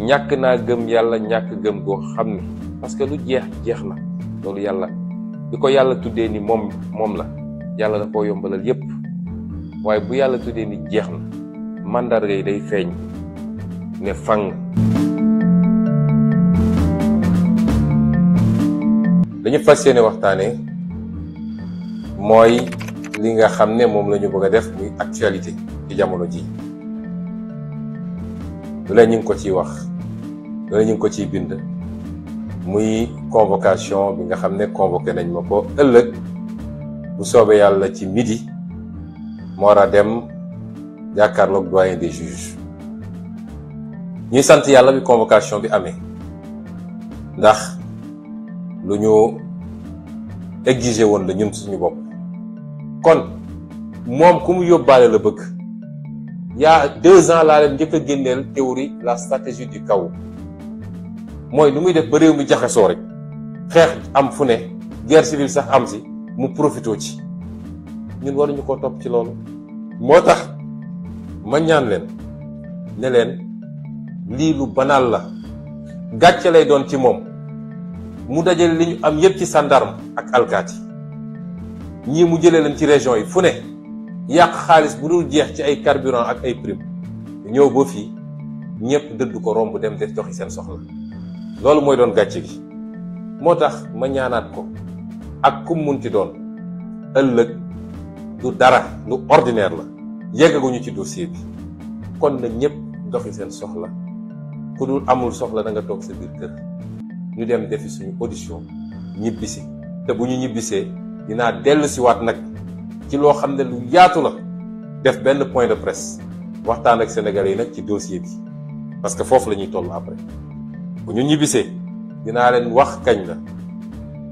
ñàkk naa gëm yàlla ñàkk gëm goo xam ne parce que lu jeex jeex na loolu yàlla bi ko yàlla tuddee ni moom moom la yàlla da koo yombalal yépp waaye bu yàlla tuddee ni jeex na màndarga yi day feeñ ne fang dañu fas yéene waxtaane mooy li nga xam ne moom lañu ñu bëgg a def muy actualité ci jamono ji lu leen ko ciy wax lu leen ko ciy bind muy convocation bi nga xam ne convoqué nañ ma ko ëllëg bu soobee yàlla ci midi moo war a dem jàkkaarloog doyen des juges ñuy sant yàlla bi convocation bi amee ndax lu ñu exiger woon la ñun suñu bopp kon moom ku mu yóbbaale la bëgg yaa deux ans laa leen njëkk a génneel théorie la stratégie di chaos mooy lu muy def ba réew mi jaxasoo rek xeex am fu ne guerre civile sax am si mu profitoo ci ñun waruñu ko topp ci loolu moo tax ma ñaan leen ne lii lu banaal la gàcce lay doon ci moom mu dajale li ñu am yépp ci sandarme ak alkaati ñii mu jëlee leen ci région yi fu ne yàq xaalis bu dul jeex ci ay carburant ak ay prime ñëw ba fii ñëpp dëdd ko romb dem def joxi seen soxla loolu mooy doon gàcce gi moo tax ma ñaanaat ko ak kum munti doon ëllëg du dara lu ordinaire la yeggaguñu ci dossier bi kon na ñëpp doxi seen soxla ku dul amul soxla da nga toog sa biir kër ñu dem defi suñu audition ñibbisi te bu ñu ñibbisee dinaa dellu si waat nag ci loo xam ne lu yaatu la def benn point de presse waxtaan ak sénégalais yi nag ci dossier bi parce que foofu la ñuy toll après bu ñu ñibbisee dinaa leen wax kañ la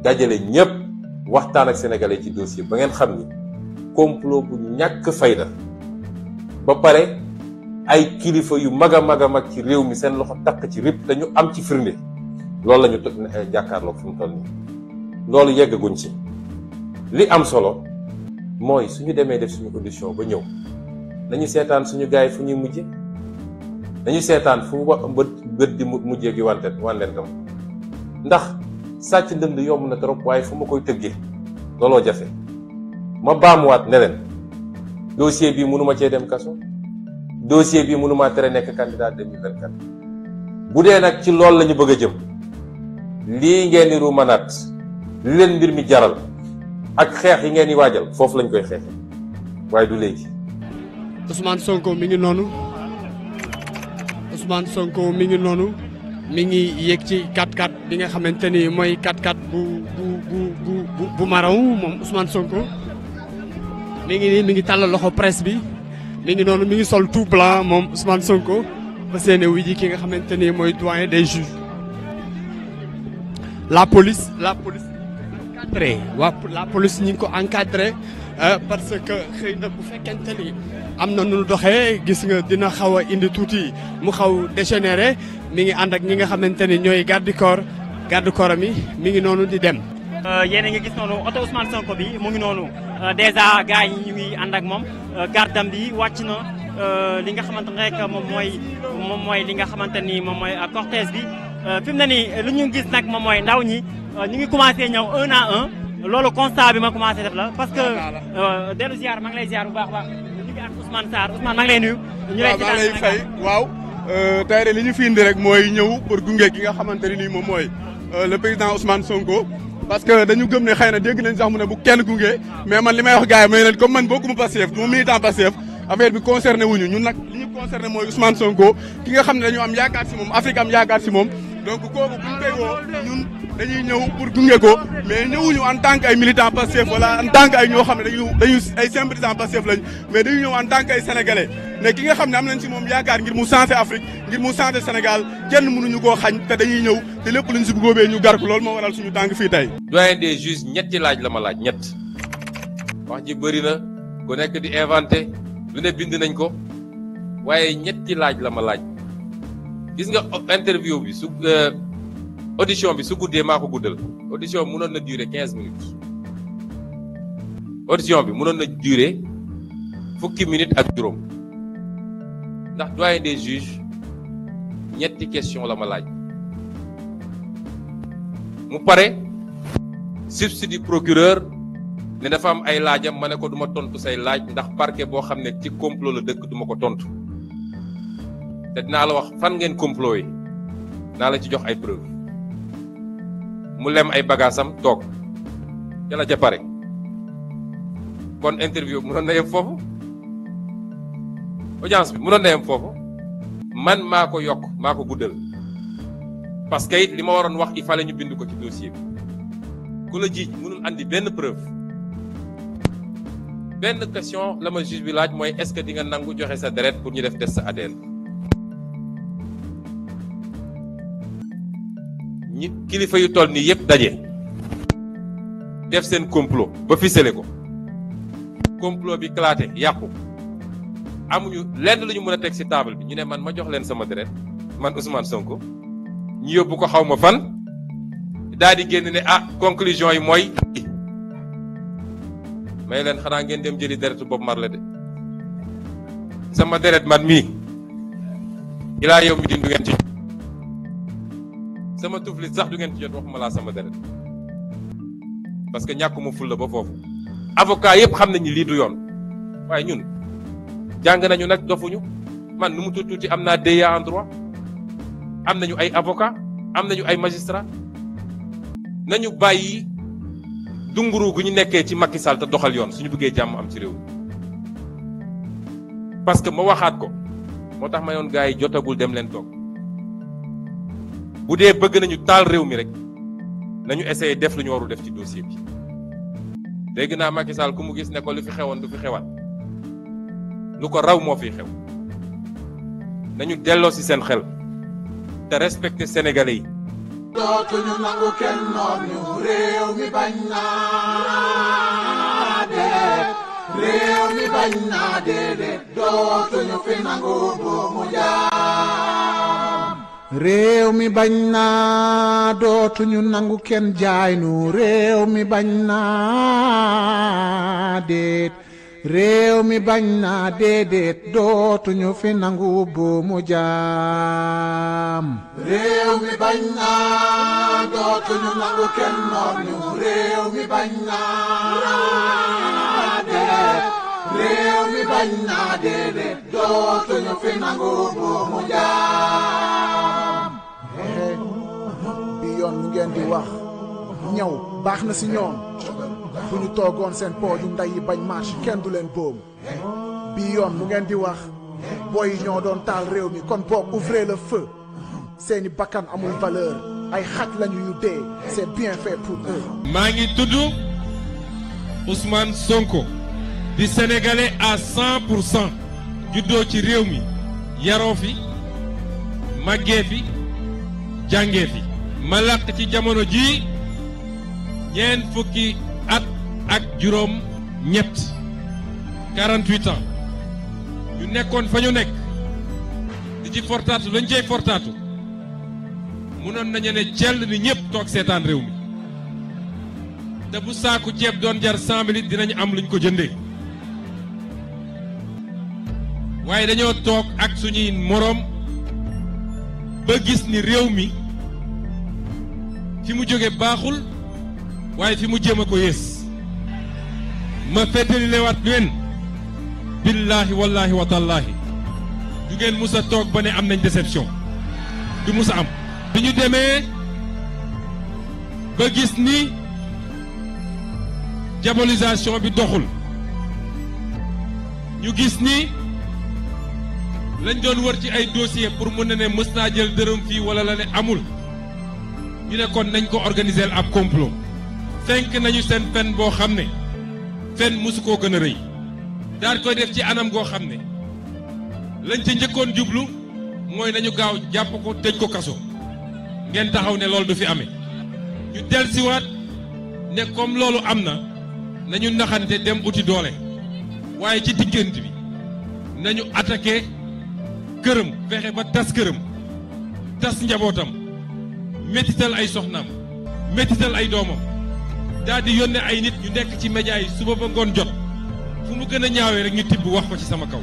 dajale ñépp waxtaan ak sénégalais ci dossier ba ngeen xam ni complot bu ñàkk fayda ba pare ay kilifa yu mag a mag a mag ci réew mi seen loxo takk ci rip dañu am ci firnde loolu lañu ñu eh, jàkkaarloog fi mu toll nii loolu yeggaguñ ci li am solo mooy suñu demee def suñu audition ba ñëw nañu seetaan suñu gars yi fu ñuy mujje dañu seetaan fu ba bët di mujjee gi wanteen wanteekam ndax sàcc ndënd yomb na trop waaye fu ma koy tëggee looloo jafe ma baamuwaat ne leen bii bi mënuma cee dem kaso dossier bi mënumaa tere nekk candidat 2024 bu dee nag ci loolu la ñu bëgg a jëm lii ngeen ruumanaat li leen mbir mi jaral ak xeex yi ngeen di waajal foofu lañ koy xeexee waaye du léegi. Ousmane Sonko mi ngi noonu Ousmane Sonko mi ngi noonu mi ngi yéeg ci 4-4 bi nga xamante ni mooy 4-4 bu bu bu bu bu maraw moom Ousmane Sonko mi ngi nii mi ngi tàllal loxo presse bi. mi ngi noonu mi ngi sol tout blanc moom Ousmane Sonko fa seene wu ji ki nga xamante ni mooy doyen des juges la police la police encadré la police ñi ngi ko encadré euh, parce que xëy na bu fekkente ni am na nu doxee gis nga dina xaw a indi tuuti mu xaw dégénéré mi ngi ànd ak ñi nga xamante ni ñooy garde corps garde corps mi mi ngi noonu di dem. Euh, yéen a ngi gis noonu oto Ousmane Sonko bi mu ngi noonu. Euh, dèjà gars yi ñu ngi ànd ak moom euh, gardam bi wàcc na euh, li nga xamante rek moom mooy moom mooy li nga xamante ni moom mooy cortège bi fi mu ne nii lu ñu gis nag moom mooy ndaw ñi ñu ngi commencé ñëw un à un loolu constat ma commencé def la parce que dellu ziar maa ngi lay ziar bu baax a baax ñu ngi ak Ousmane Sarr Ousmane maa ngi lay nuyu. ñu lay fay waaw. tey de li ñu fi indi rek mooy ñëw pour gunge gi nga xamante ne nii moom mooy le président Ousmane Sonko. parce que dañu gëm ne xëy na sax mu ne bu kenn gunge mais man li may wax gars yi comme man bokkuma Pastef du ma militant Pastef affaire bi concerné wuñu ñun nag li ñu concerné mooy Ousmane Sonko ki nga xam ne dañu am yaakaar si moom Afrique am yaakaar si moom donc kooku buñ koy woo ñun dañuy ñëw pour gunge ko mais ñëwuñu en tant que ay militant Pastef wala en tant ay ñoo xam ne dañu ay sympathisant Pastef lañ mais dañuy ñëw en tant que ay sénégalais ne ki nga xam ne am nañ si moom yaakaar ngir mu changé Afrique ngir mu changé Sénégal kenn mënuñu koo xañ te dañuy ñëw te lépp luñ ci góobee ñu gar lool moo waral suñu tànk fii tey. doyen des juges ñetti laaj la ma laaj ñett wax ji bëri na ku nekk di inventé lu ne bind nañ ko waaye ñetti laaj la ma laaj gis nga interview bi su. Euh, audition bi su guddee maa ko guddal audition bi mënoon na durer quinze minutes audition bi mënoon na durer fukki minutes ak juróom ndax doyen des juges ñetti question la ma laaj mu pare substitut procureur ne dafa am ay laajam ma ne ko duma tontu say laaj ndax parquet boo xam ne ci complot la dëkk duma ko tontu te dinaa la wax fan ngeen complot yi naa la ci jox ay preuve mu lem ay bagages toog yàlla ca pare kon interview munoon na yem foofu audience bi munoon na yem foofu man maa ko yokk maa ko guddal parce que it li ma waroon wax i fallait ñu bind ko ci dossier bi ku la jiiñ mënul andi benn preuve benn question la ma juge bi laaj mooy est-ce que di nga nangu joxe sa deret pour ñu def test sa ADN. ñi kilifa yu toll nii yëpp daje def seen complot ba ficelé ko complot bi claté yàqu amuñu lenn lu ñu mën a teg ci table bi ñu ne man ma jox leen sama deret man Ousmane Sonko ñu yóbbu ko xaw ma fan daal di génn ne ah conclusion yi mooy may leen xanaa ngeen dem jëli deretu Bob Marley de sama deret man mii ilaa yow mi din du ngeen ci sama tuflit sax du ngeen ci jot waxuma laa sama deret parce que ñàkkuma fulla ba foofu avocat yëpp xam nañu lii du yoon waaye ñun jàng nañu nag dofuñu man nu mu tuuti tuuti am naa DEA en droit am nañu ay avocat am nañu ay magistrat nañu bàyyi dunguru gu ñu nekkee ci Macky Sall te doxal yoon suñu buggee jàmm am ci réew parce que ma waxaat ko moo tax ma yoon gars yi jotagul dem leen toog bu dee bëgg nañu taal réew mi rek nañu essayer def lu ñu warul def ci dossier bi dégg naa Macky Sall ku mu gis ne lu fi xewoon du fi xewaat lu ko raw moo fiy xew nañu delloo ci seen xel te respecter sénégalais yi. dootuñu nangu kenn noonu réew réew mi bañ naa de dootuñu fi nangu bu mu jaar. réew mi bañ naa dootuñu nangu kenn jaay nu réew mi bañ naa déet réew mi bañ naa déedéet dootuñu fi nangu buumu déet dootuñu fi nangu buumu jaam. yoon ngeen di ñaw baax na si ñoom bu seen pooju ndey yi bañ kenn du leen boom bii yoon ngeen di wax booy réew mi kon boog ouvrez le feu seeni bakkan amul valeur ay xaj lañu yu dee c'est maa ngi tudd usmaan Sonko di sénégalais à cent pour cent juddoo ci réew mi yaroo fi màggee fi jàngee fi ma ci jamono jii ñeent fukki at ak juróom ñett 48 yu nekkoon fa ñu nekk di ci fortaatu lañ cey fortaatu munoon nañu ne cell ni ñëpp toog seetaan réew mi te bu saaku ceeb doon jar 100 dinañu am luñ ko jënde waaye dañoo toog ak suñuy moroom ba gis ni réew mi fi mu jóge baaxul waaye fi mu jëm a ko yées ma feddali lewaat leen billaahi wallaahi wa tallaahi du ngeen mus a toog ba ne am nañ déception du musa am bi ñu demee ba gis ni diabolisation bi doxul ñu gis ni lañ doon wër ci ay dossier pour mën na ne mës naa jël dërëm fii wala la ne amul ñu ne kon nañ ko organiser ab complot fenk nañu seen fen boo xam ne fenn mosu koo gën a rëy daal koy def ci anam goo xam ne lañ ca njëkkoon jublu mooy nañu gaaw jàpp ko tëj ko kaso ngeen taxaw ne loolu du fi amee ñu dellusiwaat ne comme loolu am na nañu naxante dem uti doole waaye ci diggante bi nañu attaqué këram fexe ba tas këram tas njabootam métital ay soxnaam métital ay doomam daal di yónnee ay nit ñu nekk ci média yi suba ba ngoon jot fu mu gën ñaawee rek ñu tibb wax ko ci sama kaw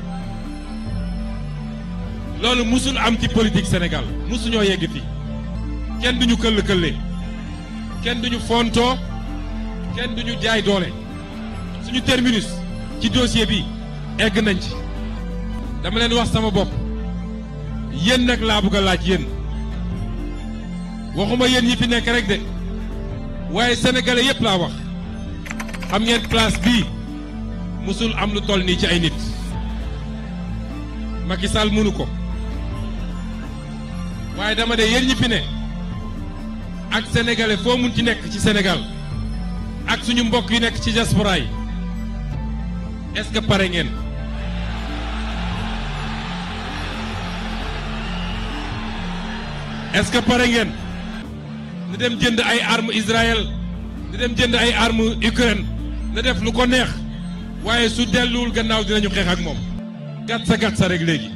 loolu musul am ci politique senegal mësuñoo yegg fi kenn duñu këll këllee kenn duñu fontoo kenn duñu jaay doole suñu terminus ci dossier bi egg nañ ci dama leen wax sama bopp yéen nag laa bëgg a laaj yéen waxuma yéen ñi fi nekk rek de waaye sénégalais yépp laa wax xam ngeen place bii musul am lu toll nii ci ay nit Macky Sall mënu ko waaye dama de yéen ñi fi ne ak sénégalais foo mun ci nekk ci senegal ak suñu mbokk yi nekk ci diaspora yi ce pare ngeen est-ce que pare ngeen na dem jënd ay arme Israël na dem jënd ay arme Ukraine na def lu ko neex waaye su delluwul gannaaw dinañu xeex ak moom gàtt sa sa rek léegi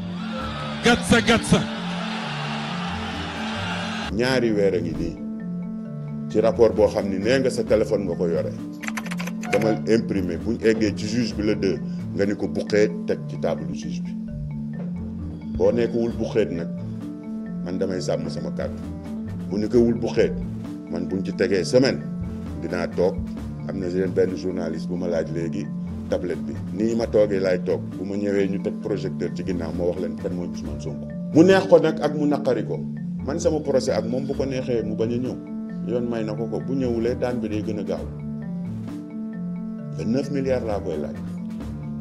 gàtt sa sa ñaari weer a ngi nii ci rapport boo xam ni nee nga sa téléphone nga ko yore dama imprimer buñ eggee ci juge bi la deux nga ni ko buqeet teg ci taabalu juge bi boo nekkul buqeet nag man damay sàmm sama kàddu bu ñu ko wul bu xeet man buñ ci tegee semaine dinaa toog am na leen benn journaliste bu ma laaj léegi tablette bi nii ma toogee laay toog bu ma ñëwee ñu teg projecteur ci ginnaaw ma wax leen kan mooy Ousmane Sonko. mu neex ko nag ak mu naqari ko man sama procès ak moom bu ko neexee mu bañ a ñëw yoon may na ko ko bu ñëwulee daan bi day gën a gaaw vingt-neuf milliards laa koy laaj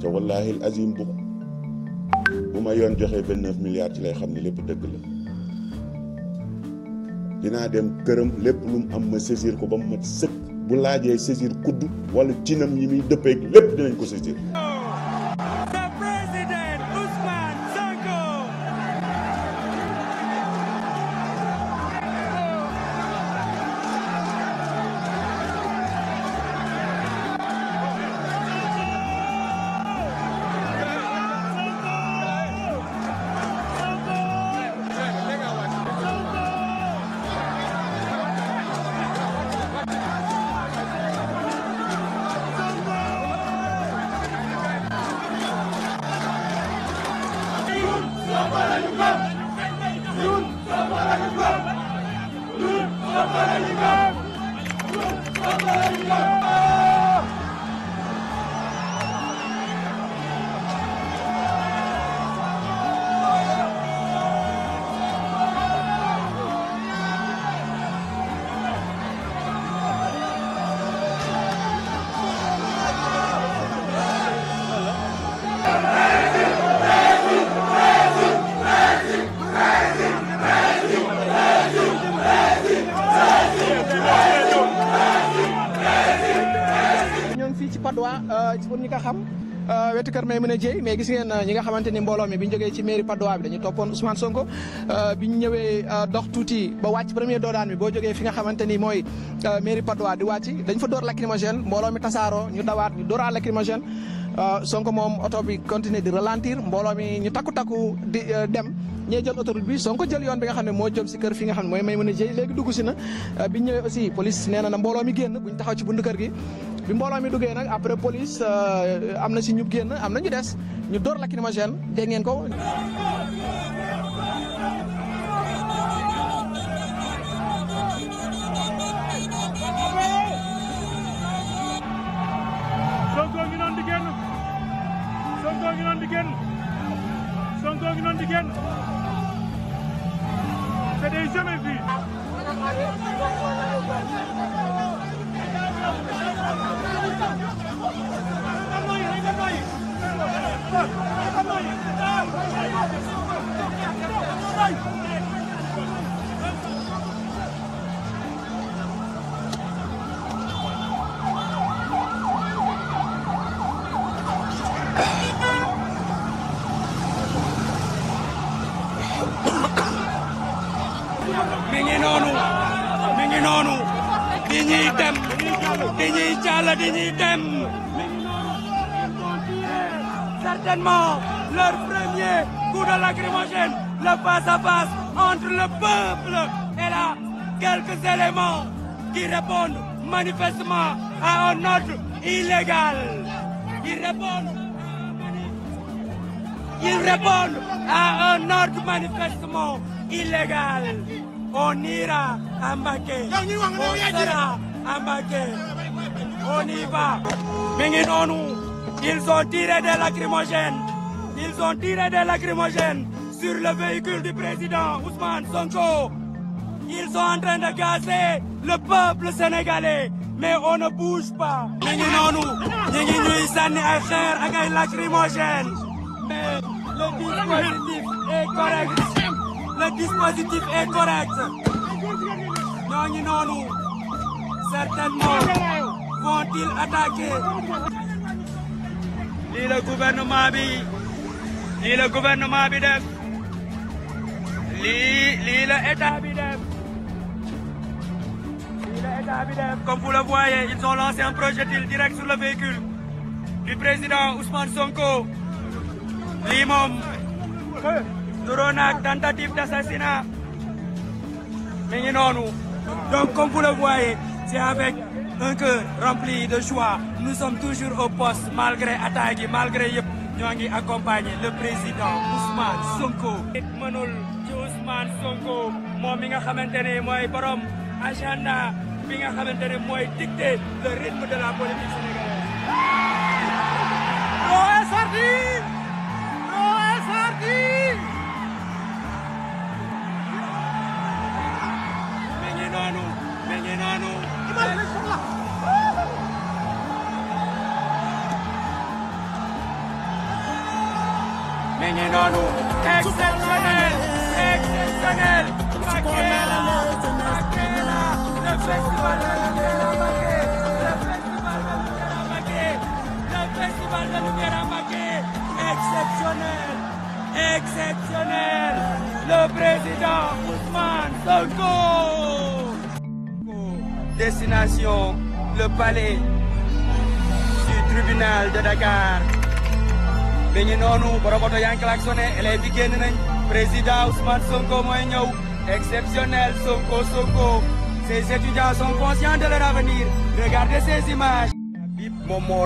te wallaahi azim bu bu ma yoon joxee vingt-neuf milliards ci lay xam ne lépp dëgg la. dinaa dem këram lépp lu mu am ma saisir ko ba mu mat sëkk bu laajee saisir kudd wala tinam yi muy dëppeeg lépp dinañ ko saisir Maïmouna Dièye mais gis ngeen ñi nga xamante ni mbooloo mi bi ñu jógee ci mairie Patte bi dañu toppoon Ousmane Sonko euh, bi ñu ñëwee euh, dox tuuti ba wàcc premier doodaan bi boo jógee fi nga xamante ni mooy euh, mairie Patte d'Oie di wàcc dañ fa door mbooloo mi tasaaroo ñu dawaat ñu moom oto bi continuer di ralentir mbooloo mi ñu takku takku di dem ñee jël autoroute bi Sonko jël yoon bi nga xam ne moo jëm si kër fi nga xam ne mooy Maïmouna Dièye léegi dugg si na bi ñu ñëwee aussi police nee na na mbooloo mi génn buñ taxaw ci buntu gi bi mbooloo mi duggee nag après police euh, am na si ñu génn am na ñu des ñu door lacrymogène dégg ngeen ko. Sonko ngi noonu di génn Sonko ngi noonu di génn Sonko ngi noonu di génn c'est des jamais vu. Thank you. la dañuy dem certainement leur premier coup de le face entre le peuple et là quelques éléments qui répondent manifestement à un ordre illégal ils répondent à un ordre manifestement illégal on ira à Mbacké on sera on y va ils ont tiré des lacrymogènes ils ont tiré des lacrymogènes sur le véhicule du président Ousmane Sonko ils sont en de gazer le peuple sénégalais mais on ne bouge pas mi ngi noonu ñi ngi ñuy sànni ay xeer ak ay mais le dispositif est correct le dispositif est correct ñoo ngi noonu certainement vont-ils attaquer lii la gouvernement bi lii la gouvernement bi lii lii la état bi comme vous le voyez ils ont lancé un projectile direct sur le véhicule du président Ousmane Sonko lii moom nuroo naag tentative d'assassinat mi donc comme vous le voyez c'est avec un cœur rempli de joie nous sommes toujours au poste malgré attaques malgré yëpp ñoo ngi accompagner le président Ousmane Sonko. nit mënul ci Sonko moom mi nga xamante ne mooy borom agenda bi nga xamante mooy dicter le rythme de la politique sénégalaise. L'eau est sortie, l'eau mi ngi noonu exceptionnel exceptionnel Makela Makela le festival de Louvière Mbacké le festival de Louvière Mbacké le festival de Louvière Mbacké exceptionnel exceptionnel le président Ousmane Sonko destination le palais du tribunal de Dakar mi ngi noonu borom oto yaa ngi klaxonné élèves yi génn président Ousmane Sonko mooy ñëw exceptionnel Sonko Sonko ces étudiants sont conscients de leur avenir regardez ces images bip moom moo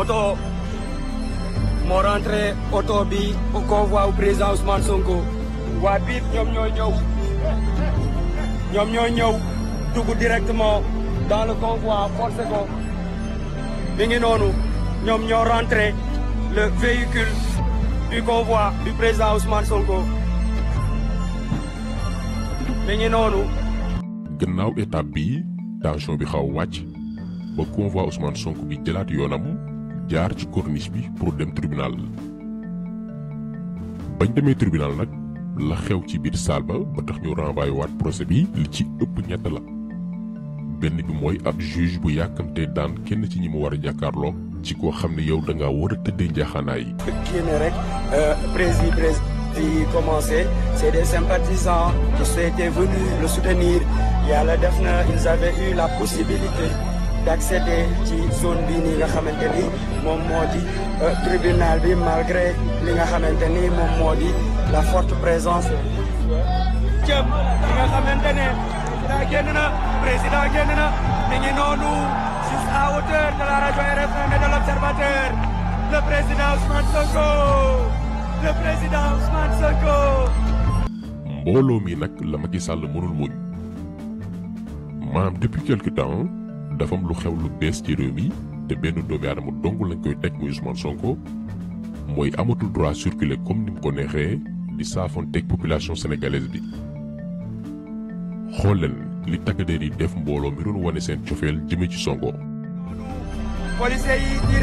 oto moo rentré oto bi président Ousmane Sonko waa bip ñoom ñoom ñoo ñëw dugg directement dans le convoi forcé ko mi ngi noonu ñoom ñoo rentré le véhicule du convoi du président Ousmane Sonko mi ngi noonu. gannaaw étape bi tension bi xaw wàcc ba convoi Ousmane Sonko bi jëlaat yoonam jaar ci corniche bi pour dem tribunal bañ demee tribunal nag. la xew ci biir salle ba ba tax ñu renvoyé waat procès bi li ci ëpp ñett la benn bi mooy ab juge bu yàkkamtee daan kenn ci ñi mu war a jàkkaarloo ci koo xam ne yow da ngaa war a tëddee njaaxaanaay yi. génn rek euh, prési prési di commencé c'est des sympathisants qui étaient venus le soutenir yàlla def na ils avaient eu la possibilité d'accéder ci zone bi nii nga xamante ni moom moo di euh, tribunal bi malgré li nga xamante ni moom moo di. la forte présence. jëm ki nga génn na président génn na mi ngi noonu juste à hauteur de la radio RFM et de l'Observateur le président Ousmane Sonko mbooloo mi nag la Macky Sall mënul muñ maanaam depuis quelque dafa am lu xew lu bees ci réew mi te benn doomi aadama donk lañ koy teg muy Ousmane Sonko mooy amatul droit circuler comme ni mu ko neexee. di saafonteeg population xool leen li takk der yi def mbooloo mi doon wane seen cofeel jëme ci Sonko. policiers yi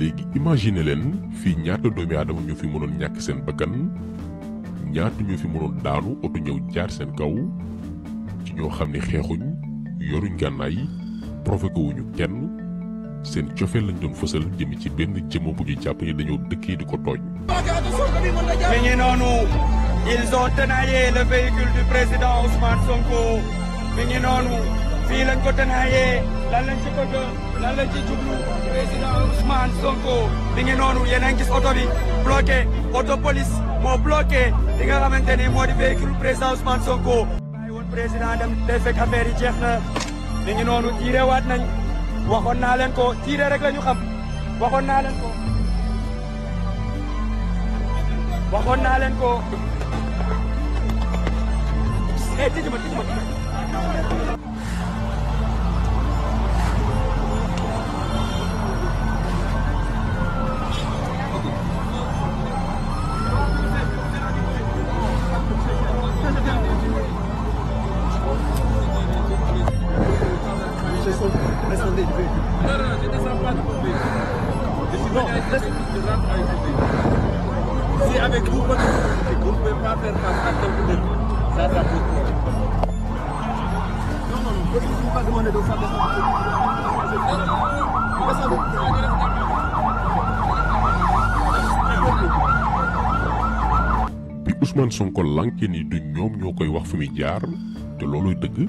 léegi imagine leen fii ñaata doomi aadama ñu fi mënoon ñàkk seen bakkan. ñaata ñoo fi mënoon daanu oto ñëw jaar seen kaw ci ñoo xam ni xeexuñ yoruñ gànnaay provoqué wuñu kenn seen cofeel lañ doon fësal jëmi ci benn jëmm bu ñu jàpp ni dañoo dëkkee di ko tooñ. mi ngi noonu ils ont tenaillé le véhicule du président Ousmane Sonko mi ngi noonu fii lañ ko tenaillé lan lañ ci bëgg lan lañ ci jublu. président Ousmane Sonko mi ngi noonu yéen gis oto bi bloqué oto police moo bloqué li nga xamante ni moo di véhicule président Ousmane Sonko. bàyyi woon président dem day fekk jeex na mi ngi noonu tiire waat nañ waxoon naa leen ko tiire rek la ñu xam waxoon naa ko. waxoon naa leen ko. eh tëj ma tëj ma avec vous votre difficulté, vous ne pouvez du ñoom ñoo koy wax fu muy jaar te looluy dëgg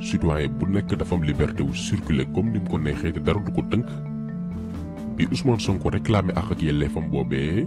citoyen bu nekk dafa am liberté wu circuler comme ni mu ko neexee te dara du ko tënk bi Ousmane Sonko réclamé ak ak yelleefam boobee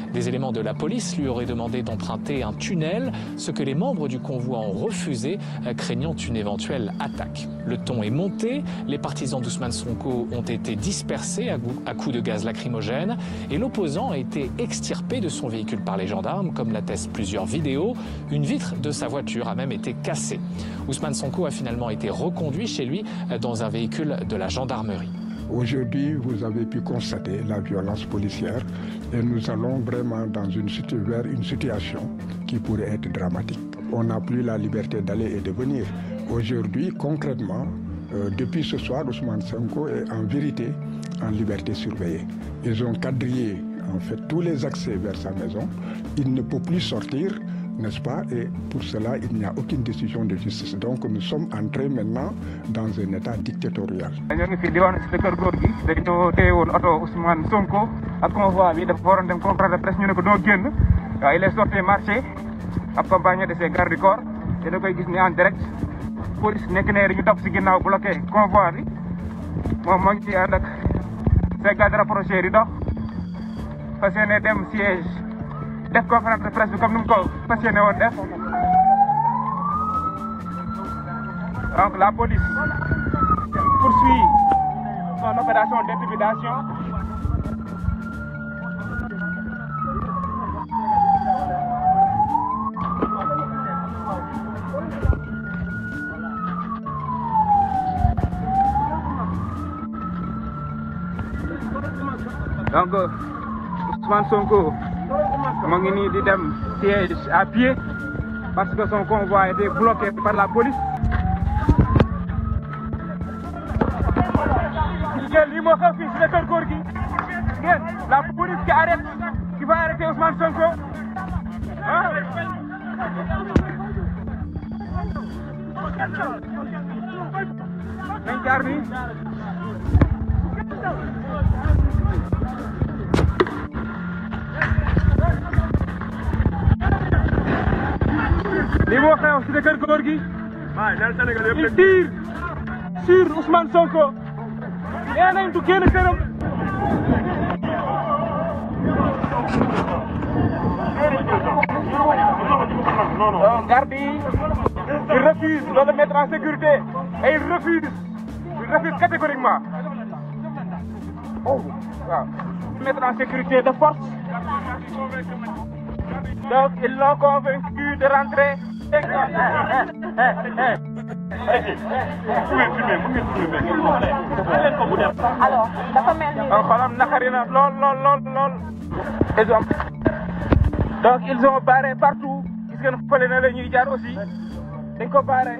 Des éléments de la police lui auraient demandé d'emprunter un tunnel, ce que les membres du convoi ont refusé, euh, craignant une éventuelle attaque. Le ton est monté, les partisans d'Ousmane Sonko ont été dispersés à coups de gaz lacrymogène et l'opposant a été extirpé de son véhicule par les gendarmes, comme l'attestent plusieurs vidéos. Une vitre de sa voiture a même été cassée. Ousmane Sonko a finalement été reconduit chez lui euh, dans un véhicule de la gendarmerie. Aujourd'hui, vous avez pu constater la violence policière et nous allons vraiment dans une, vers une situation qui pourrait être dramatique. On n'a plus la liberté d'aller et de venir. Aujourd'hui, concrètement, euh, depuis ce soir, Ousmane Senko est en vérité en liberté surveillée. Ils ont quadrillé en fait tous les accès vers sa maison. Il ne peut plus sortir. n'est-ce pas de justice. Donc nous sommes entrés maintenant dans bi dafa waroon de presse ñu ne ko doo génn waaye il est sorti marché accompagné de ses gardes du corps te da nekk na ñu topp si ginnaaw bloqué convoi bi moom moo ngi ci ànd ak ses gardes rapprochés di dox fas dem siège. def conférence de presse bi comme ni mu ko passionné woon def donc la police poursuit son opération d'intimidation donc Ousmane Sonko mu ngi nii di dem siège à pied parce que son convoi était bloqué par la police. lii moo xew fii si la kër góor gi ngeen la police qui arrête qui va arrêter Ousmane Sonko ah. moo xew si kër góor gi. il tire sur Ousmane Sonko. nee nañ du génn këram. donc garde yi il refuse de le mettre en sécurité et il refuse il refuse catégoriquement oh waaw. mettre en sécurité de force donc ils l'ont convaincu de rentrer. alors dafa mel ni. xolam naxari na lool lool lool lool. donc ils ont barré partout gis ngeen fële na la ñuy jaar aussi dañ ko barré.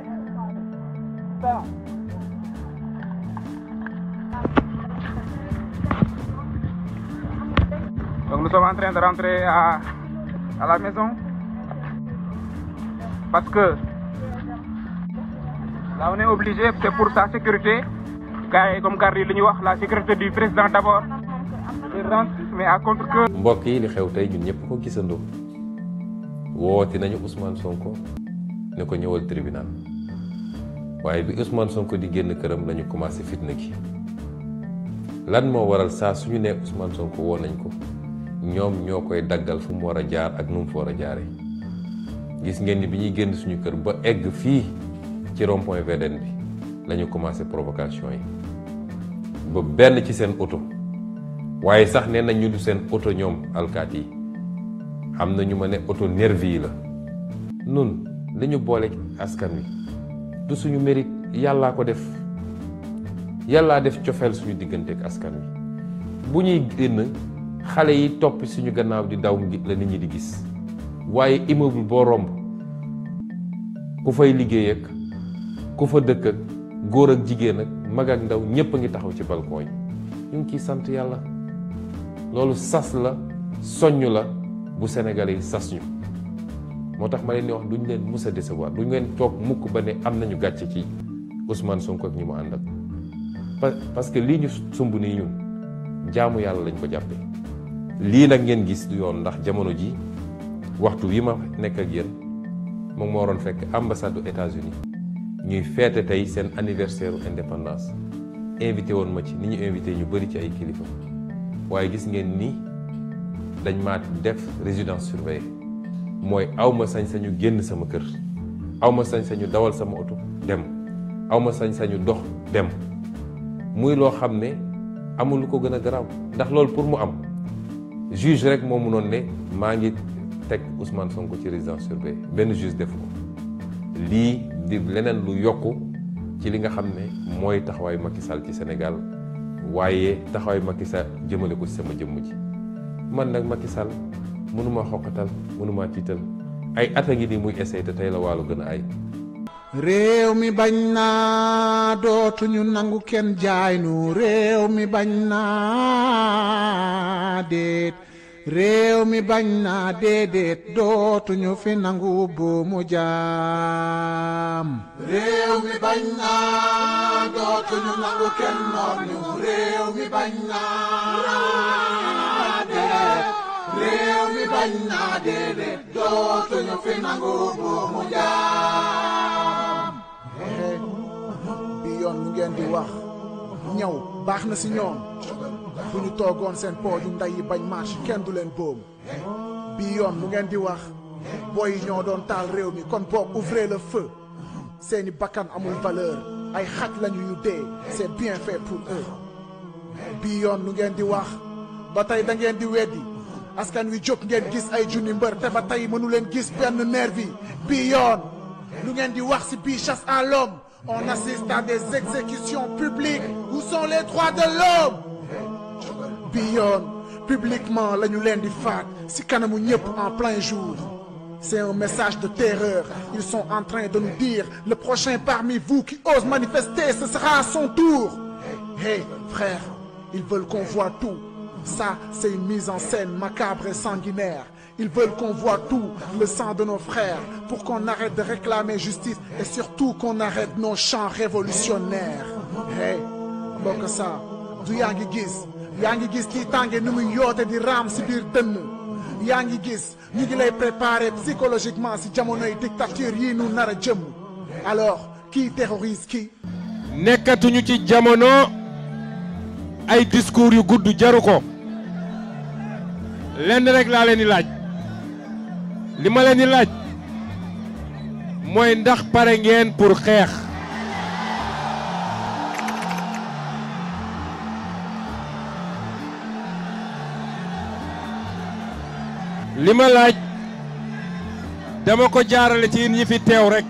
donc nous sommes en train de rentrer la maison. parce que là on obligé pour sa sécurité gars yi comme garde yi li ñuy wax la sécurité du président d'abord mais à contre que mbokk yi li xew tey ñu ñëpp ko gisandoo wooti nañu Ousmane Sonko ne ko ñëwal tribinal waaye bi Ousmane Sonko di génn këram lañu commencé fitna gi lan moo waral saa suñu ne Ousmane Sonko woo nañ ko ñoom ñoo koy daggal fu mu war a jaar ak nu mu fa war a gis ngeen ni bi ñuy génn suñu kër ba egg fii ci rond point VDN bi la ñu commencé provocation yi ba benn ci seen oto waaye sax nee nañ ñu du seen oto ñoom alkaati am na ñu ma ne oto nervi yi la nun li ñu boole askan wi du suñu mérite yàllaa ko def yàllaa def cofeel suñu diggante ak askan wi bu ñuy génn xale yi topp suñu gannaaw di daw la nit ñi di gis waaye immeuble boo romb ku fay liggéey ku fa dëkk ak góor ak jigéen ak mag ak ndaw ñépp a ngi taxaw ci balcon ñu ngi ciy sant yàlla loolu sas la soññ la bu Sénégalais yi sas ñu moo tax ma leen di wax duñ leen mus a décevoir duñ leen toog mukk ba ne am nañu gàcce ci Ousmane Sonko ak ñi mu ànd ak que lii ñu sumb nii ñu jaamu yàlla lañ ko jàppee lii nag ngeen gis yoon ndax jamono ji waxtu wi ma nekk ak yéen moom moo waroon fekk ambassade du États-Unis ñuy feete tey seen anniversaire indépendance invité woon ma ci ni ñu invité ñu bëri ci ay kilifa waaye gis ngeen nii dañ maa def résidence surveillée mooy awma sañ-sañu génn sama kër awma sañ-sañu dawal sama oto dem awma sañ-sañu dox dem muy loo xam ne amul lu ko gën a garaaw ndax loolu pour mu am juge rek moo mënoon ne maa ngi teg Ousmane Sonko ci résidence surveillée benn juge def ko lii di leneen lu yokk ci li nga xam ne mooy taxawaayu Macky sal ci senegal waaye taxawaayu Macky Sall jëmale ko ci sama jëmm ji man nag Macky sal mënuma xoqatal mënumaa tiital ay at a ngi nii muy essayé te tey la waalo gën a ay réew mi bañ naa dootuñu nangu kenn jaay nu réew mi bañ naa déet réew mi bañ naa déedéet dootuñu fi nangu buumu jaam. réew mi bañ naa dootuñu nangu kenn noonu réew mi bañ naa déedéet réew mi bañ naa déedéet dootuñu fi nangu buumu jaam. bi yoon lu di wax ñaw baax na si ñoom. bu ñu toogoon seen pooju ndey yi bañ marche kenn du leen boom bii yoon lu ngeen di wax boy yi ñoo doon taal réew mi kon boog ouvrez le feu seeni bakkan amul valeur ay xaj lañu yu dee c'est bien fait pour eux bii yoon lu ngeen di wax ba tey da ngeen di weddi askan wi jóg ngeen gis ay junni mbër te ba tey mënu leen gis benn nervi bii yoon lu ngeen di wax si bii chasse à l'homme on assiste à des exécutions publiques où sont les droits de l'homme bi publiquement la ñu leen di faat ci kanamu en plein jour c'est un message de terreur ils sont en train de nous dire le prochain parmi vous qui ose manifester ce sera à son tour hey frère ils veulent qu'on voit tout ça c'est une mise en scène macabre et sanguinaire ils veulent qu'on voit tout le sang de nos frères pour qu'on arrête de réclamer justice et surtout qu'on arrête nos chants révolutionnaires hey mbokk sa du yaa ngi gis kii tànge nu muy yoote di raam si biir dënn yaa ngi gis ñu ngi lay préparer psychologiquement si jamonoy dictature yii nu nar a jëm alors kii terrorise kii nekkatuñu ci jamono ay discours yu gudd jaru ko lenn rek laa leen di laaj li ma leen di laaj mooy ndax pare ngeen pour xeex li ma laaj dama ko jaarale ci ñi fi teew rek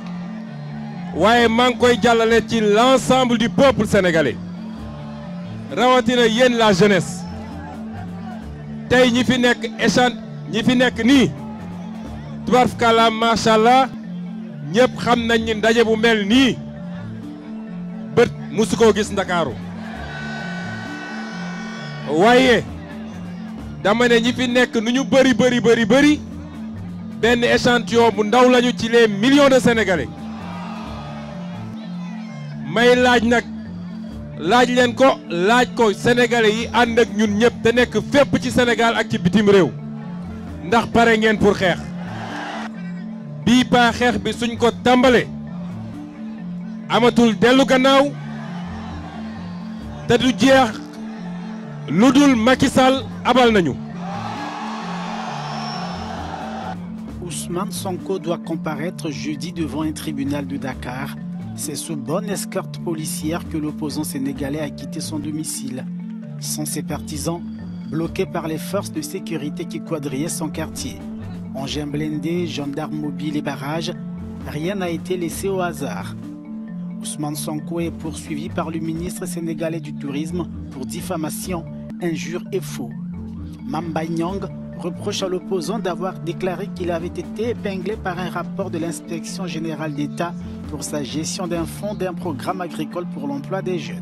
waaye maa ngi koy jàllale ci l'ensemble di peuple sénégalais rawatina yéen la jeunesse tey ñi fi nekk échan ñi fi nekk nii tubarfakala macha allah ñépp xam nañ ni ndaje bu mel nii bët musu koo gis ndakaaru waaye dama ne ñi fi nekk nu ñu bari bari bari benn échantillon bu ndaw lañu ci les millions de sénégalais may laaj nag laaj leen ko laaj ko sénégalais yi ànd ak ñun ñëpp te nekk fépp ci senegal ak ci bitim réew ndax pare ngeen pour xeex bii paa xeex bi suñ ko tàmbale amatul dellu gannaaw te du jeex lu dul Macky abal nañu. Ousmane Sonko doit comparaître jeudi devant un tribunal de Dakar. C'est sous bonne escorte policière que l'opposant sénégalais a quitté son domicile. Sans ses partisans, bloqués par les forces de sécurité qui quadrillaient son quartier. Engins blindés, gendarmes mobiles et barrages, rien n'a été laissé au hasard. Ousmane Sonko est poursuivi par le ministre sénégalais du Tourisme pour diffamation, injures et faux. Mambay Nyang reproche à l'opposant d'avoir déclaré qu'il avait été épinglé par un rapport de l'inspection générale d'État pour sa gestion d'un fonds d'un programme agricole pour l'emploi des jeunes.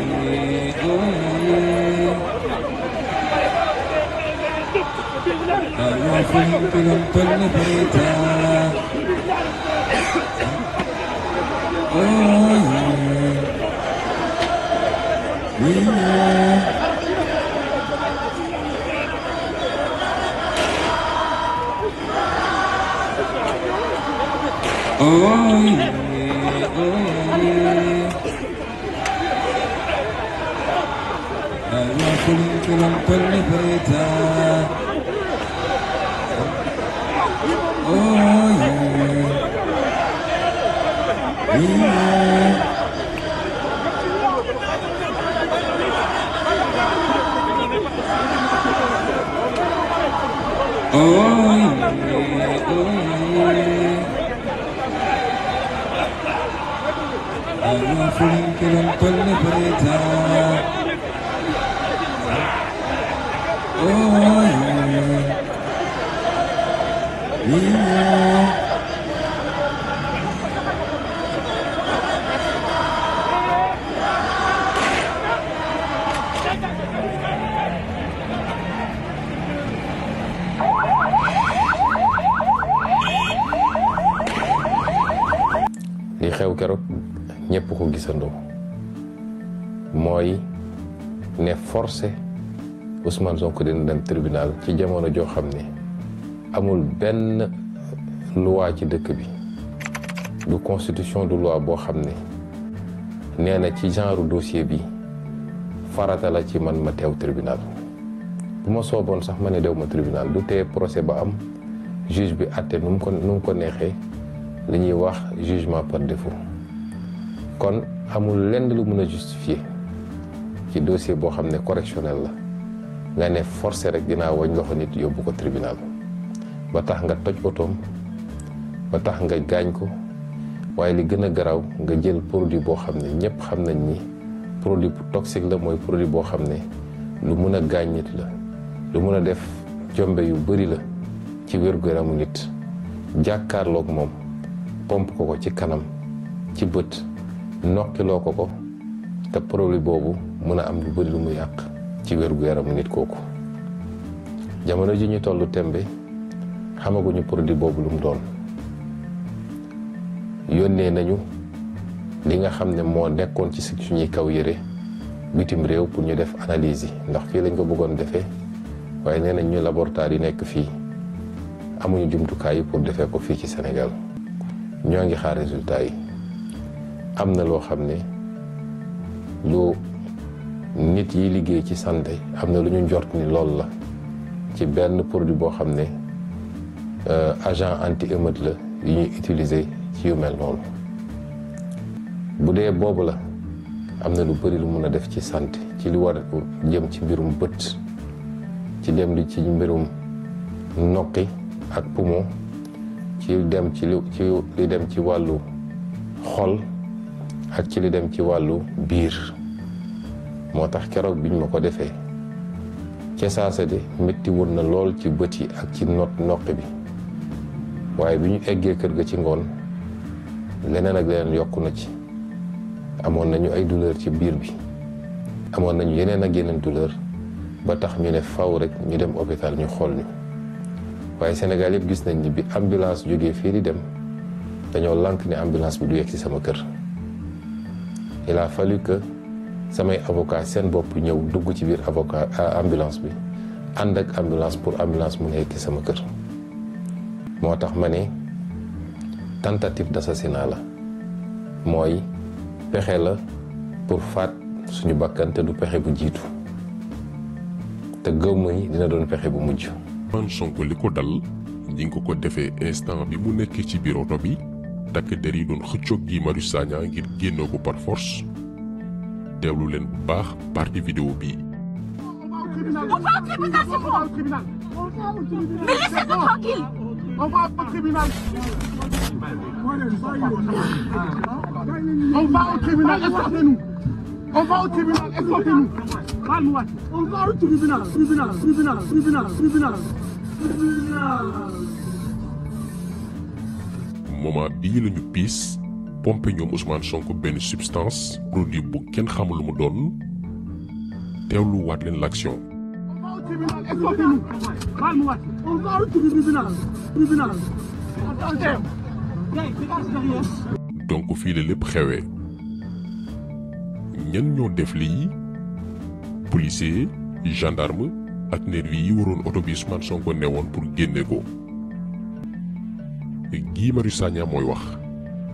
simpilan pernikahan Oh yeah Oh yeah, oh yeah. Allah pun pun pun berita. I'm feeling good, I'm feeling better. li xew keroog ñëpp ko gisandoo mooy ne forcé Ousmane Sonko dina dem tribunal ci jamono joo xam ne amul benn loi ci dëkk bi du constitution du loi boo xam ne nee na ci genre dossier bi farata la ci man ma teew tribunal bu ma sooboon sax ma ne dew ma tribunal du tee procès ba am juge bi àtte nu mu ko nu ko neexee li ñuy wax jugement par défaut kon amul lenn lu mën a justifier ci dossier boo xam ne correctionnel la nga ne force rek dinaa wañ loxo nit yóbbu ko tribinal ba tax nga toj otoom ba tax nga gaañ ko waaye li gën a garaaw nga jël produit boo xam ne ñëpp xam nañ ni produit bu toxique la mooy produit boo xam ne lu mën a gaañ nit la lu mun a def jombe yu bari la ci wér-gu-yaramu nit jàkkaarlook moom pomp ko ko ci kanam ci bët nokkiloo ko ko te produit boobu mën a am lu bëri lu mu yàq ci wér yaramu nit kooku jamono ji ñu tollu tembe xamaguñu produit boobu lu mu doon yónnee nañu li nga xam ne moo nekkoon ci suñuy kaw yére bitim réew pour ñu def analyse yi ndax fii lañ ko bëggoon defee waaye nee nañ ñu laboratoire yi nekk fii amuñu jumtukaay yi pour defee ko fii ci Sénégal ñoo ngi xaar résultat yi am na loo xam ne lu nit yi liggéey ci santé am na lu ñu njort ni loolu la ci benn produit boo xam ne Euh, agent anti-émeute la yu ñuy utiliser ci yu mel noonu bu dee boobu la am na lu bari lu mun a def ci sant ci li war jëm ci mbirum bët ci dem li ci mbirum noqi ak poumon ci dem ci li ci li dem ci wàllu xol ak ci li dem ci wàllu biir moo tax keroog biñ ma ko defee ca saasa de métti woon na lool ci bët yi ak ci not noqi bi waaye bi ñu eggee kër ga ci ngoon leneen ak leneen yokk na ci amoon nañu ay douleur ci biir bi amoon nañu yeneen ak yeneen douleur ba tax ñu ne faw rek ñu dem hôpital ñu xool ñu waaye Sénégal yëpp gis nañ ni bi ambulance jógee fii di dem dañoo lànk ne ambulance bi du yegg ci sama kër il a fallu samay avocat seen bopp ñëw dugg ci biir avocat euh, ambulance bi ànd ak ambulance pour ambulance mu a ci sama kër moo tax ma ne tentative d'assassinat la mooy pexe la pour faat suñu bakkan te du pexe bu jiitu te gëmm yi dina doon pexe bu mujj. man Sonko li ko dal ñi ko ko defee instant bi mu nekkee ci biir oto bi takk der yi doon xëccoog Guy Marius Sagna ngir génnoo ko par force teewlu leen baax partie vidéo bii. va au tribunal. lañu piis pompé ñoom Ousmane Sonko benn substance produit bu kenn xamul lu mu doon teewlu waat leen l'action au tribunal donc fii la lépp xewee ñan ñoo def lii policier gendarme ak nervi yi waroon oto bi Ousmane Sonko ne woon pour génne ko. Guy Marius mooy wax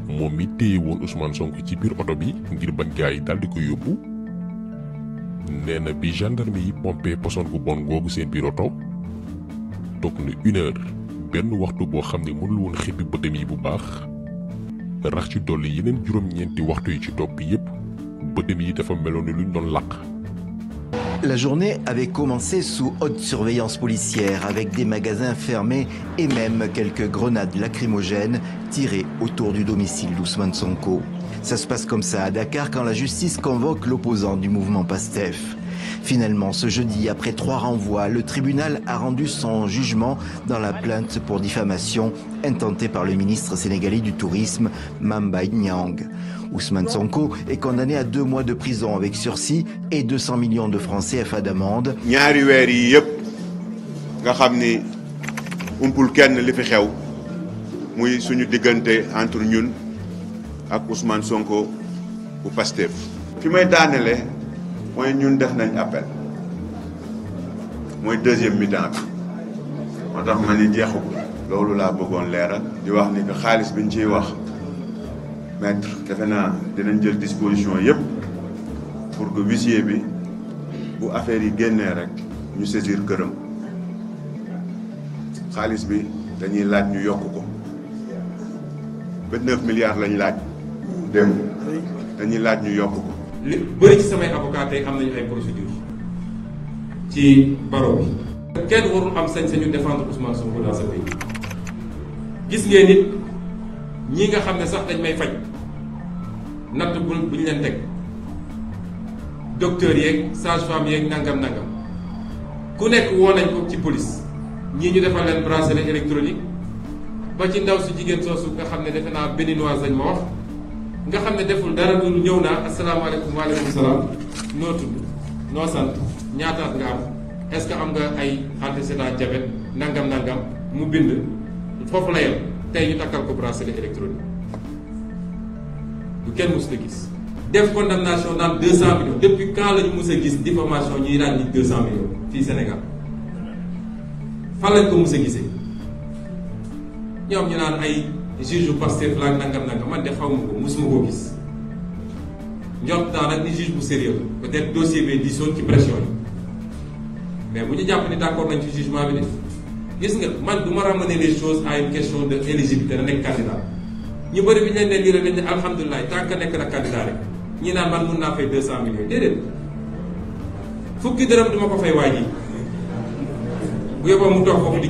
moom mi téye woon Ousmane Sonko ci biir oto bi ngir bañ gaa yi daal ko yóbbu. nee na bi gendarme yi pompé poson gu bon googu seen biir oto toog na une heure benn waxtu boo xam ne mënul woon xippi bëtam yi bu baax rax ci dolli yeneen juróom-ñeenti waxtu yi ci toog topp yépp bëtam yi dafa meloon ni luñ doon làq. La journée avait commencé sous haute surveillance policière avec des magasins fermés et même quelques grenades lacrymogènes tirées autour du domicile d'Ousmane Sonko. Ça se passe comme ça à Dakar quand la justice convoque l'opposant du mouvement PASTEF. Finalement, ce jeudi, après trois renvois, le tribunal a rendu son jugement dans la plainte pour diffamation intentée par le ministre sénégalais du Tourisme, Mamba Nyang. Ousmane Sonko est condamné à deux mois de prison avec sursis et 200 millions de francs CFA d'amende. ñaari weer yi yëpp nga xam ni umpul kenn li fi xew muy suñu diggante entre ñun. ak Ousmane Sonko bu Pastef fi may daanele mooy ñun def nañ appel mooy deuxième mi moo tax ma ni jeexagul loolu laa bëggoon leeral di wax ni que xaalis bi ñu ciy wax maître defe naa dinañ jël disposition yépp pour que huissier bi bu affaire yi génnee rek ñu saisir këram xaalis bi dañuy laaj ñu yokk ko vingt-neuf milliards lañ laaj démb dañuy laaj ñu yokk ko. li bëri ci samay avocat am nañu ay procédure ci baro bi. kenn warul am sañ-sañu défendre Ousmane Sonko dans ce pays gis ngeen nit ñi nga xam ne sax dañ may faj natt bu bu leen teg docteur yeeg sage-femme yeeg nangam nangam ku nekk woo nañ ko ci police ñii ñu defal leen bracelet électronique ba ci ndaw su jigéen soosu nga xam ne defe naa béninoise sañ ma wax. nga xam ne deful dara du ñëw naa asalaamaaleykum waaleykum salaam noo tudd noo sant ñaata at nga am est-ce que am nga ay antécédent diabète nangam nangam mu bind foofu la yem tey ñu takkal ko bracelet électronique du kenn mës la gis. def condamnation naan 200 millions depuis quand la ñu mës a gis diffamation ñuy daan nit 200 millions fii Sénégal fan lañ ko mës a gisee ñoom ñu naan ay. juge bu Pastef laa nangam nangam man de xaw ma ko mosuma koo gis njort naa nag ni juge bu sérieux la peut-être dossier bi ci pression yi mais bu ñu jàpp ni d'accord nañ ci jugement bi de gis nga man du ma ramener les choses à une question de éligibilité na nekk candidat ñu bëri bi ñu leen ne lii dañ ne alhamdulilah tant que nekk na candidat rek ñi naan man mun naa fay deux cent millions déedéet fukki dërëm duma ko fay waaj bu yóbboo mu toog foofu di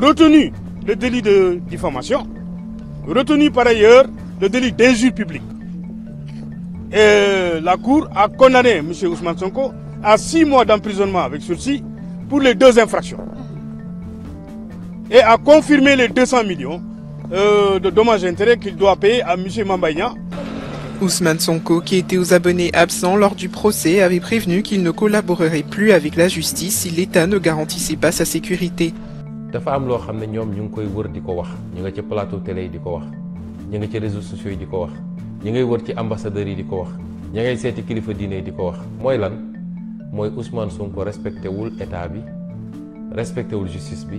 retenu le délit de diffamation, retenu par ailleurs le délit d'injure publique. Et la Cour a condamné M. Ousmane Sonko à six mois d'emprisonnement avec sursis pour les deux infractions et a confirmé les 200 millions euh, de dommages et intérêts qu'il doit payer à M. Mambayan. Ousmane Sonko, qui était aux abonnés absents lors du procès, avait prévenu qu'il ne collaborerait plus avec la justice si l'État ne garantissait pas sa sécurité. dafa am loo xam ne ñoom ñu ngi koy wër di ko wax ñu nga ci plateau télé yi di ko wax ñu nga ci réseaux sociaux yi di ko wax ñu ngay wër ci ambassadeurs yi di ko wax ñu ngay seeti kilifa diine yi di ko wax mooy lan mooy Ousmane Sonko respecté wul état bi respecté wul justice bi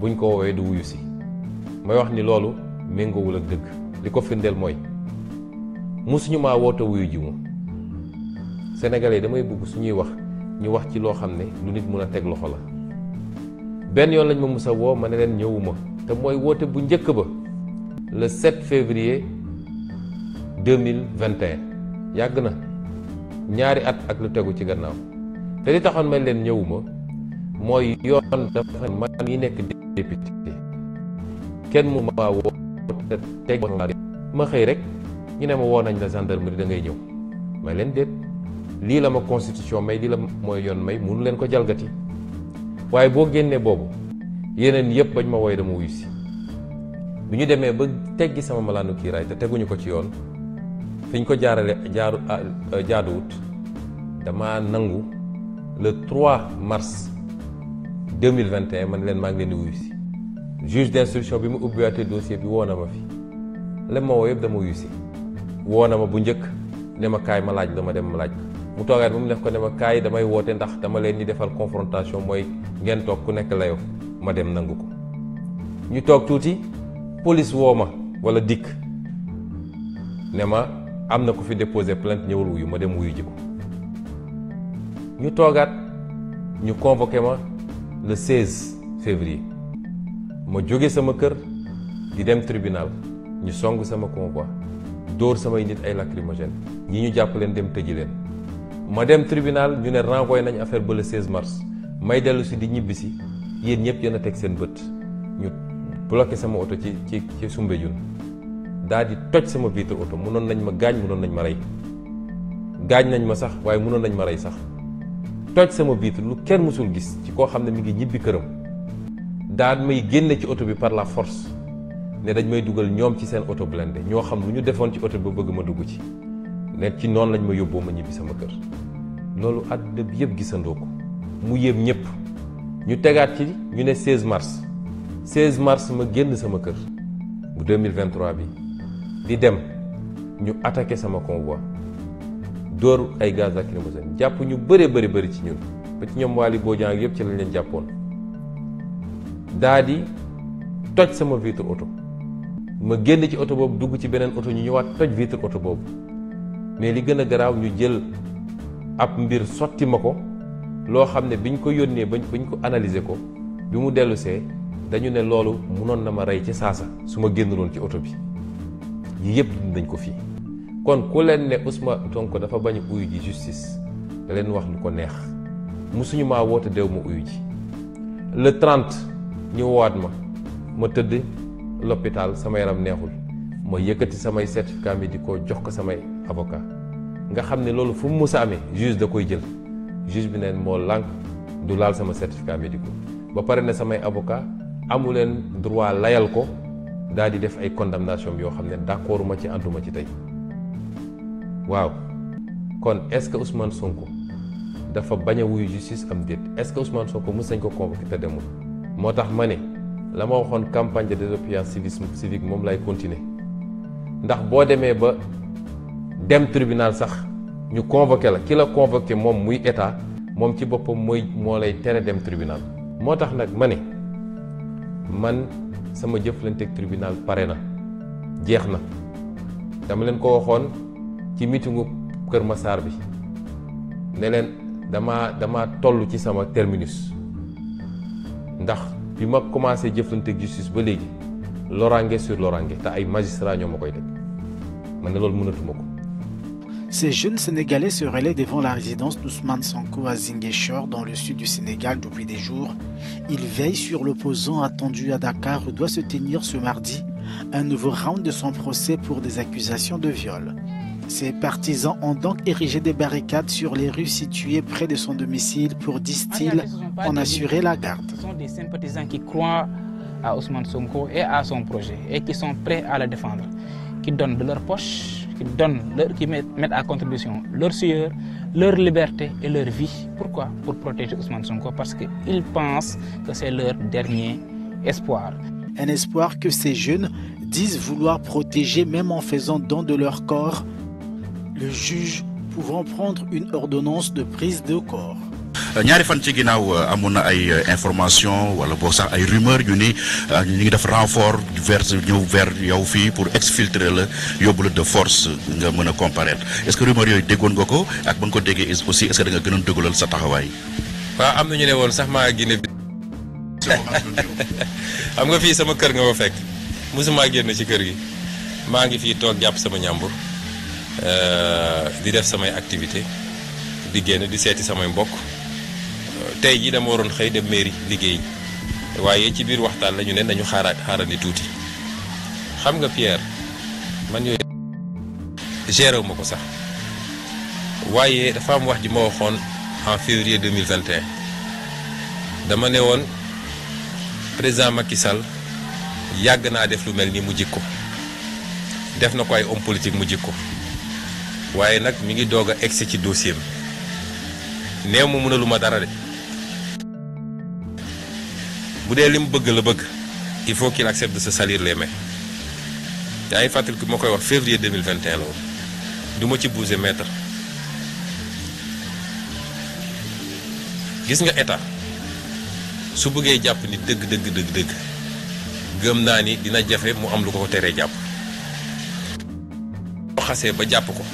buñ ko woowee du wuyu si may wax ni loolu méngoowul ak dëgg li ko firndeel mooy musuñu maa woote wuyu ji mu yi damay bëgg suñuy wax ñu wax ci loo xam ne lu nit mun a teg loxo benn yoon lañ ma musa woo ma ne leen ñëwuma te mooy woote bu njëkk ba le 7 février 2021 yàgg na ñaari at ak lu tegu ci gannaaw te li taxoon may leen ñëwuma mooy yoon dafa man yi nekk kenn mu ma woo te teg ma xëy rek ñu ne ma woo nañ la gendarmerie da ngay ñëw may leen déet lii la ma constitution may lii la mooy yoon may munu leen ko jalgati waaye boo génnee boobu yeneen yëpp bañ ma woy dama wuyu si bi ñu demee ba teggi sama malaanu kiiraay te teguñu ko ci yoon fiñ ko jaarale jaaru ah, euh, jaaduwut dama nangu le 3 mars 2021 man leen maa ngi leen di wuyu si juge d'instruction bi mu ubbiwaatee dossier bi woo na ma fi lem ma woo yëpp dama wuyu si woo na ma bu njëkk ne ma kaay ma laaj la ma dem ma laaj mu toogaat mu def ko ne ma kaay damay woote ndax dama leen di defal confrontation mooy ngeen toog ku nekk layo ma dem nangu ko ñu toog tuuti police woo ma wala dikk ne ma am na ku fi déposé plainte ñëwul wuyu ma dem wuyu ji ko ñu toogaat ñu convoqué ma le 16 février ma jóge sama kër di dem tribunal ñu song sama convoi dóor sama nit ay lacrymogène ñi ñu jàpp leen dem tëji leen ma dem tribunal ñu ne renvoyé nañ affaire ba le 16 mars may dellusi di ñibbisi si yéen ñëpp yéen a teg seen bët ñu bloqué sama oto ci ci ci Soumbédioune daal di toj sama vitre oto mënoon nañ ma gaañ mënoon nañ ma rey gaañ nañ ma sax waaye mënoon nañ ma rey sax toj sama vitre lu kenn mësul gis ci koo xam ne mi ngi ñibbi këram daan may génne ci oto bi par la force ne dañ may dugal ñoom ci seen oto blindé ñoo xam lu ñu defoon ci oto bi ba bëgg ma dugg ci. ne ci noonu lañ ma yóbboo ma ñibbi sama kër loolu àdduna bi yëpp gisandoo ko mu yéem ñëpp ñu tegaat ci ñu ne 16 mars 16 mars ma génn sama kër bu 2023 bi di dem ñu attaqué sama convoi dóor ay gaz lacrymogène jàpp ñu bëree bëri bëri ci ñun ba ci ñoom Waly Bodiang yëpp ci lañ leen jàppoon daa di toj sama vitre oto ma génn ci oto boobu dugg ci beneen oto ñu ñëwaat toj vitre oto boobu. mais li gën a garaaw ñu jël ab mbir sotti ma ko loo xam ne biñ ko yónnee bañ bañ ko analyser ko bi mu dellusee dañu ne loolu mënoon na ma rey ci saasa su ma génnoon ci oto bi yi yëpp dañ ko fii kon ku leen ne Ousmane Sonko dafa bañ uyu ji justice da leen wax lu ko neex musuñu maa woote dew ma uyu ji le 30 ñu woowaat ma ma tëdd l'hôpital sama yaram neexul ma yëkkati samay di médicaux jox ko samay avocat nga xam ne loolu fu mu mus a amee juge da koy jël juge bi neen moo lànk du laal sama certificat médical ba pare ne samay avocat amu leen droit layal ko daal di def ay condamnation yoo xam ne d'accord ma ci ànduma ci tey waaw kon est-ce que Ousmane Sonko dafa bañ a wuyu justice am déet est-ce que Ousmane Sonko mës nañ ko convoqué te demul moo tax ma ne la ma waxoon campagne de désobéissance civique moom laay continuer ndax boo demee ba dem tribunal sax ñu convoqué la ki la moom muy état moom ci boppam mooy moo lay tere dem tribunal moo tax nag ma ne man sama jëflanteeg tribunal pare na jeex na dama leen ko waxoon ci mitingu Kër Massar bi ne leen dama dama toll ci sama terminus ndax bi ma commencé jëflanteeg justice ba léegi lorange sur lorange te ay magistrat ñoo ma koy teg man ne loolu mënatuma ko Ces jeunes Sénégalais se relaient devant la résidence d'Ousmane Sanko à Ziguinchor, dans le sud du Sénégal, depuis des jours. Ils veillent sur l'opposant attendu à Dakar où doit se tenir ce mardi un nouveau round de son procès pour des accusations de viol. Ses partisans ont donc érigé des barricades sur les rues situées près de son domicile pour, disent-ils, ah, en assurer la garde. Ce sont des sympathisants qui croient à Ousmane Sonko et à son projet et qui sont prêts à le défendre, qui qui donnent, leur, qui mettent à contribution leur sueur, leur liberté et leur vie. Pourquoi Pour protéger Ousmane Sonko, parce qu'ils pensent que c'est leur dernier espoir. Un espoir que ces jeunes disent vouloir protéger même en faisant don de leur corps, le juge pouvant prendre une ordonnance de prise de corps. ñaari fan ci ginnaaw euh, amoon na ay euh, information wala boo sax ay rumeur yu ni euh, ñu ngi def renfort vers ñëw vers yow fii pour exfiltrer la yóbbu la de force nga mën a comparaître est-ce que rumeur yooyu déggoon nga ko ak ba nga ko déggee aussi est-ce que da nga gënoon dëggalal sa taxawaay. waaw am na ñu ne woon sax maa Guinée xam nga fii sama kër nga ma fekk mosuma génn ci kër gi maa ngi fii toog jàpp sama ñàmbur di def samay activité di génn di seeti samay mbokk. tey ji dama waroon xëy dem mairie liggéey waaye ci biir waxtaan la ñu ne nañu xaaraat xaarandi tuuti xam nga Pierre man yooyu géré wu ko sax waaye dafa am wax ji ma waxoon en février 2021 dama ne woon président Macky Sall yàgg naa def lu mel ni mu ko def na ko ay homme politique mu jikko waaye nag mu ngi doog a egsi ci dossier am néew mu mënaluma dara de bu dee li mu bëgg la bëgg il faut qu'il accepte de se salir les mains yaa ngi fàttaliku moo koy wax février 2021 la woon du ci bouger mètre gis nga état su bëggee jàpp ni dëgg dëgg dëgg dëgg gëm naa ni dina jafe mu am lu ko ko teree jàpp boo xasee ba jàpp ko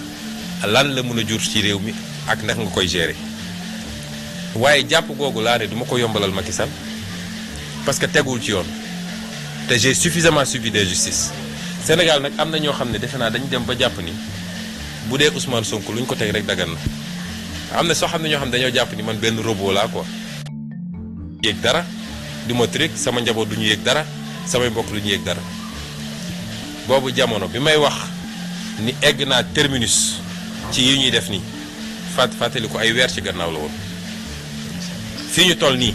lan la mën a jur ci réew mi ak ndax nga koy gérer waaye jàpp googu laa ne duma ko yombalal Macky Sall parce que tegul ci yoon te j'ai suffisamment suivi de justice Sénégal nag am na ñoo xam ne defe naa dañu dem ba jàpp ni bu dee Ousmane sonk luñ ko teg rek dagan na am na soo xam ne ñoo xam ne dañoo jàpp ni man benn robot laa quoi. yéeg dara du ma trick sama njaboot du ñu yéeg dara samay mbokk du ñu yéeg dara boobu jamono bi may wax ni egg naa terminus ci yi ñuy def nii fàtt fàttali ko ay weer ci gannaaw la woon fii ñu toll nii.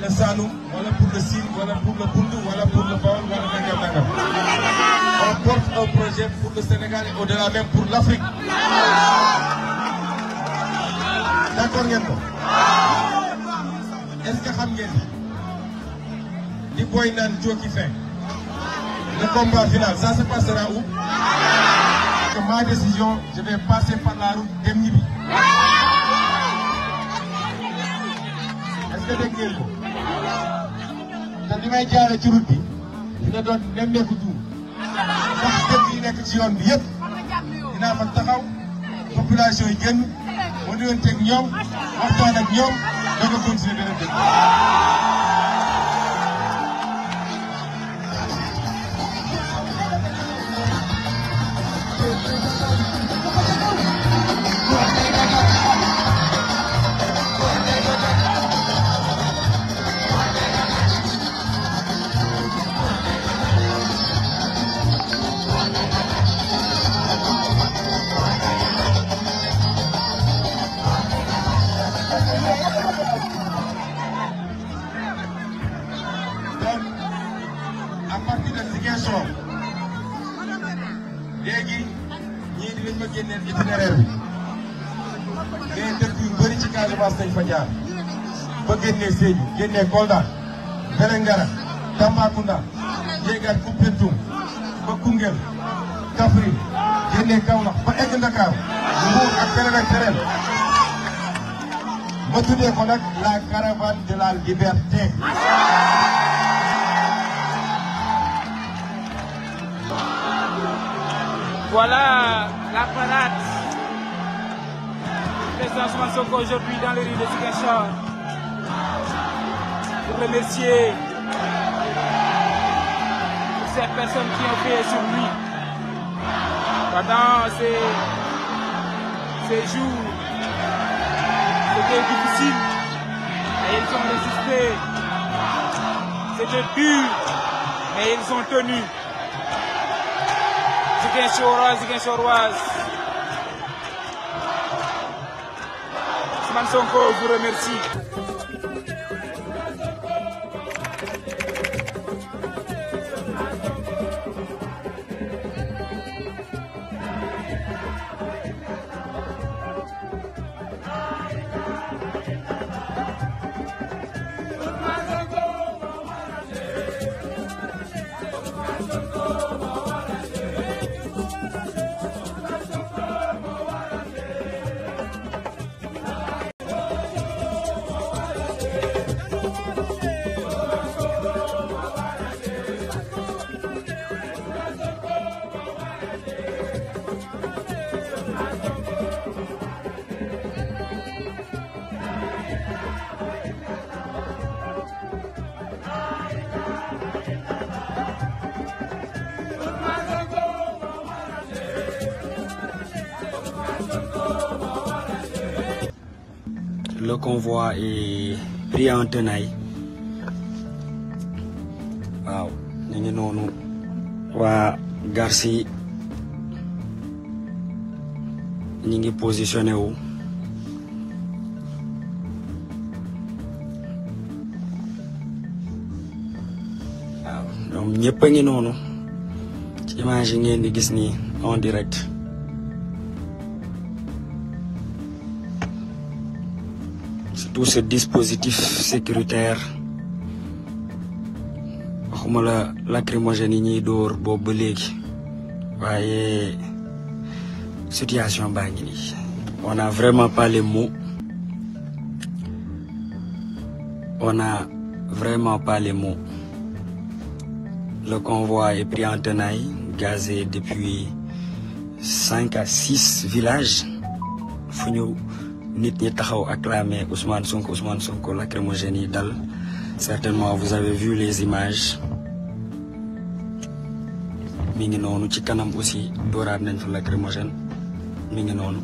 le Saloum wala pour le Sine wala pour le Poundou wala pour le Baol wala nangam nangam. on porte un projet pour le Sénégal et au-delà même l'Afrique. d'accord ngeen ko. est-ce que xam ni. li naan jokki fin. le combat final ça se passera où. parce que ma décision je vais passer par la route dem est-ce may jaare ci route bi dina doon nemmeeku tuur ndax dëkk yi nekk ci yoon bi yëpp dinaa fa taxaw population yi génn ma nuyoonteeg ñoom waxtaan ak ñoom doog a continuer beneen dëkk ma génneel itinéraire bi day dëkk yu bëri ci Casamance dañ fa jaar jéegaat Koumpentoum ba Koungheul Kaffrine génnee ba egg Dakar Mbour ak feneen ak feneen ma tuddee ko nag la caravane la parade. Président Ousmane Sonko aujourd'hui dans les rues de Ziguinchor. Pour remercier pour ces personnes qui ont veillé sur lui pendant ces, ces jours. difficile et ils ont résisté. C'était dur mais ils ont tenu. Ziguinchor Ziguinchor waas Ousmane Sonko um vous remercie convoi est pris en waaw ñu ngi noonu waa Garci ñu ngi positionné wu waaw ñoom ñëpp a ngi noonu ci image yi ngeen di gis nii en direct tout ce dispositif sécuritaire waxuma la lacrymogène yi ñuy dóor waaye situation baa ngi on a vraiment pas les mots on a vraiment pas les mots le convoi est pris en tenaille gazé depuis cinq à six villages fu ñu nit ñi taxaw acclamer Ousmane Sonko Ousmane Sonko lacrymogène yi dal certainement vous avez vu les images mi ngi noonu ci kanam aussi dooraat nañ fa lacrymogène mi ngi noonu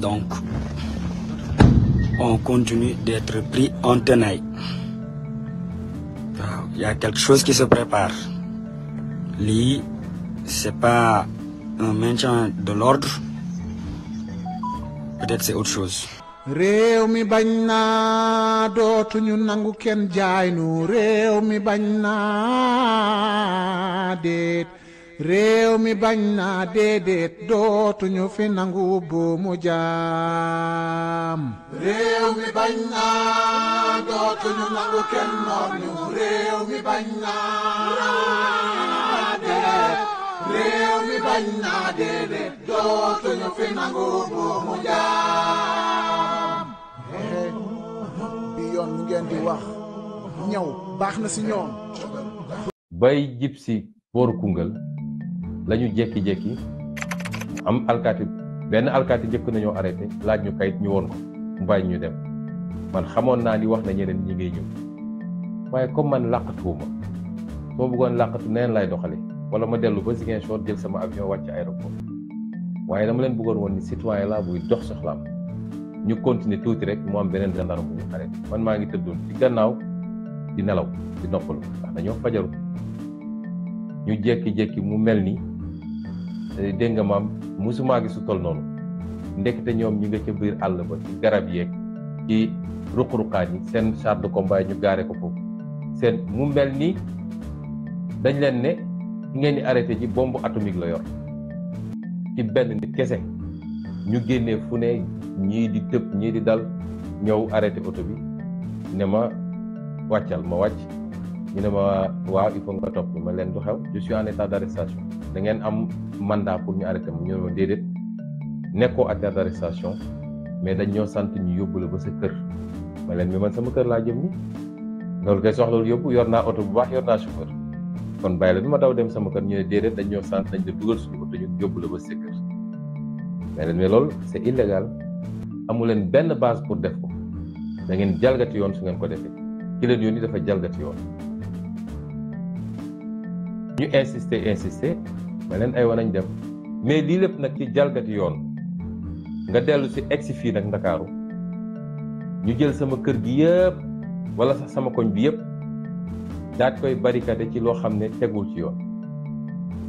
donc on continue d'être pris en tenaille waaw y a quelque chose qui se prépare lii c'est pas un maintien de l'ordre peut-être c'est mi bañ naa dootuñu nangu kenn jaay nu réew mi bañ naa déet réew mi bañ naa déedéet dootuñu fi nangu buumu jaam. réew mi bañ naa dootuñu nangu kenn noonu réew mi bañ naa. réew mi bañ naa déedéet dootuñu fi nangu buumu jaam bi yoon ngeen di wax ñëw baax na si ñoom bay jib si boor Koungheul lañu jékki-jékki am alkaati benn alkaati jëkk nañoo arrêté laaj ñu kayit ñu woon ko mu ñu dem man xamoon naa ni wax na ñeneen ñi ngay ñëw waaye comme man làqatuwuma soo bëggoon làqatu neen lay doxale wala ma dellu ba Ziguinchor jël sama avion wàcc aéroport waaye dama leen bëggoon woon ni citoyen laa buy dox soxlaam ñu continuer tuuti rek mu am beneen gendarme bu ñu xarit man maa ngi tëddoon ci gannaaw di nelaw di noppalu ndax dañoo fajaru ñu jékki-jékki mu mel ni eh, dégg nga maam mosumaa gi su tol noonu ndekete ñoom ñu nga ca biir àll ba ci garab yeeg ci ruq-ruqaan yi seen char de combat ñu gaare ko foofu seen mu mel ni dañ leen ne ki ngeen di arrêté ji bombe atomique la yor ci benn nit kese ñu génnee fu ne ñii di tëb ñii di dal ñëw arrêté oto bi ne ma wàccal ma wàcc ñu ne ma waaw il faut nga topp ma leen du xew je suis en état d' da ngeen am mandat pour ñu arrêté ma ñu ne ma déedéet nekkoo état d' mais dañ ñoo sant ñu yóbbu la ba sa kër ma leen mais man sama kër laa jëm ni loolu kay soxla yóbbu yor naa oto bu baax yor naa chauffeur kon bàyyi la ma daw dem sama kër ñu ne déedéet dañ ñoo sant dañ la dugal suñu oto ñu yóbbu la ba sa mais leen mais loolu c' est illégal amu leen benn base pour def ko da ngeen jalgati yoon su ngeen ko defee ki leen yi dafa jalgati yoon ñu insister insister ma leen ay wanañ dem mais lii lépp nag ki jalgati yoon nga dellu si egsi fii nag ndakaaru ñu jël sama kër gi yëpp wala sax sama koñ bi yëpp daat koy barricade ci loo xam ne tegul ci yoon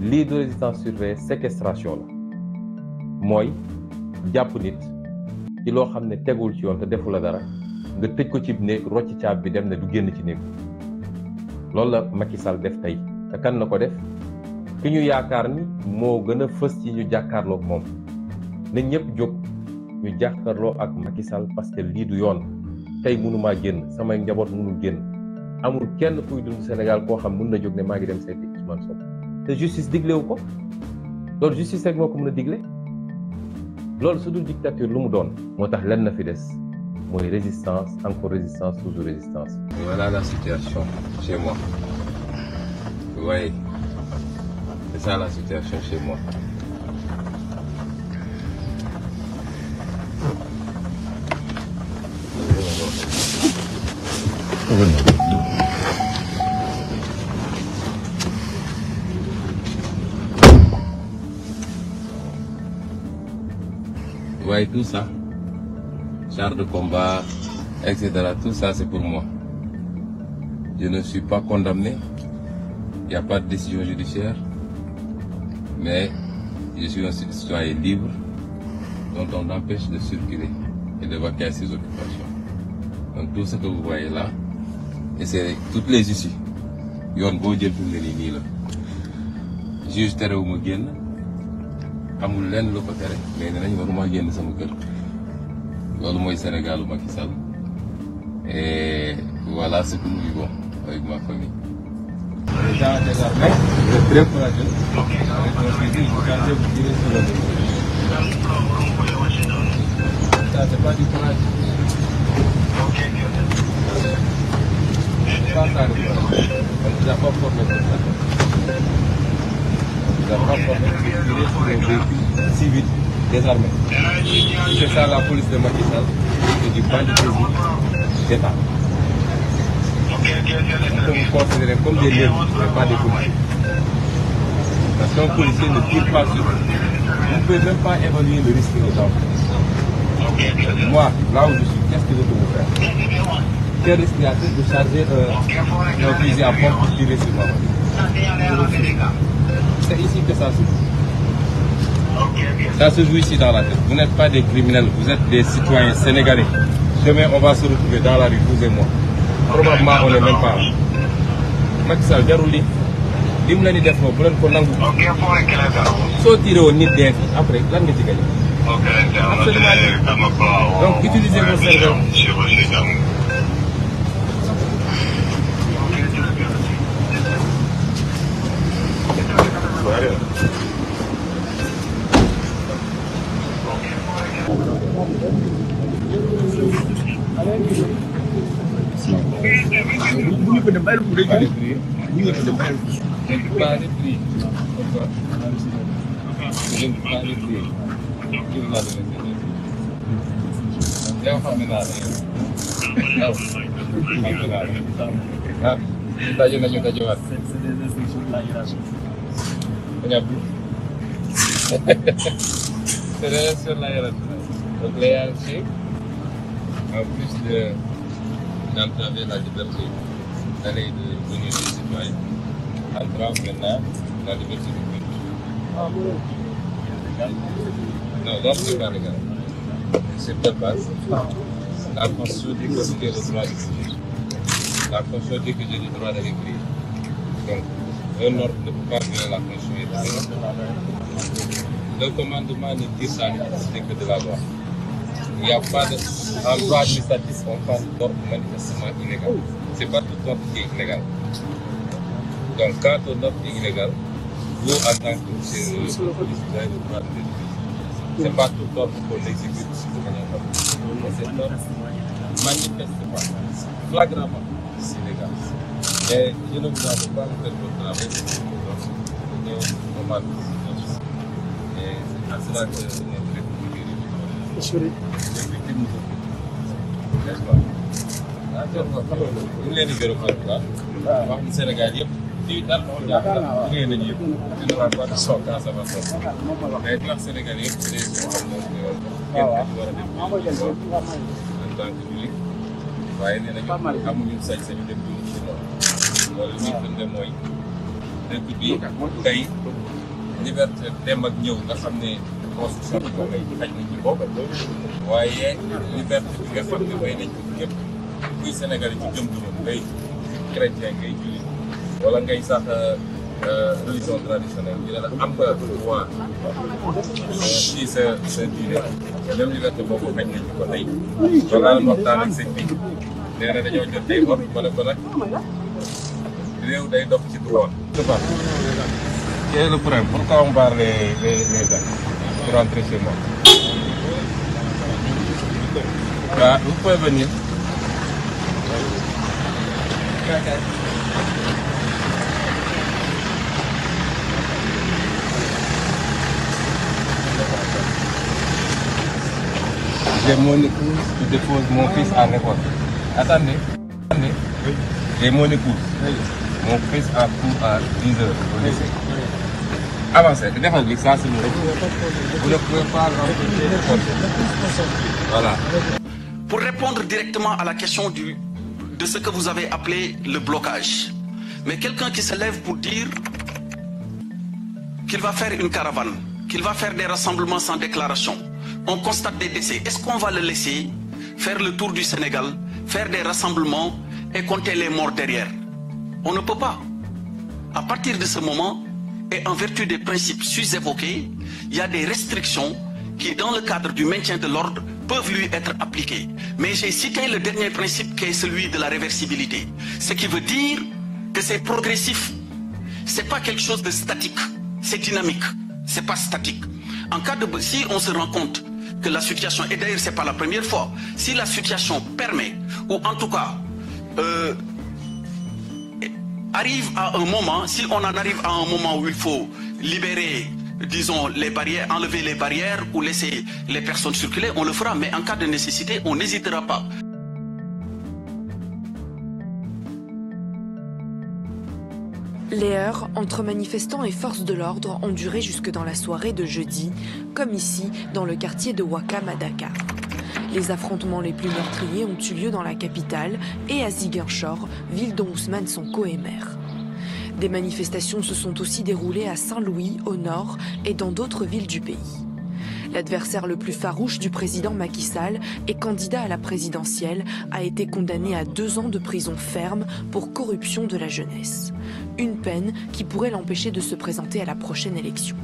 lii du résistance surveillée séquestration la mooy jàpp nit ci loo xam ne tegul ci yoon te defu la dara nga tëj ko ci ne rocc caab bi dem ne du génn ci néeg loolu la Macky Sall def tey te kan na ko def ki ñu yaakaar ni moo gën a fës ci ñu jàkkaarloo moom na ñëpp jóg ñu jàkkaarloo ak Macky Sall parce que lii du yoon tey mënuma génn samay njaboot mënul génn amul kenn kuy dund Sénégal koo xam mun na jóg ne maa ngi dem seeti Ousmane Sonko te justice diglewu ko loolu justice rek moo ko digle loolu su dul dictature lu mu doon moo tax lenn na fi des mooy résistance encore résistance toujours résistance. voilà la situation chez moi travail, tout ça, char de combat, etc. Tout ça, c'est pour moi. Je ne suis pas condamné. Il pas de décision judiciaire. Mais je suis un citoyen libre dont on empêche de circuler et de vaquer ses occupations. Donc tout ce que vous voyez là, et c'est toutes les issues yoon boo jël fi mu ne nii nii la juge terewuma amul lenn lu ko tere mais ne nañ génn sama kër loolu mooy Sénégal u Macky Sall et voilà ce que nous vivons famille. Président désormais, vous êtes très courageux. Ça, c'est pas le renfort tiré sur les véhicules civils désarmés. C'est ça la police de Macky Sall et du banditisme d'État. On peut vous considérer comme des nervis, mais pas des policiers. Parce qu'un policier ne tire pas sur vous. Vous ne pouvez même pas évaluer le risque aux gens. Moi, là où je suis, qu'est-ce que je peux vous faire Quel risque y a-t-il de charger euh, un fusil à pompe pour tirer sur moi c'est ici que ça se joue. Ça se joue ici dans la tête. Vous n'êtes pas des criminels, vous êtes des citoyens sénégalais. Demain, on va se retrouver dans la rue, vous et moi. Probablement, on n'est même pas là. Macky Sall jarul li li mu la ni def moom bu leen ko nangu. soo tiré woon nit dee après lan nga ci gagné. absolument donc utilisez vos cerveaux. Claro. Ini benar-benar boleh jadi beri. Ini benar-benar. Balik beri. Balik beri. Gimana dengan ini? Yang familiar. Yang familiar. Kita jangan jangan jawab. Sëñ Abdou c'est relationnel donc la hiérarchie en plus de d'entraver ah, ah. la liberté d'aller de venir des citoyens entrave maintenant la liberté du culte non donc c'est pas légal c'est de base la Constitution dit que j'ai le droit d'écrire la Constitution dit que j'ai le droit de l'écrire donc un ordre ne peut pas violer la Constitution Le commandement ne tire sa nécessité que de la loi. Il n'y a pas de. En loi administrative, on manifestement illégal. Ce pas tout ordre qui est Donc, quand on ordre est illégal, vous, en tant que policier, vous avez le de l'exécuter. Ce pas tout ordre de manière manifestement, flagramment, c'est Mais je ne vous en veux pas faire votre normal. Et c'est à cela que notre République est réduite. Les victimes nous occupent. N'est-ce pas? ah jërëjëf ñu ngi leen di gërëm ak waa wax ni Sénégal yëpp fii dal moo jaaxal liggéey nañu yëpp ñu ne waa Côte Sow Casamance Sow mais di wax Sénégal yëpp su dee ñu xam ne kenn ku ci war a dem en tant que jullit waaye nee nañu amuñu sañ-sañu dem jullit ci loolu loolu li ñu mooy dëkk bi tey. liberté dem ak ñëw nga xam ne constitution bi moom xaj na ci bopp waaye liberté bi nga xam ne may nañ ko képp Sénégal ci gëm-gëmam ngay chrétien ngay jullit wala ngay sax euh, euh, religion am nga droit euh, ci sa sa diine même liberté boobu xaj ak sëñ bi nee dañoo jot tey wax ma ne ko nag réew day dox ci droit. quel est le problème Pourquoi on parle les, les, les axes pour entrer chez moi bah, Vous pouvez venir. J'ai mon mon fils à l'école. Attendez. Attendez. J'ai mon fils a cours à 10 heures au lycée. avancé defal gi saa pour répondre directement à la question du de ce que vous avez appelé le blocage mais quelqu'un qui se lève pour dire qu'il va faire une caravane qu'il va faire des rassemblements sans déclaration on constate des décès est-ce qu'on va le laisser faire le tour du Sénégal faire des rassemblements et compter les morts derrière on ne peut pas à partir de ce moment Et en vertu des principes sus-évoqués, il y a des restrictions qui, dans le cadre du maintien de l'ordre, peuvent lui être appliquées. Mais j'ai cité le dernier principe qui est celui de la réversibilité. Ce qui veut dire que c'est progressif. C'est pas quelque chose de statique. C'est dynamique. C'est pas statique. En cas de, si on se rend compte que la situation, fois, si la situation permet, ou en tout cas, euh, arrive à un moment, si on en arrive à un moment où il faut libérer, disons, les barrières, enlever les barrières ou laisser les personnes circuler, on le fera. Mais en cas de nécessité, on n'hésitera pas. Les heurts entre manifestants et forces de l'ordre ont duré jusque dans la soirée de jeudi, comme ici, dans le quartier de Wakam à Dakar. Les affrontements les plus meurtriers ont eu lieu dans la capitale et à Ziguinchor, ville dont Ousmane Sonko est maire. Des manifestations se sont aussi déroulées à Saint-Louis, au nord, et dans d'autres villes du pays. L'adversaire le plus farouche du président Macky et candidat à la présidentielle a été condamné à deux ans de prison ferme pour corruption de la jeunesse. Une peine qui pourrait l'empêcher de se présenter à la prochaine élection.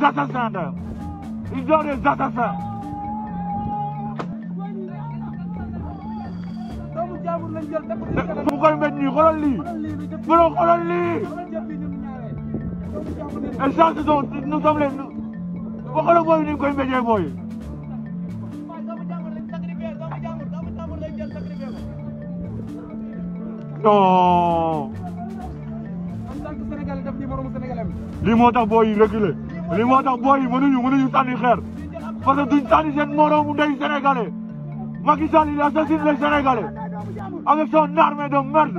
des assassins d'ailleurs. Ils ont des assassins. bu koy mel nii xoolal lii. xoolal xoolal lii. et ça ce sont nous sommes non. lii moo tax booy yi li moo ta booy yi mënuñu mënuñu sànni xeer parce que duñ sànni seen moroomu ndey sénégalais Macky Sall il assassine les sénégalais avec son armée de merde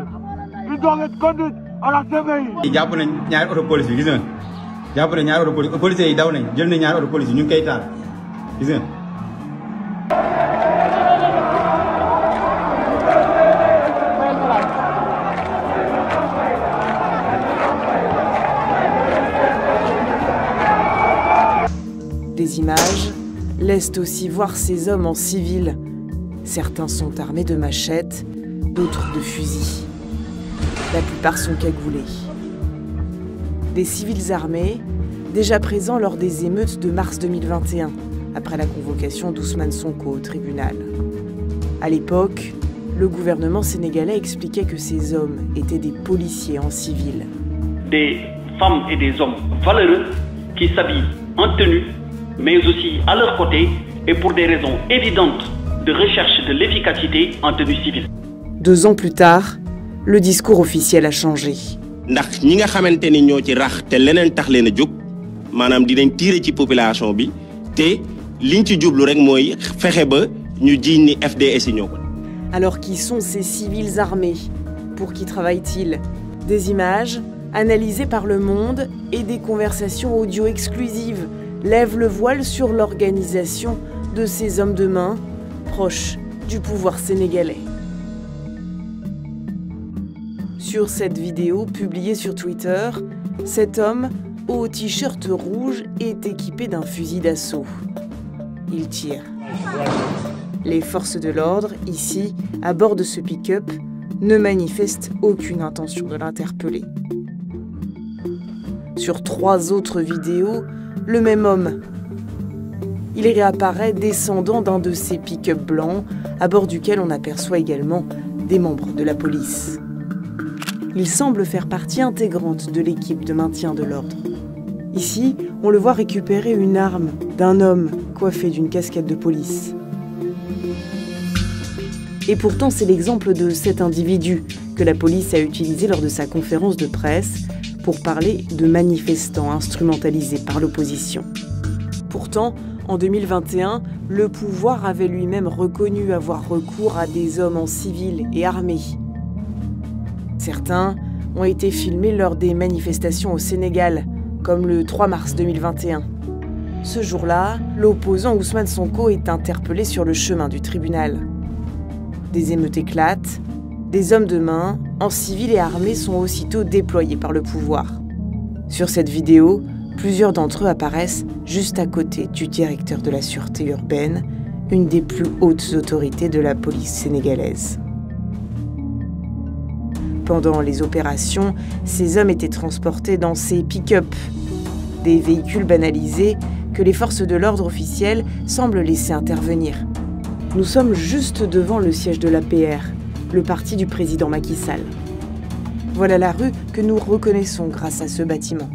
il doit être conduit à la CPI. jàpp nañ ñaari auto police yi gis nga jàpp nañ ñaari auto police policiers yi daw nañ jël nañ ñaari auto police yi ñu ngi koy ces images laissent aussi voir ces hommes en civil. Certains sont armés de machettes, d'autres de fusils. La plupart sont cagoulés. Des civils armés, déjà présents lors des émeutes de mars 2021, après la convocation d'Ousmane Sonko au tribunal. À l'époque, le gouvernement sénégalais expliquait que ces hommes étaient des policiers en civil. Des femmes et des hommes valeureux qui s'habillent en tenue mais aussi à leur côté et pour des raisons évidentes de recherche de l'efficacité en tenue civile. Deux ans plus tard, le discours officiel a changé. ndax ñi nga xamante ni ñoo ci rax te leneen tax leen a jóg maanaam dinañ tiire ci population bi te liñ ci jublu rek mooy fexe ba ñu jiiñ ni FDS yi ñoo ko. Alors qui sont ces civils armés Pour qui travaillent-ils Des images analysées par le monde et des conversations audio exclusives lève le voile sur l'organisation de ces hommes de main proches du pouvoir sénégalais. Sur cette vidéo publiée sur Twitter, cet homme au t-shirt rouge est équipé d'un fusil d'assaut. Il tire. Les forces de l'ordre, ici, à bord de ce pick-up, ne manifestent aucune intention de l'interpeller. Sur trois autres vidéos, le même homme. Il réapparaît descendant d'un de ces pick-up blancs, à bord duquel on aperçoit également des membres de la police. Il semble faire partie intégrante de l'équipe de maintien de l'ordre. Ici, on le voit récupérer une arme d'un homme coiffé d'une casquette de police. Et pourtant, c'est l'exemple de cet individu que la police a utilisé lors de sa conférence de presse pour parler de manifestants instrumentalisés par l'opposition. Pourtant, en 2021, le pouvoir avait lui-même reconnu avoir recours à des hommes en civil et armés. Certains ont été filmés lors des manifestations au Sénégal, comme le mars Ce jour-là, l'opposant Ousmane Sonko est interpellé sur le chemin du tribunal. Des émeutes éclatent, des hommes de main en civil et armés sont aussitôt déployés par le pouvoir. Sur cette vidéo, plusieurs d'entre eux apparaissent juste à côté du directeur de la sûreté urbaine, une des plus hautes autorités de la police sénégalaise. Pendant les opérations, ces hommes étaient transportés dans ces pick-up, des véhicules banalisés que les forces de l'ordre officielles semblent laisser intervenir. Nous sommes juste devant le siège de l'APR, le parti du président Macky Sall. Voilà la rue que nous reconnaissons grâce à ce bâtiment.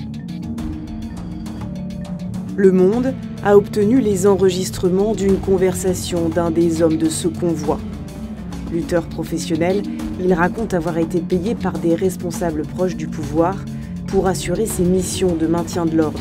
Le Monde a obtenu les enregistrements d'une conversation d'un des hommes de ce convoi. Lutteur professionnel, il raconte avoir été payé par des responsables proches du pouvoir pour assurer ses missions de maintien de l'ordre.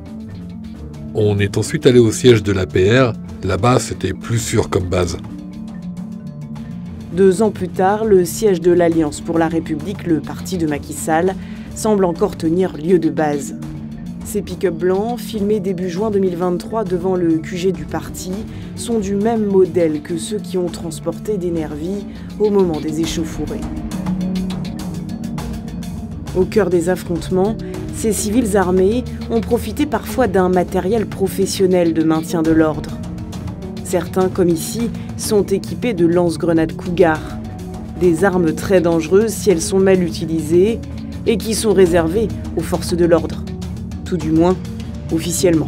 On est ensuite allé au siège de l'APR. Là-bas, c'était plus sûr comme base. Deux ans plus tard, le siège de l'Alliance pour la République, le parti de Macky Sall, semble encore tenir lieu de base. Ces pick-up blancs, filmés début juin 2023 devant le QG du parti, sont du même modèle que ceux qui ont transporté des nervis au moment des échauffourées. Au cœur des affrontements, Ces civils armés ont profité parfois d'un matériel professionnel de maintien de l'ordre. Certains, comme ici, sont équipés de lance-grenades Cougar, des armes très dangereuses si elles sont mal utilisées et qui sont réservées aux forces de l'ordre, tout du moins officiellement.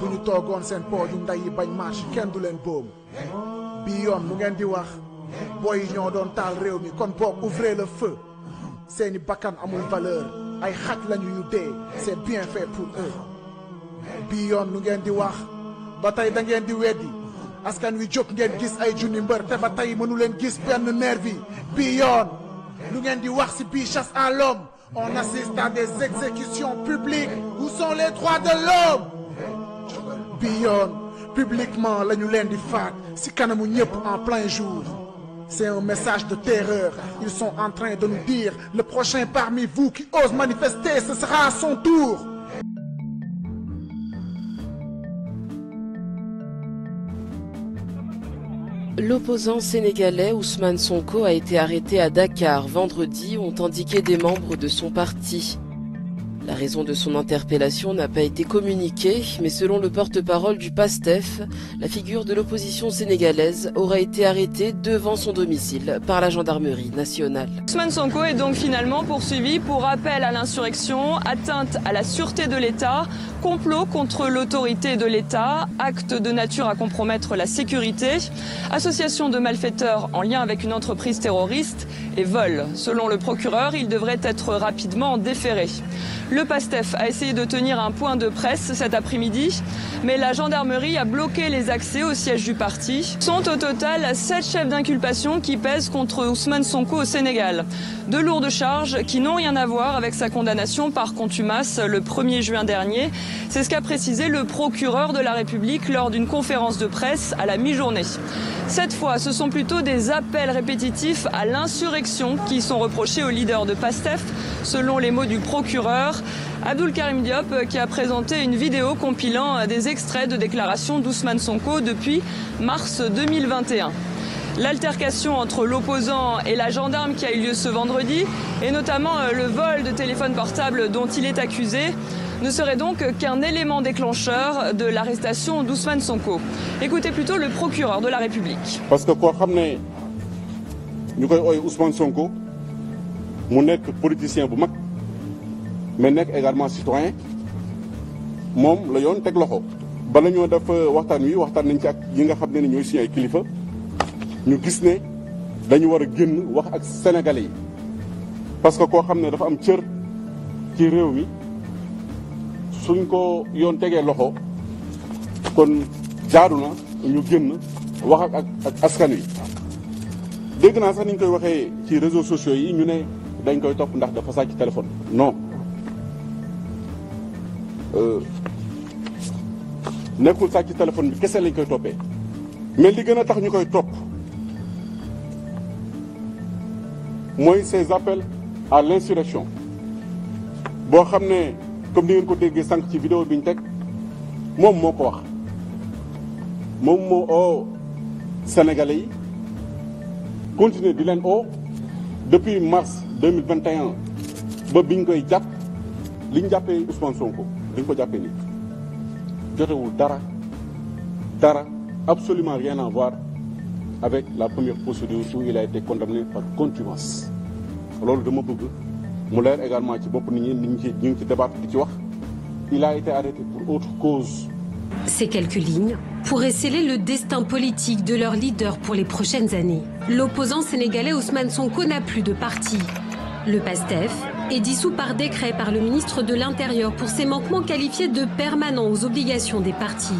bu ñu toogoon seen poo ndey yi bañ marche kenn du leen boom bii yoon lu ngeen di wax booy yi ñoo doon taal réew mi kon boog ouvrez le feu seeni bakkan amul valeur ay xaj lañu yu dee c'est bien fait pour bii yoon lu ngeen di wax ba tey da ngeen di weddi askan wi jóg ngeen gis ay junni mbër te ba tey mënu leen gis benn nervi bii yoon lu ngeen di wax si bii chasse à lom on assiste à des exécutions publiques où sont les de l'homme bi yoon publiquement la ñu leen di faat ñëpp en plein jour c'est un message de terreur ils sont en train de nous dire le prochain parmi vous qui ose manifester ce sera à son tour L'opposant sénégalais Ousmane Sonko a été arrêté à Dakar vendredi, ont indiqué des membres de son parti. La raison de son interpellation n'a pas été communiquée, mais selon le porte-parole du PASTEF, la figure de l'opposition sénégalaise aurait été arrêtée devant son domicile par la gendarmerie nationale. Ousmane Sanko est donc finalement poursuivi pour appel à l'insurrection, atteinte à la sûreté de l'État, complot contre l'autorité de l'État, acte de nature à compromettre la sécurité, association de malfaiteurs en lien avec une entreprise terroriste et vol. Selon le procureur, il devrait être rapidement déféré. Le PASTEF a essayé de tenir un point de presse cet après-midi, mais la gendarmerie a bloqué les accès au siège du parti. Sont au total sept chefs d'inculpation qui pèsent contre Ousmane Sonko au Sénégal. De lourdes charges qui n'ont rien à voir avec sa condamnation par contumace le 1er juin dernier. C'est ce qu'a précisé le procureur de la République lors d'une conférence de presse à la mi-journée. insurrection qui sont reprochées au leader de PASTEF, selon les mots du procureur. Abdul Karim Diop euh, qui a présenté une vidéo compilant euh, des extraits de déclarations d'Ousmane Sonko depuis mars L'altercation entre l'opposant et la gendarme qui a eu lieu ce vendredi, et notamment euh, le vol de téléphone portable dont il est accusé, ne serait donc qu'un élément déclencheur de l'arrestation d'Ousmane Sonko. Écoutez plutôt le procureur de la République. Parce que ñu koy ooy Ousmane Sonko mu nekk politicien bu mag mais nekk également citoyen moom la yoon teg loxo. bala ñoo def euh, waxtaan wi waxtaan nañ ci ak yi nga xam ne ñooy suñu ay kilifa ñu gis ne dañu war a génn wax ak sénégalais yi parce que koo xam ne dafa am cër ci réew mi suñ ko yoon tegee loxo kon jaaru na ñu génn wax ak ak askan wi. dégg naa sax ni koy waxee ci réseaux sociaux yi ñu ne dañ koy topp ndax dafa sàcc téléphone. non euh, nekkul sàcc téléphone bi kese lañ koy toppee mais li gën a tax ñu koy topp mooy ces appels à l'insurrection boo xam ne comme ni ngeen ko déggee sànq ci vidéo bi ñu teg moom moo ko wax moom moo oo sénégalais yi. continuer di leen oo depuis mars 2021 ba biñ koy jàpp liñ jàppee Ousmane Sonko liñ ko jàppee nii jotewul dara dara absolument rien à voir avec la première procédure où il a été condamné par contumace loolu dama bëgg mu leer également ci bopp nit ñi nit ñi ñu ngi ci débat di ci wax il a été arrêté pour autre cause Ces quelques lignes pourraient sceller le destin politique de leur leader pour les prochaines années. L'opposant sénégalais Ousmane Sonko n'a plus de parti. Le PASTEF est dissous par décret par le ministre de l'Intérieur pour ses manquements qualifiés de permanents aux obligations des partis.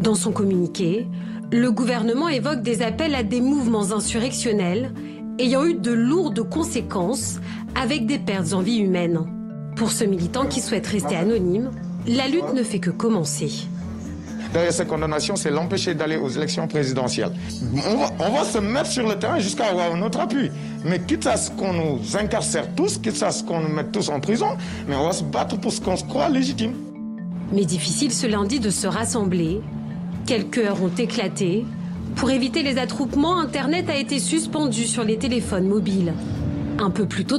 Dans son communiqué, le gouvernement évoque des appels à des mouvements insurrectionnels ayant eu de lourdes conséquences avec des pertes en vie humaine. Pour ce militant qui souhaite rester anonyme, la lutte ne D'ailleurs, cette condamnation, c'est l'empêcher d'aller aux élections présidentielles. On va, on va, se mettre sur le terrain jusqu'à avoir notre appui. Mais quitte à ce qu'on nous incarcère tous, quitte à ce qu'on nous mette tous en prison, mais on va se battre pour ce qu'on se croit légitime. Mais difficile ce lundi de se rassembler. Quelques heures ont éclaté. Pour éviter les attroupements, Internet a été suspendu sur les téléphones mobiles. Un peu plus tôt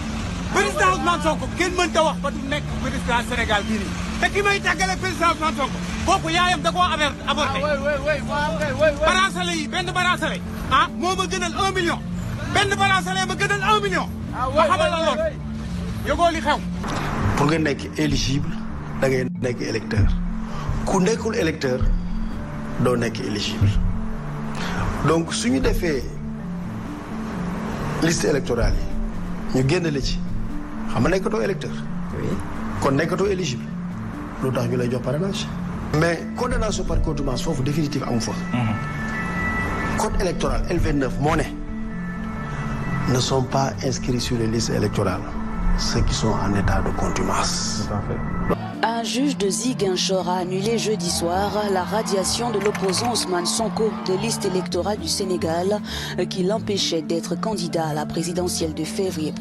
président Ousmane Sonko kenn ta wax ba du nekk président Sénégal gii kooku yaayam da koo aver avorté. Ah, baraasale yi benn baraasale. ah moo ma gënal 1 million. benn baraasale ma gënal 1 million. ma ah, xamal la loolu xew. pour nga nekk éligible da ngay nekk électeur ku nekkul électeur doo nekk éligible donc ñu defee liste électorale yi ñu génn la xam nga nekkatoo kon nekkatoo éligible. lu tax ñu lay jox parrainage. mais condamnation par contumace foofu définitive amu fa. Mm-hmm. code électoral L29 moo ne. les listes électorales ceux qui de contumace. tout à fait. la radiation de l'opposant Ousmane Sonko de liste électorale du Sénégal la présidentielle de février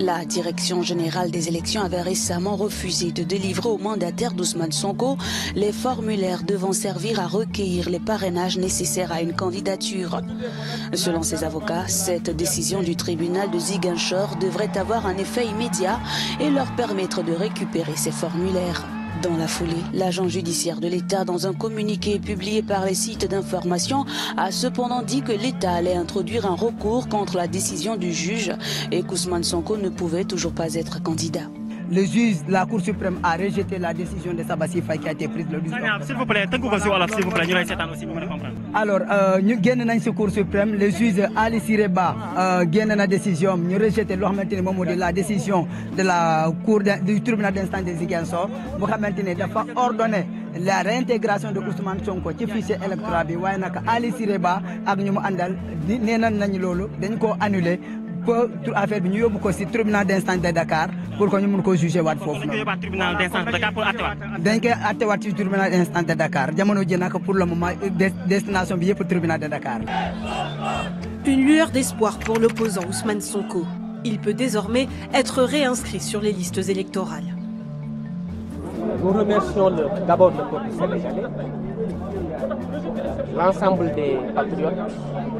La Direction générale des élections avait récemment refusé de délivrer aux mandataires d'Ousmane Sonko les formulaires devant servir à recueillir les parrainages nécessaires à une candidature. Selon ses avocats, cette décision du tribunal de Ziguinchor devrait avoir un effet immédiat et leur permettre de récupérer ces formulaires. Dans la foulée, l'agent judiciaire de l'État, dans un communiqué publié par les sites d'information, a cependant dit que l'État allait introduire un recours contre la décision du juge et qu'Ousmane Sonko ne pouvait toujours pas être candidat. le juge de la Cour suprême a rejeté la décision de Sabassi Faye qui a été prise le 12 octobre. s'il vous plaît tënku ko si wolof s'il vous plaît ñu lay seetaan euh, nañ si Cour suprême le juge Ali Ba euh, génn na décision ñu rejeté loo xamante ni moom moo di la décision de la cour du tribunal d'instance de Ziguinchor bu xamante ni dafa ordonné. la réintégration de Ousmane Sonko ci fichier électoral bi waaye nag Ali Siré Ba ak ñu mu àndal nee nañ nañu loolu dañ koo anule ba affaire bi ñu yóbbu ko si tribunal d' instance de Dakar pour que ñu mun ko jugé waat foofu noonu. dañ koy attewaat si tribunal d' instance de Dakar pour le moment destination bi yëpp tribunal de Dakar. Une lueur d'espoir pour l'opposant Ousmane Sonko. Il peut désormais être réinscrit sur les listes électorales.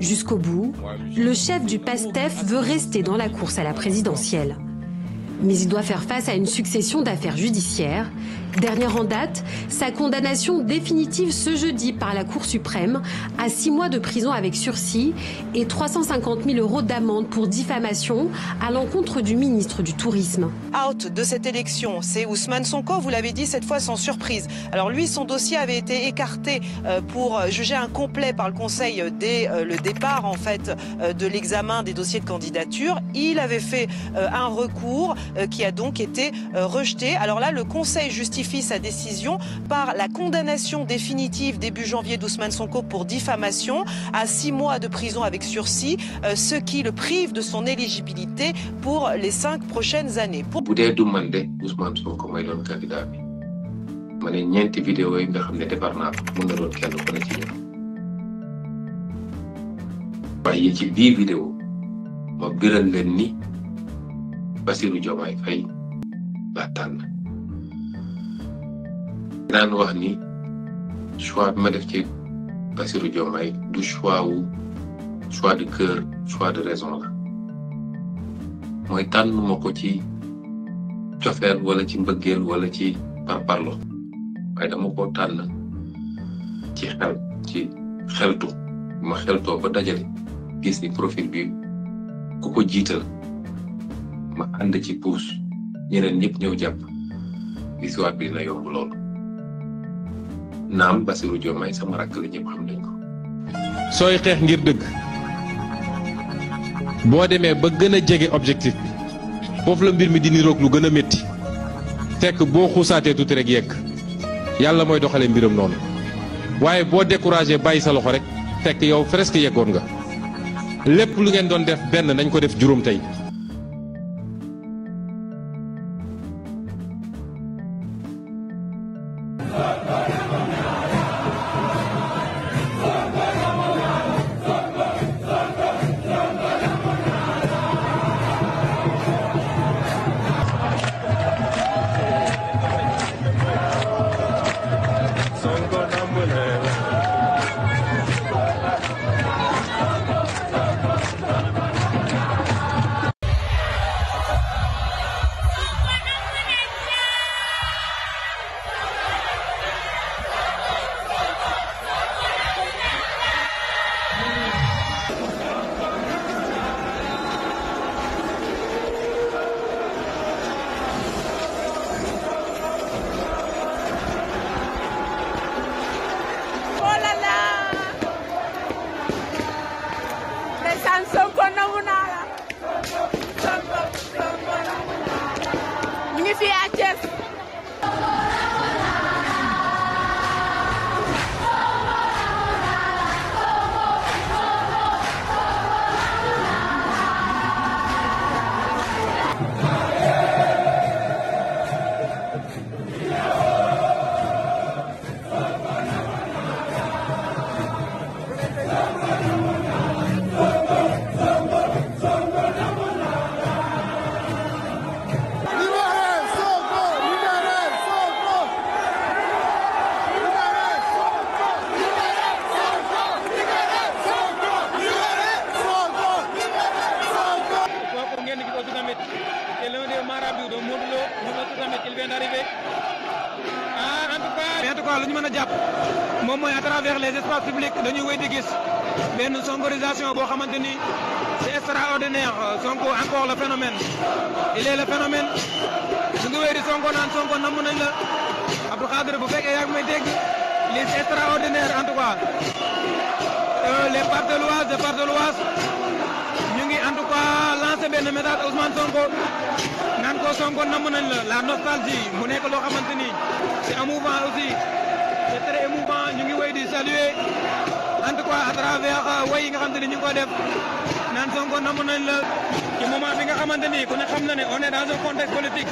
Jusqu'au bout, le chef du PASTEF veut rester dans la course à la présidentielle. Mais il doit faire face à une succession d'affaires judiciaires Dernière en date, sa condamnation définitive ce jeudi par la Cour suprême à 6 mois de prison avec sursis et 350 euros d'amende pour diffamation à l'encontre du ministre du Tourisme. de cette élection, c'est Ousmane Sonko, vous l'avez dit cette fois sans surprise. Alors lui, son dossier avait été écarté euh, pour euh, juger incomplet par le Conseil euh, dès le départ en fait de l'examen des dossiers de candidature. Il avait fait un recours qui a donc été rejeté. Alors là, le justifie sa décision par la condamnation définitive début janvier d'Ousmane Sonko pour diffamation à six mois de prison avec sursis, euh, ce qui le prive de son éligibilité pour les cinq prochaines années. Pour... ma ne ñeenti vidéo yi nga xam ne defar naa ko mën na doon kenn ku ne ci ñoom waaye ci biir vidéo ma biral leen ni Bassirou Diomaye Faye laa tànn daan wax ni choix ma def ci Bassirou Diomaye du choix wu choix de cœur choix de raison la mooy tànn ma ko ci cofeel wala ci mbëggeel wala ci parparlo waaye dama ko tànn ci xel ci xeltu ma xeltoo ba dajale gis ni profil bi ku ko jiital ma ànd ci puus ñeneen ñëpp ñëw jàpp histoire bi na yomb loolu naam Bassirou Diomaye sama rakk la ñëpp xam ko. sooy xeex ngir dëgg boo demee ba gën a jege objectif bi foofu la mbir mi di niroog lu gën a métti fekk boo xuusaatee tuuti rek yegg yàlla mooy doxalee mbiram noonu waaye boo découragé bàyyi sa loxo rek fekk yow presque yeggoon nga lépp lu ngeen doon def benn nañ ko def juróom tey. il est le phénomène ñu ngi wéy di Sonko naan Sonko namm la Abdou bu fekkee yaa ngi may dégg lii c'est extraordinaire en tout cas euh, les parts de l'Oise les parts de l'Oise ñu ngi en tout cas lancé benn message Ousmane Sonko naan ko Sonko namm la la nostalgie mu nekk loo xamante ni c'est émouvant aussi c'est très émouvant ñu ngi wéy di saluer en tout cas euh, nga xam te def naan Sonko namm la. ci moment bi nga xamante ni ku ne xam na ne on est dans un contexte politique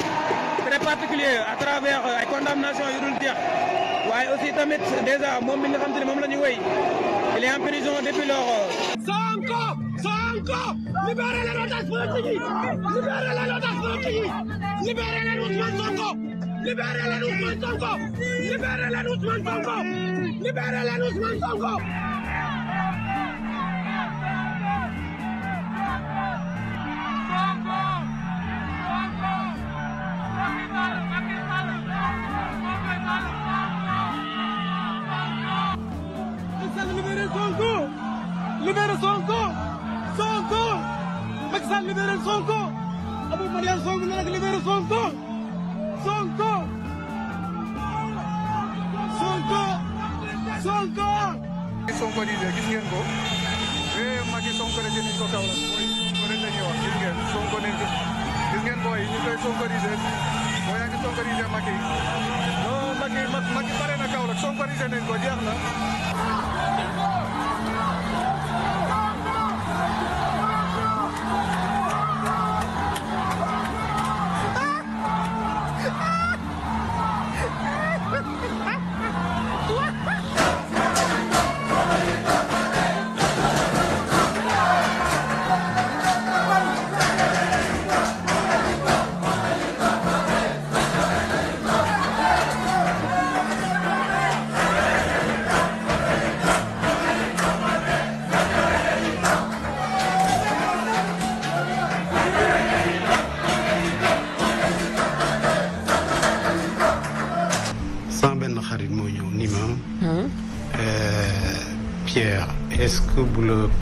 très particulier à travers euh, ay condamnation yu dul waaye aussi tamit déjà moom mi nga xam te ne moom la ñu wéy il est en prison depuis lors. Sonko Sonko libérez les otages Sonko libérez leen Ousmane Sonko.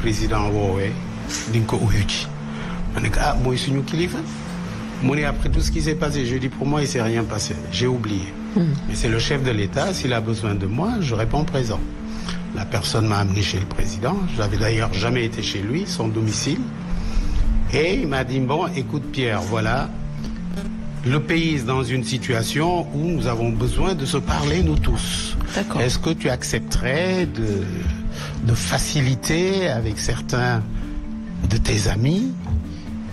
président woowee di nga ko uyu ci ma ne ko ah mooy suñu kilifa mu ne après tout ce qui s'est passé je dis pour moi il s'est rien passé j'ai oublié mm. mais c'est le chef de l'État s'il a besoin de moi je réponds présent la personne m'a amené chez le président je n'avais d'ailleurs jamais été chez lui son domicile et il m'a dit bon écoute Pierre voilà le pays est dans une situation où nous avons besoin de se parler nous tous. D'accord. Est-ce que tu accepterais de de facilité avec certains de tes amis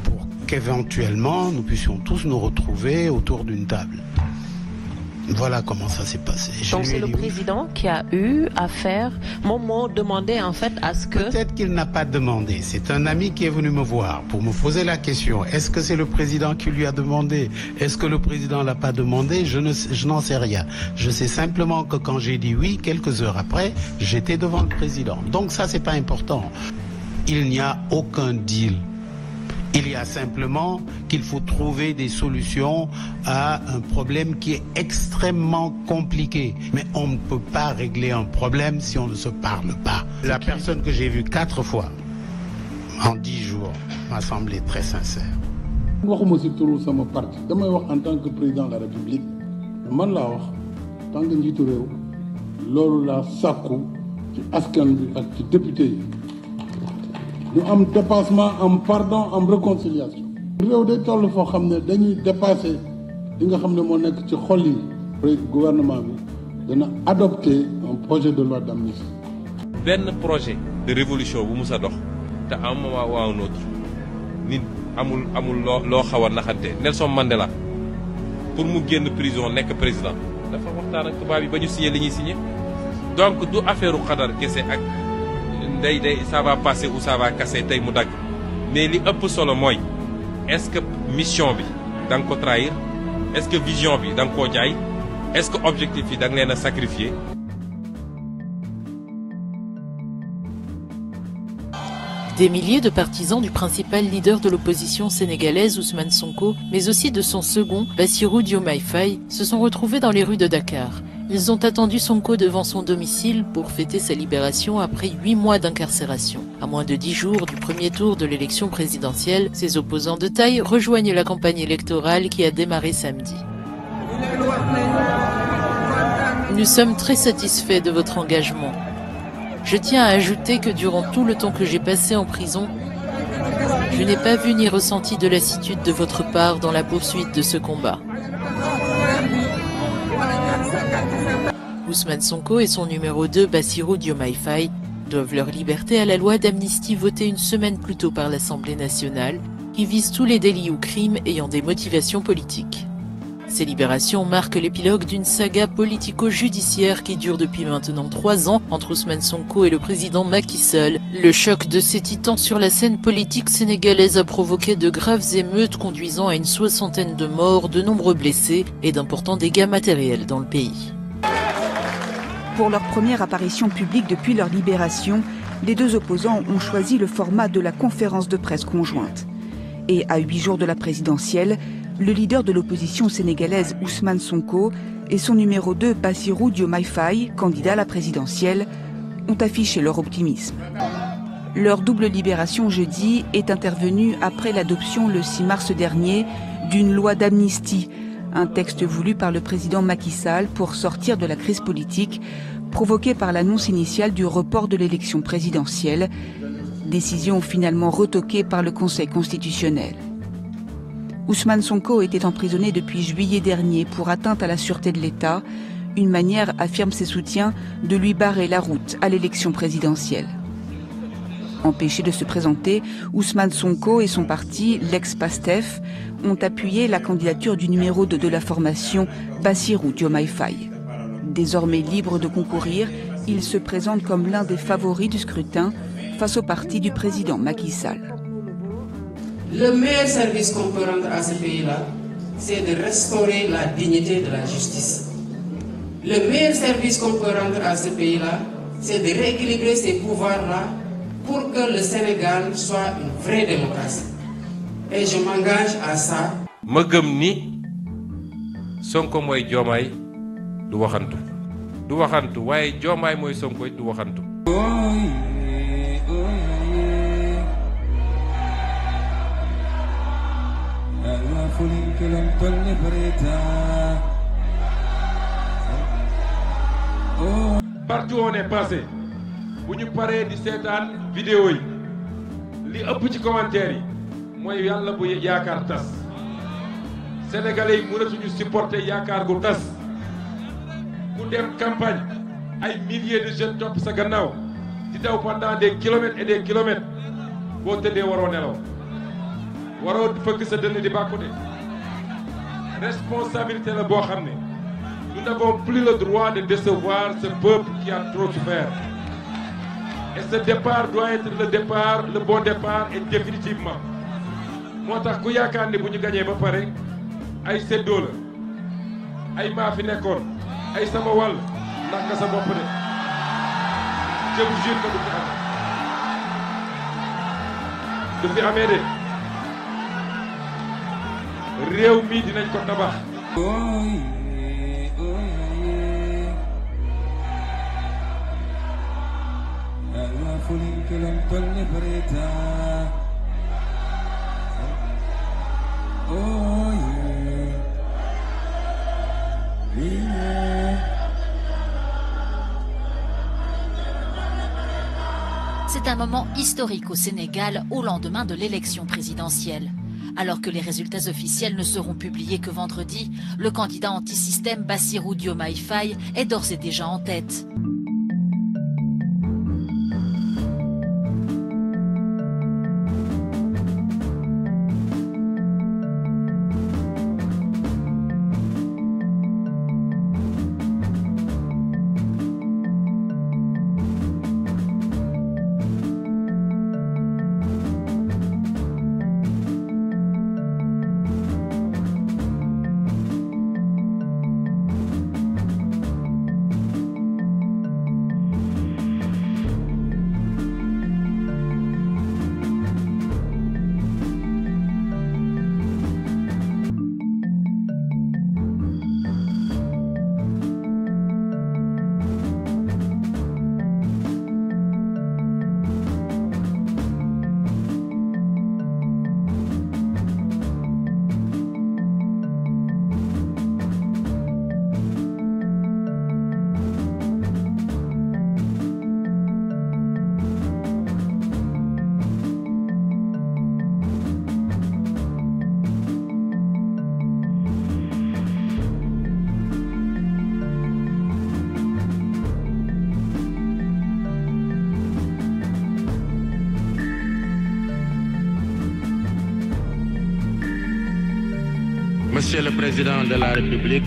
pour qu'éventuellement nous puissions tous nous retrouver autour d'une table. Voilà comment ça s'est passé. Je Donc c'est le président qui a eu à faire. Mon mot demandait en fait à ce que. Peut-être qu'il n'a pas demandé. C'est un ami qui est venu me voir pour me poser la question. Est-ce que c'est le président qui lui a demandé Est-ce que le président l'a pas demandé Je ne, je n'en sais rien. Je sais simplement que quand j'ai dit oui, quelques heures après, j'étais devant le président. Donc ça c'est pas important. Il n'y a aucun deal Il y a simplement qu'il faut trouver des solutions à un problème qui est extrêmement compliqué. Mais on ne peut pas régler un problème si on ne se parle pas. La personne que j'ai vue quatre fois en dix jours m'a semblé très sincère. waxuma si turu sama parti damay wax en tant que président de la république man laa wax tant que njiitu réew loolu laa sàkku ci askan bi ak ci député yi ñu am dépassement am pardon am réconciliation réew day toll foo xam ne dañuy dépassé li nga xam ne moo nekk ci xolli yi gouvernement bi dana adopté un projet de loi d'amnistie benn projet de révolution bu mus a dox te à un moment nit amul amul loo loo xaw a naxante Nelson Mandela pour mu génn prison nekk président dafa waxtaan ak tubaab yi ba ñu signé li ñuy signé donc du affaire u xadar kese ak day day ça va passer ou ça va casser tey mu dagg mais li ëpp solo mooy est-ce que mission bi da ko trahir est-ce bi da koo jaay est-ce que objectif yi da nga leen a Des milliers de partisans du principal leader de l'opposition sénégalaise Ousmane Sonko, mais aussi de son second, Bassirou Diomaye Faye, se sont retrouvés dans les rues de Dakar. Ils ont attendu Sonko devant son domicile pour fêter sa libération après huit mois d'incarcération. À moins de dix jours du premier tour de l'élection présidentielle, ses opposants de taille rejoignent la campagne électorale qui a démarré samedi. Nous sommes très satisfaits de votre engagement. Je tiens à ajouter que durant tout le temps que j'ai passé en prison, je n'ai pas vu ni ressenti de lassitude de votre part dans la poursuite de ce combat. Ousmane Sonko et son numéro 2 Bassirou Diomaye Faye doivent leur liberté à la loi d'amnistie votée une semaine plus tôt par l'Assemblée nationale, qui vise tous les délits ou crimes ayant des motivations politiques. Ces libérations marquent l'épilogue d'une saga politico-judiciaire qui dure depuis maintenant trois ans entre Ousmane Sonko et le président Macky Le choc de ces titans sur la scène politique sénégalaise a provoqué de graves émeutes conduisant à une Pour leur première apparition publique depuis leur libération, les deux opposants ont choisi le format de la conférence de presse conjointe. Et à huit jours de la présidentielle, le leader de l'opposition sénégalaise Ousmane Sonko et son numéro 2 Bassirou Diomaye Faye, candidat à la présidentielle, ont affiché leur optimisme. Leur double libération jeudi est intervenue après l'adoption le 6 mars dernier d'une loi d'amnistie un texte voulu par le président Macky Sall pour sortir de la crise politique provoquée par l'annonce initiale du report de l'élection présidentielle, décision finalement retoquée par le Conseil constitutionnel. Ousmane Sonko était emprisonné depuis juillet dernier pour atteinte à la sûreté de l'État, une manière, affirment ses soutiens, de lui barrer la route à l'élection présidentielle. Empêchés de se présenter, Ousmane Sonko et son parti, l'ex-PASTEF, ont appuyé la candidature du numéro de la formation, Bassirou Diomaye Désormais libre de concourir, il se présente comme l'un des favoris du scrutin face au parti du président Macky Le meilleur service qu'on peut rendre à ce pays-là, c'est de rééquilibrer ces pouvoirs-là pour que le Sénégal soit une vraie démocratie et ni Sonko mooy Diomaye du waxantu. du waxantu waaye Diomaye mooy Sonko du waxantu. bu ñu paree di seetaan vidéo yi li ëpp ci commentaire yi mooy yàlla bu yaakaar tas sénégalais yi mënatuñu supporter yaakaar gu tas ku dem campagne ay milliers de jeunes topp sa gannaaw di daw pendant des kilomètres et des kilomètres boo tëddee waroo nelaw waroo fëgg sa di bàkku de responsabilité la boo xam ne nous n'avons plus le droit de décevoir ce peuple a trop souffert et ce départ doit être le départ le bon départ et moo tax ku yaakaar ne bu ñu gañee ba pare ay séddoo la ay maa fi nekkoon ay sama wàll ndax sa bopp de je vous jure du fi amee de réew mi dinañ ko tabax kilan tolli fareta oh C'est un moment historique au Sénégal au lendemain de l'élection présidentielle. Alors que les résultats officiels ne seront publiés que vendredi, le candidat anti Bassirou Diomaye est d'ores déjà en tête. de la république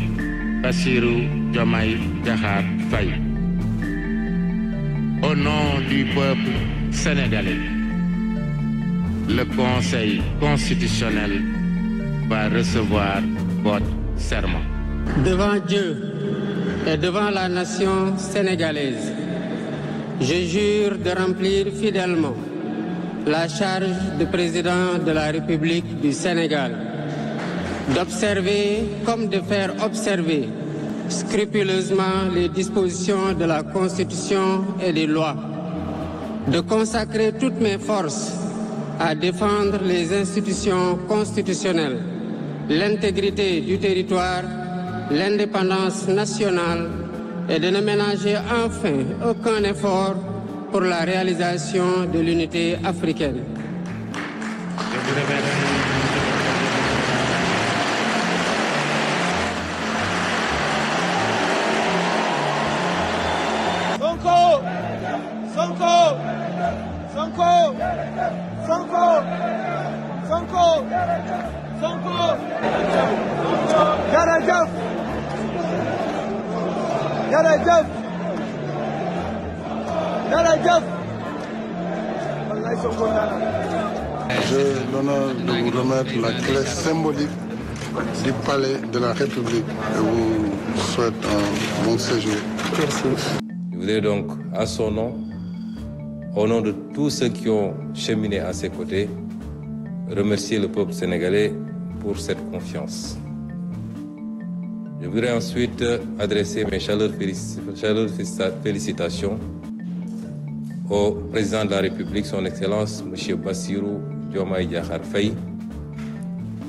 Bassirou Diomaye Diakhar Faye au nom du peuple sénégalais le conseil constitutionnel va recevoir votre serment devant Dieu et devant la nation sénégalaise je jure de remplir fidèlement la charge de président de la République du Sénégal d'observer comme de faire observer scrupuleusement les dispositions de la Constitution et des lois, de consacrer toutes mes forces à défendre les institutions constitutionnelles, l'intégrité du territoire, l'indépendance nationale et de ne ménager enfin aucun effort pour la réalisation de l'unité africaine. transmettre Je voudrais donc, à son nom, au nom de tous ceux qui ont cheminé à ses côtés, remercier le peuple sénégalais pour cette confiance. Je voudrais ensuite adresser mes chaleureuses félicitations au président de la République, son Excellence, M. Bassirou Diomaye Diakhar Faye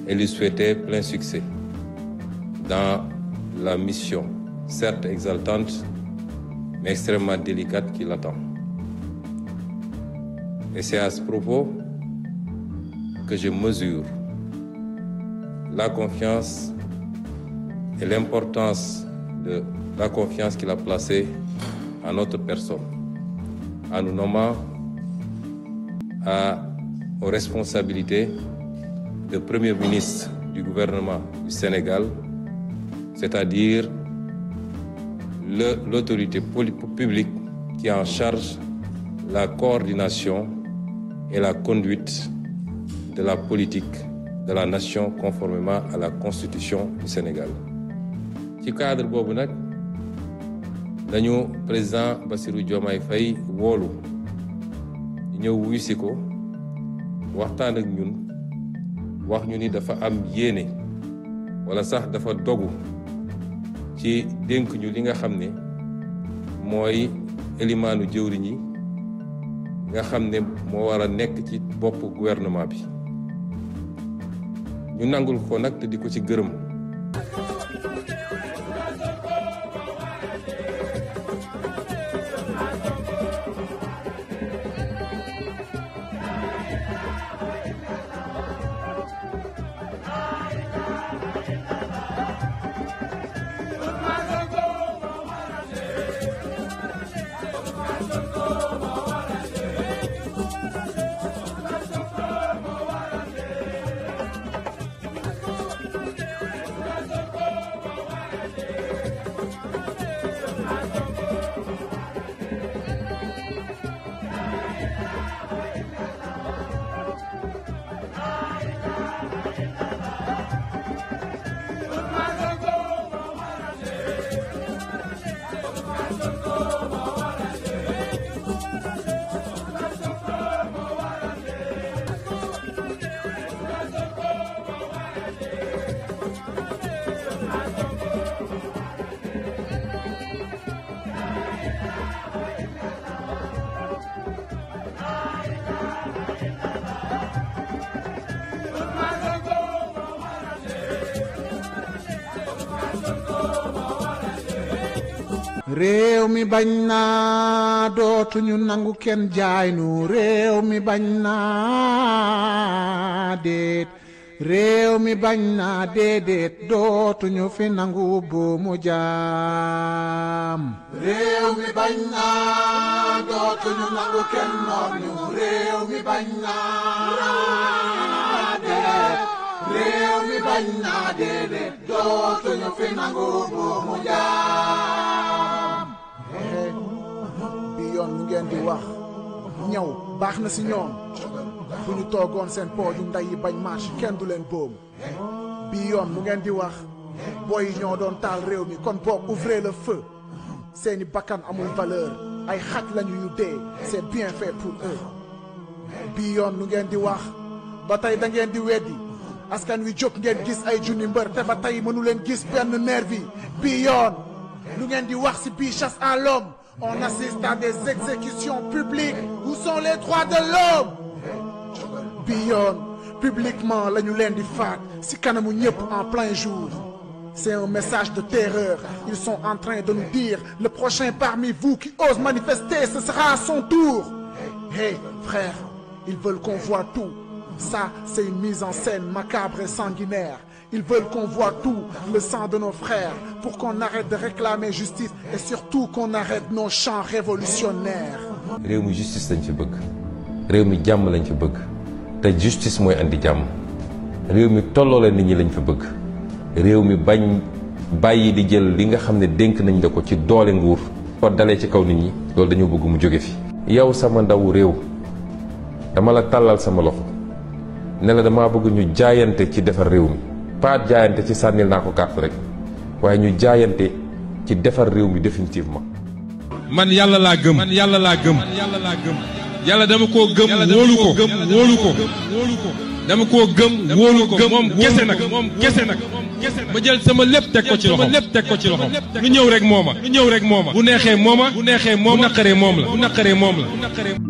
et lui souhaiter plein succès dans la mission, certes exaltante, mais extrêmement délicate qui l'attend. Et c'est à ce propos que je mesure la confiance et l'importance de la confiance qu'il a placée en notre personne, en nous nommant à, aux responsabilités de Premier ministre du gouvernement du Sénégal, c'est-à-dire l'autorité publique qui en charge la coordination et la conduite de la politique de la nation conformément à la constitution du Sénégal. ci cadre boobu nag dañu président Bassirou Diomaye Faye woolu ñëw wuyu si ko waxtaan ak ñun. wax ñu ni dafa am yéene wala sax dafa dogu ci dénk ñu li nga xam ne mooy élimaanu jëwriñ yi nga xam ne moo war a nekk ci bopp gouvernement bi ñu nangul ko nag te di ko ci gërëm bañ naa nangu kenn jaay nu réew mi bañ na réew mi bañ naa déedéet dootuñu fi nangu buumu kenn noor réew mi bañ naa déet réew mi bañ naa déedéet dootuñu fi nangu buumu jaam yoon lu ngeen di wax ñaw baax na si ñoom bu ñu toogoon seen pooju nday yi bañ marche kenn du leen boom bii yoon lu ngeen di wax booy yi ñoo doon taal réew mi kon boo ouvrez le feu seeni bakkan amul valeur ay xaj lañu yu dee c'est bien fait pour eux bii yoon lu ngeen di wax ba tey da ngeen di weddi askan wi jóg ngeen gis ay junni mbër te ba tey mënu leen gis benn bi bii yoon lu ngeen di wax si bii chasse à l'homme On assiste à des exécutions publiques. Où sont les droits de l'homme bi publiquement la ñu leen di faat ci kanamu ñëpp en plein jour. C'est un message de terreur. Ils sont en train de nous dire, le prochain parmi vous qui ose manifester, ce sera à son tour. Hé, hey, ils veulent qu'on voie tout. Ça, c'est une mise en scène macabre et sanguinaire. Ils veulent qu'on voit tout, le sang de nos frères, pour qu'on arrête de réclamer justice et surtout qu'on arrête nos réew mi justice lañ fi bëgg réew mi jàmm lañ fi bëgg te justice mooy andi jàmm réew mi tolloole nit ñi lañ fi bëgg réew mi bañ bàyyi di jël li nga xam ne dénk nañ la ko ci doole nguur. ko dalee ci kaw nit ñi loolu dañoo bëgg mu jóge fi. yow sama ndaw réew dama la tàllal sama loxo ne la damaa bëgg ñu jaayante ci defar réew mi. pas jaayante ci sànnil naa ko carte rek waaye ñu jaayante ci defar réew mi définitivement. man yàlla laa gëm man yàlla laa gëm. yàlla laa gëm. yàlla dama koo gëm wóolu ko wóolu ko dama koo gëm wóolu ko moom kese nag moom kese nag. ma jël sama lépp teg ko ci loxo lépp teg ko ci loxo lu ñëw rek mooma lu ñëw rek mooma bu neexee mooma bu neexee mooma bu naqaree moom la bu naqaree moom la.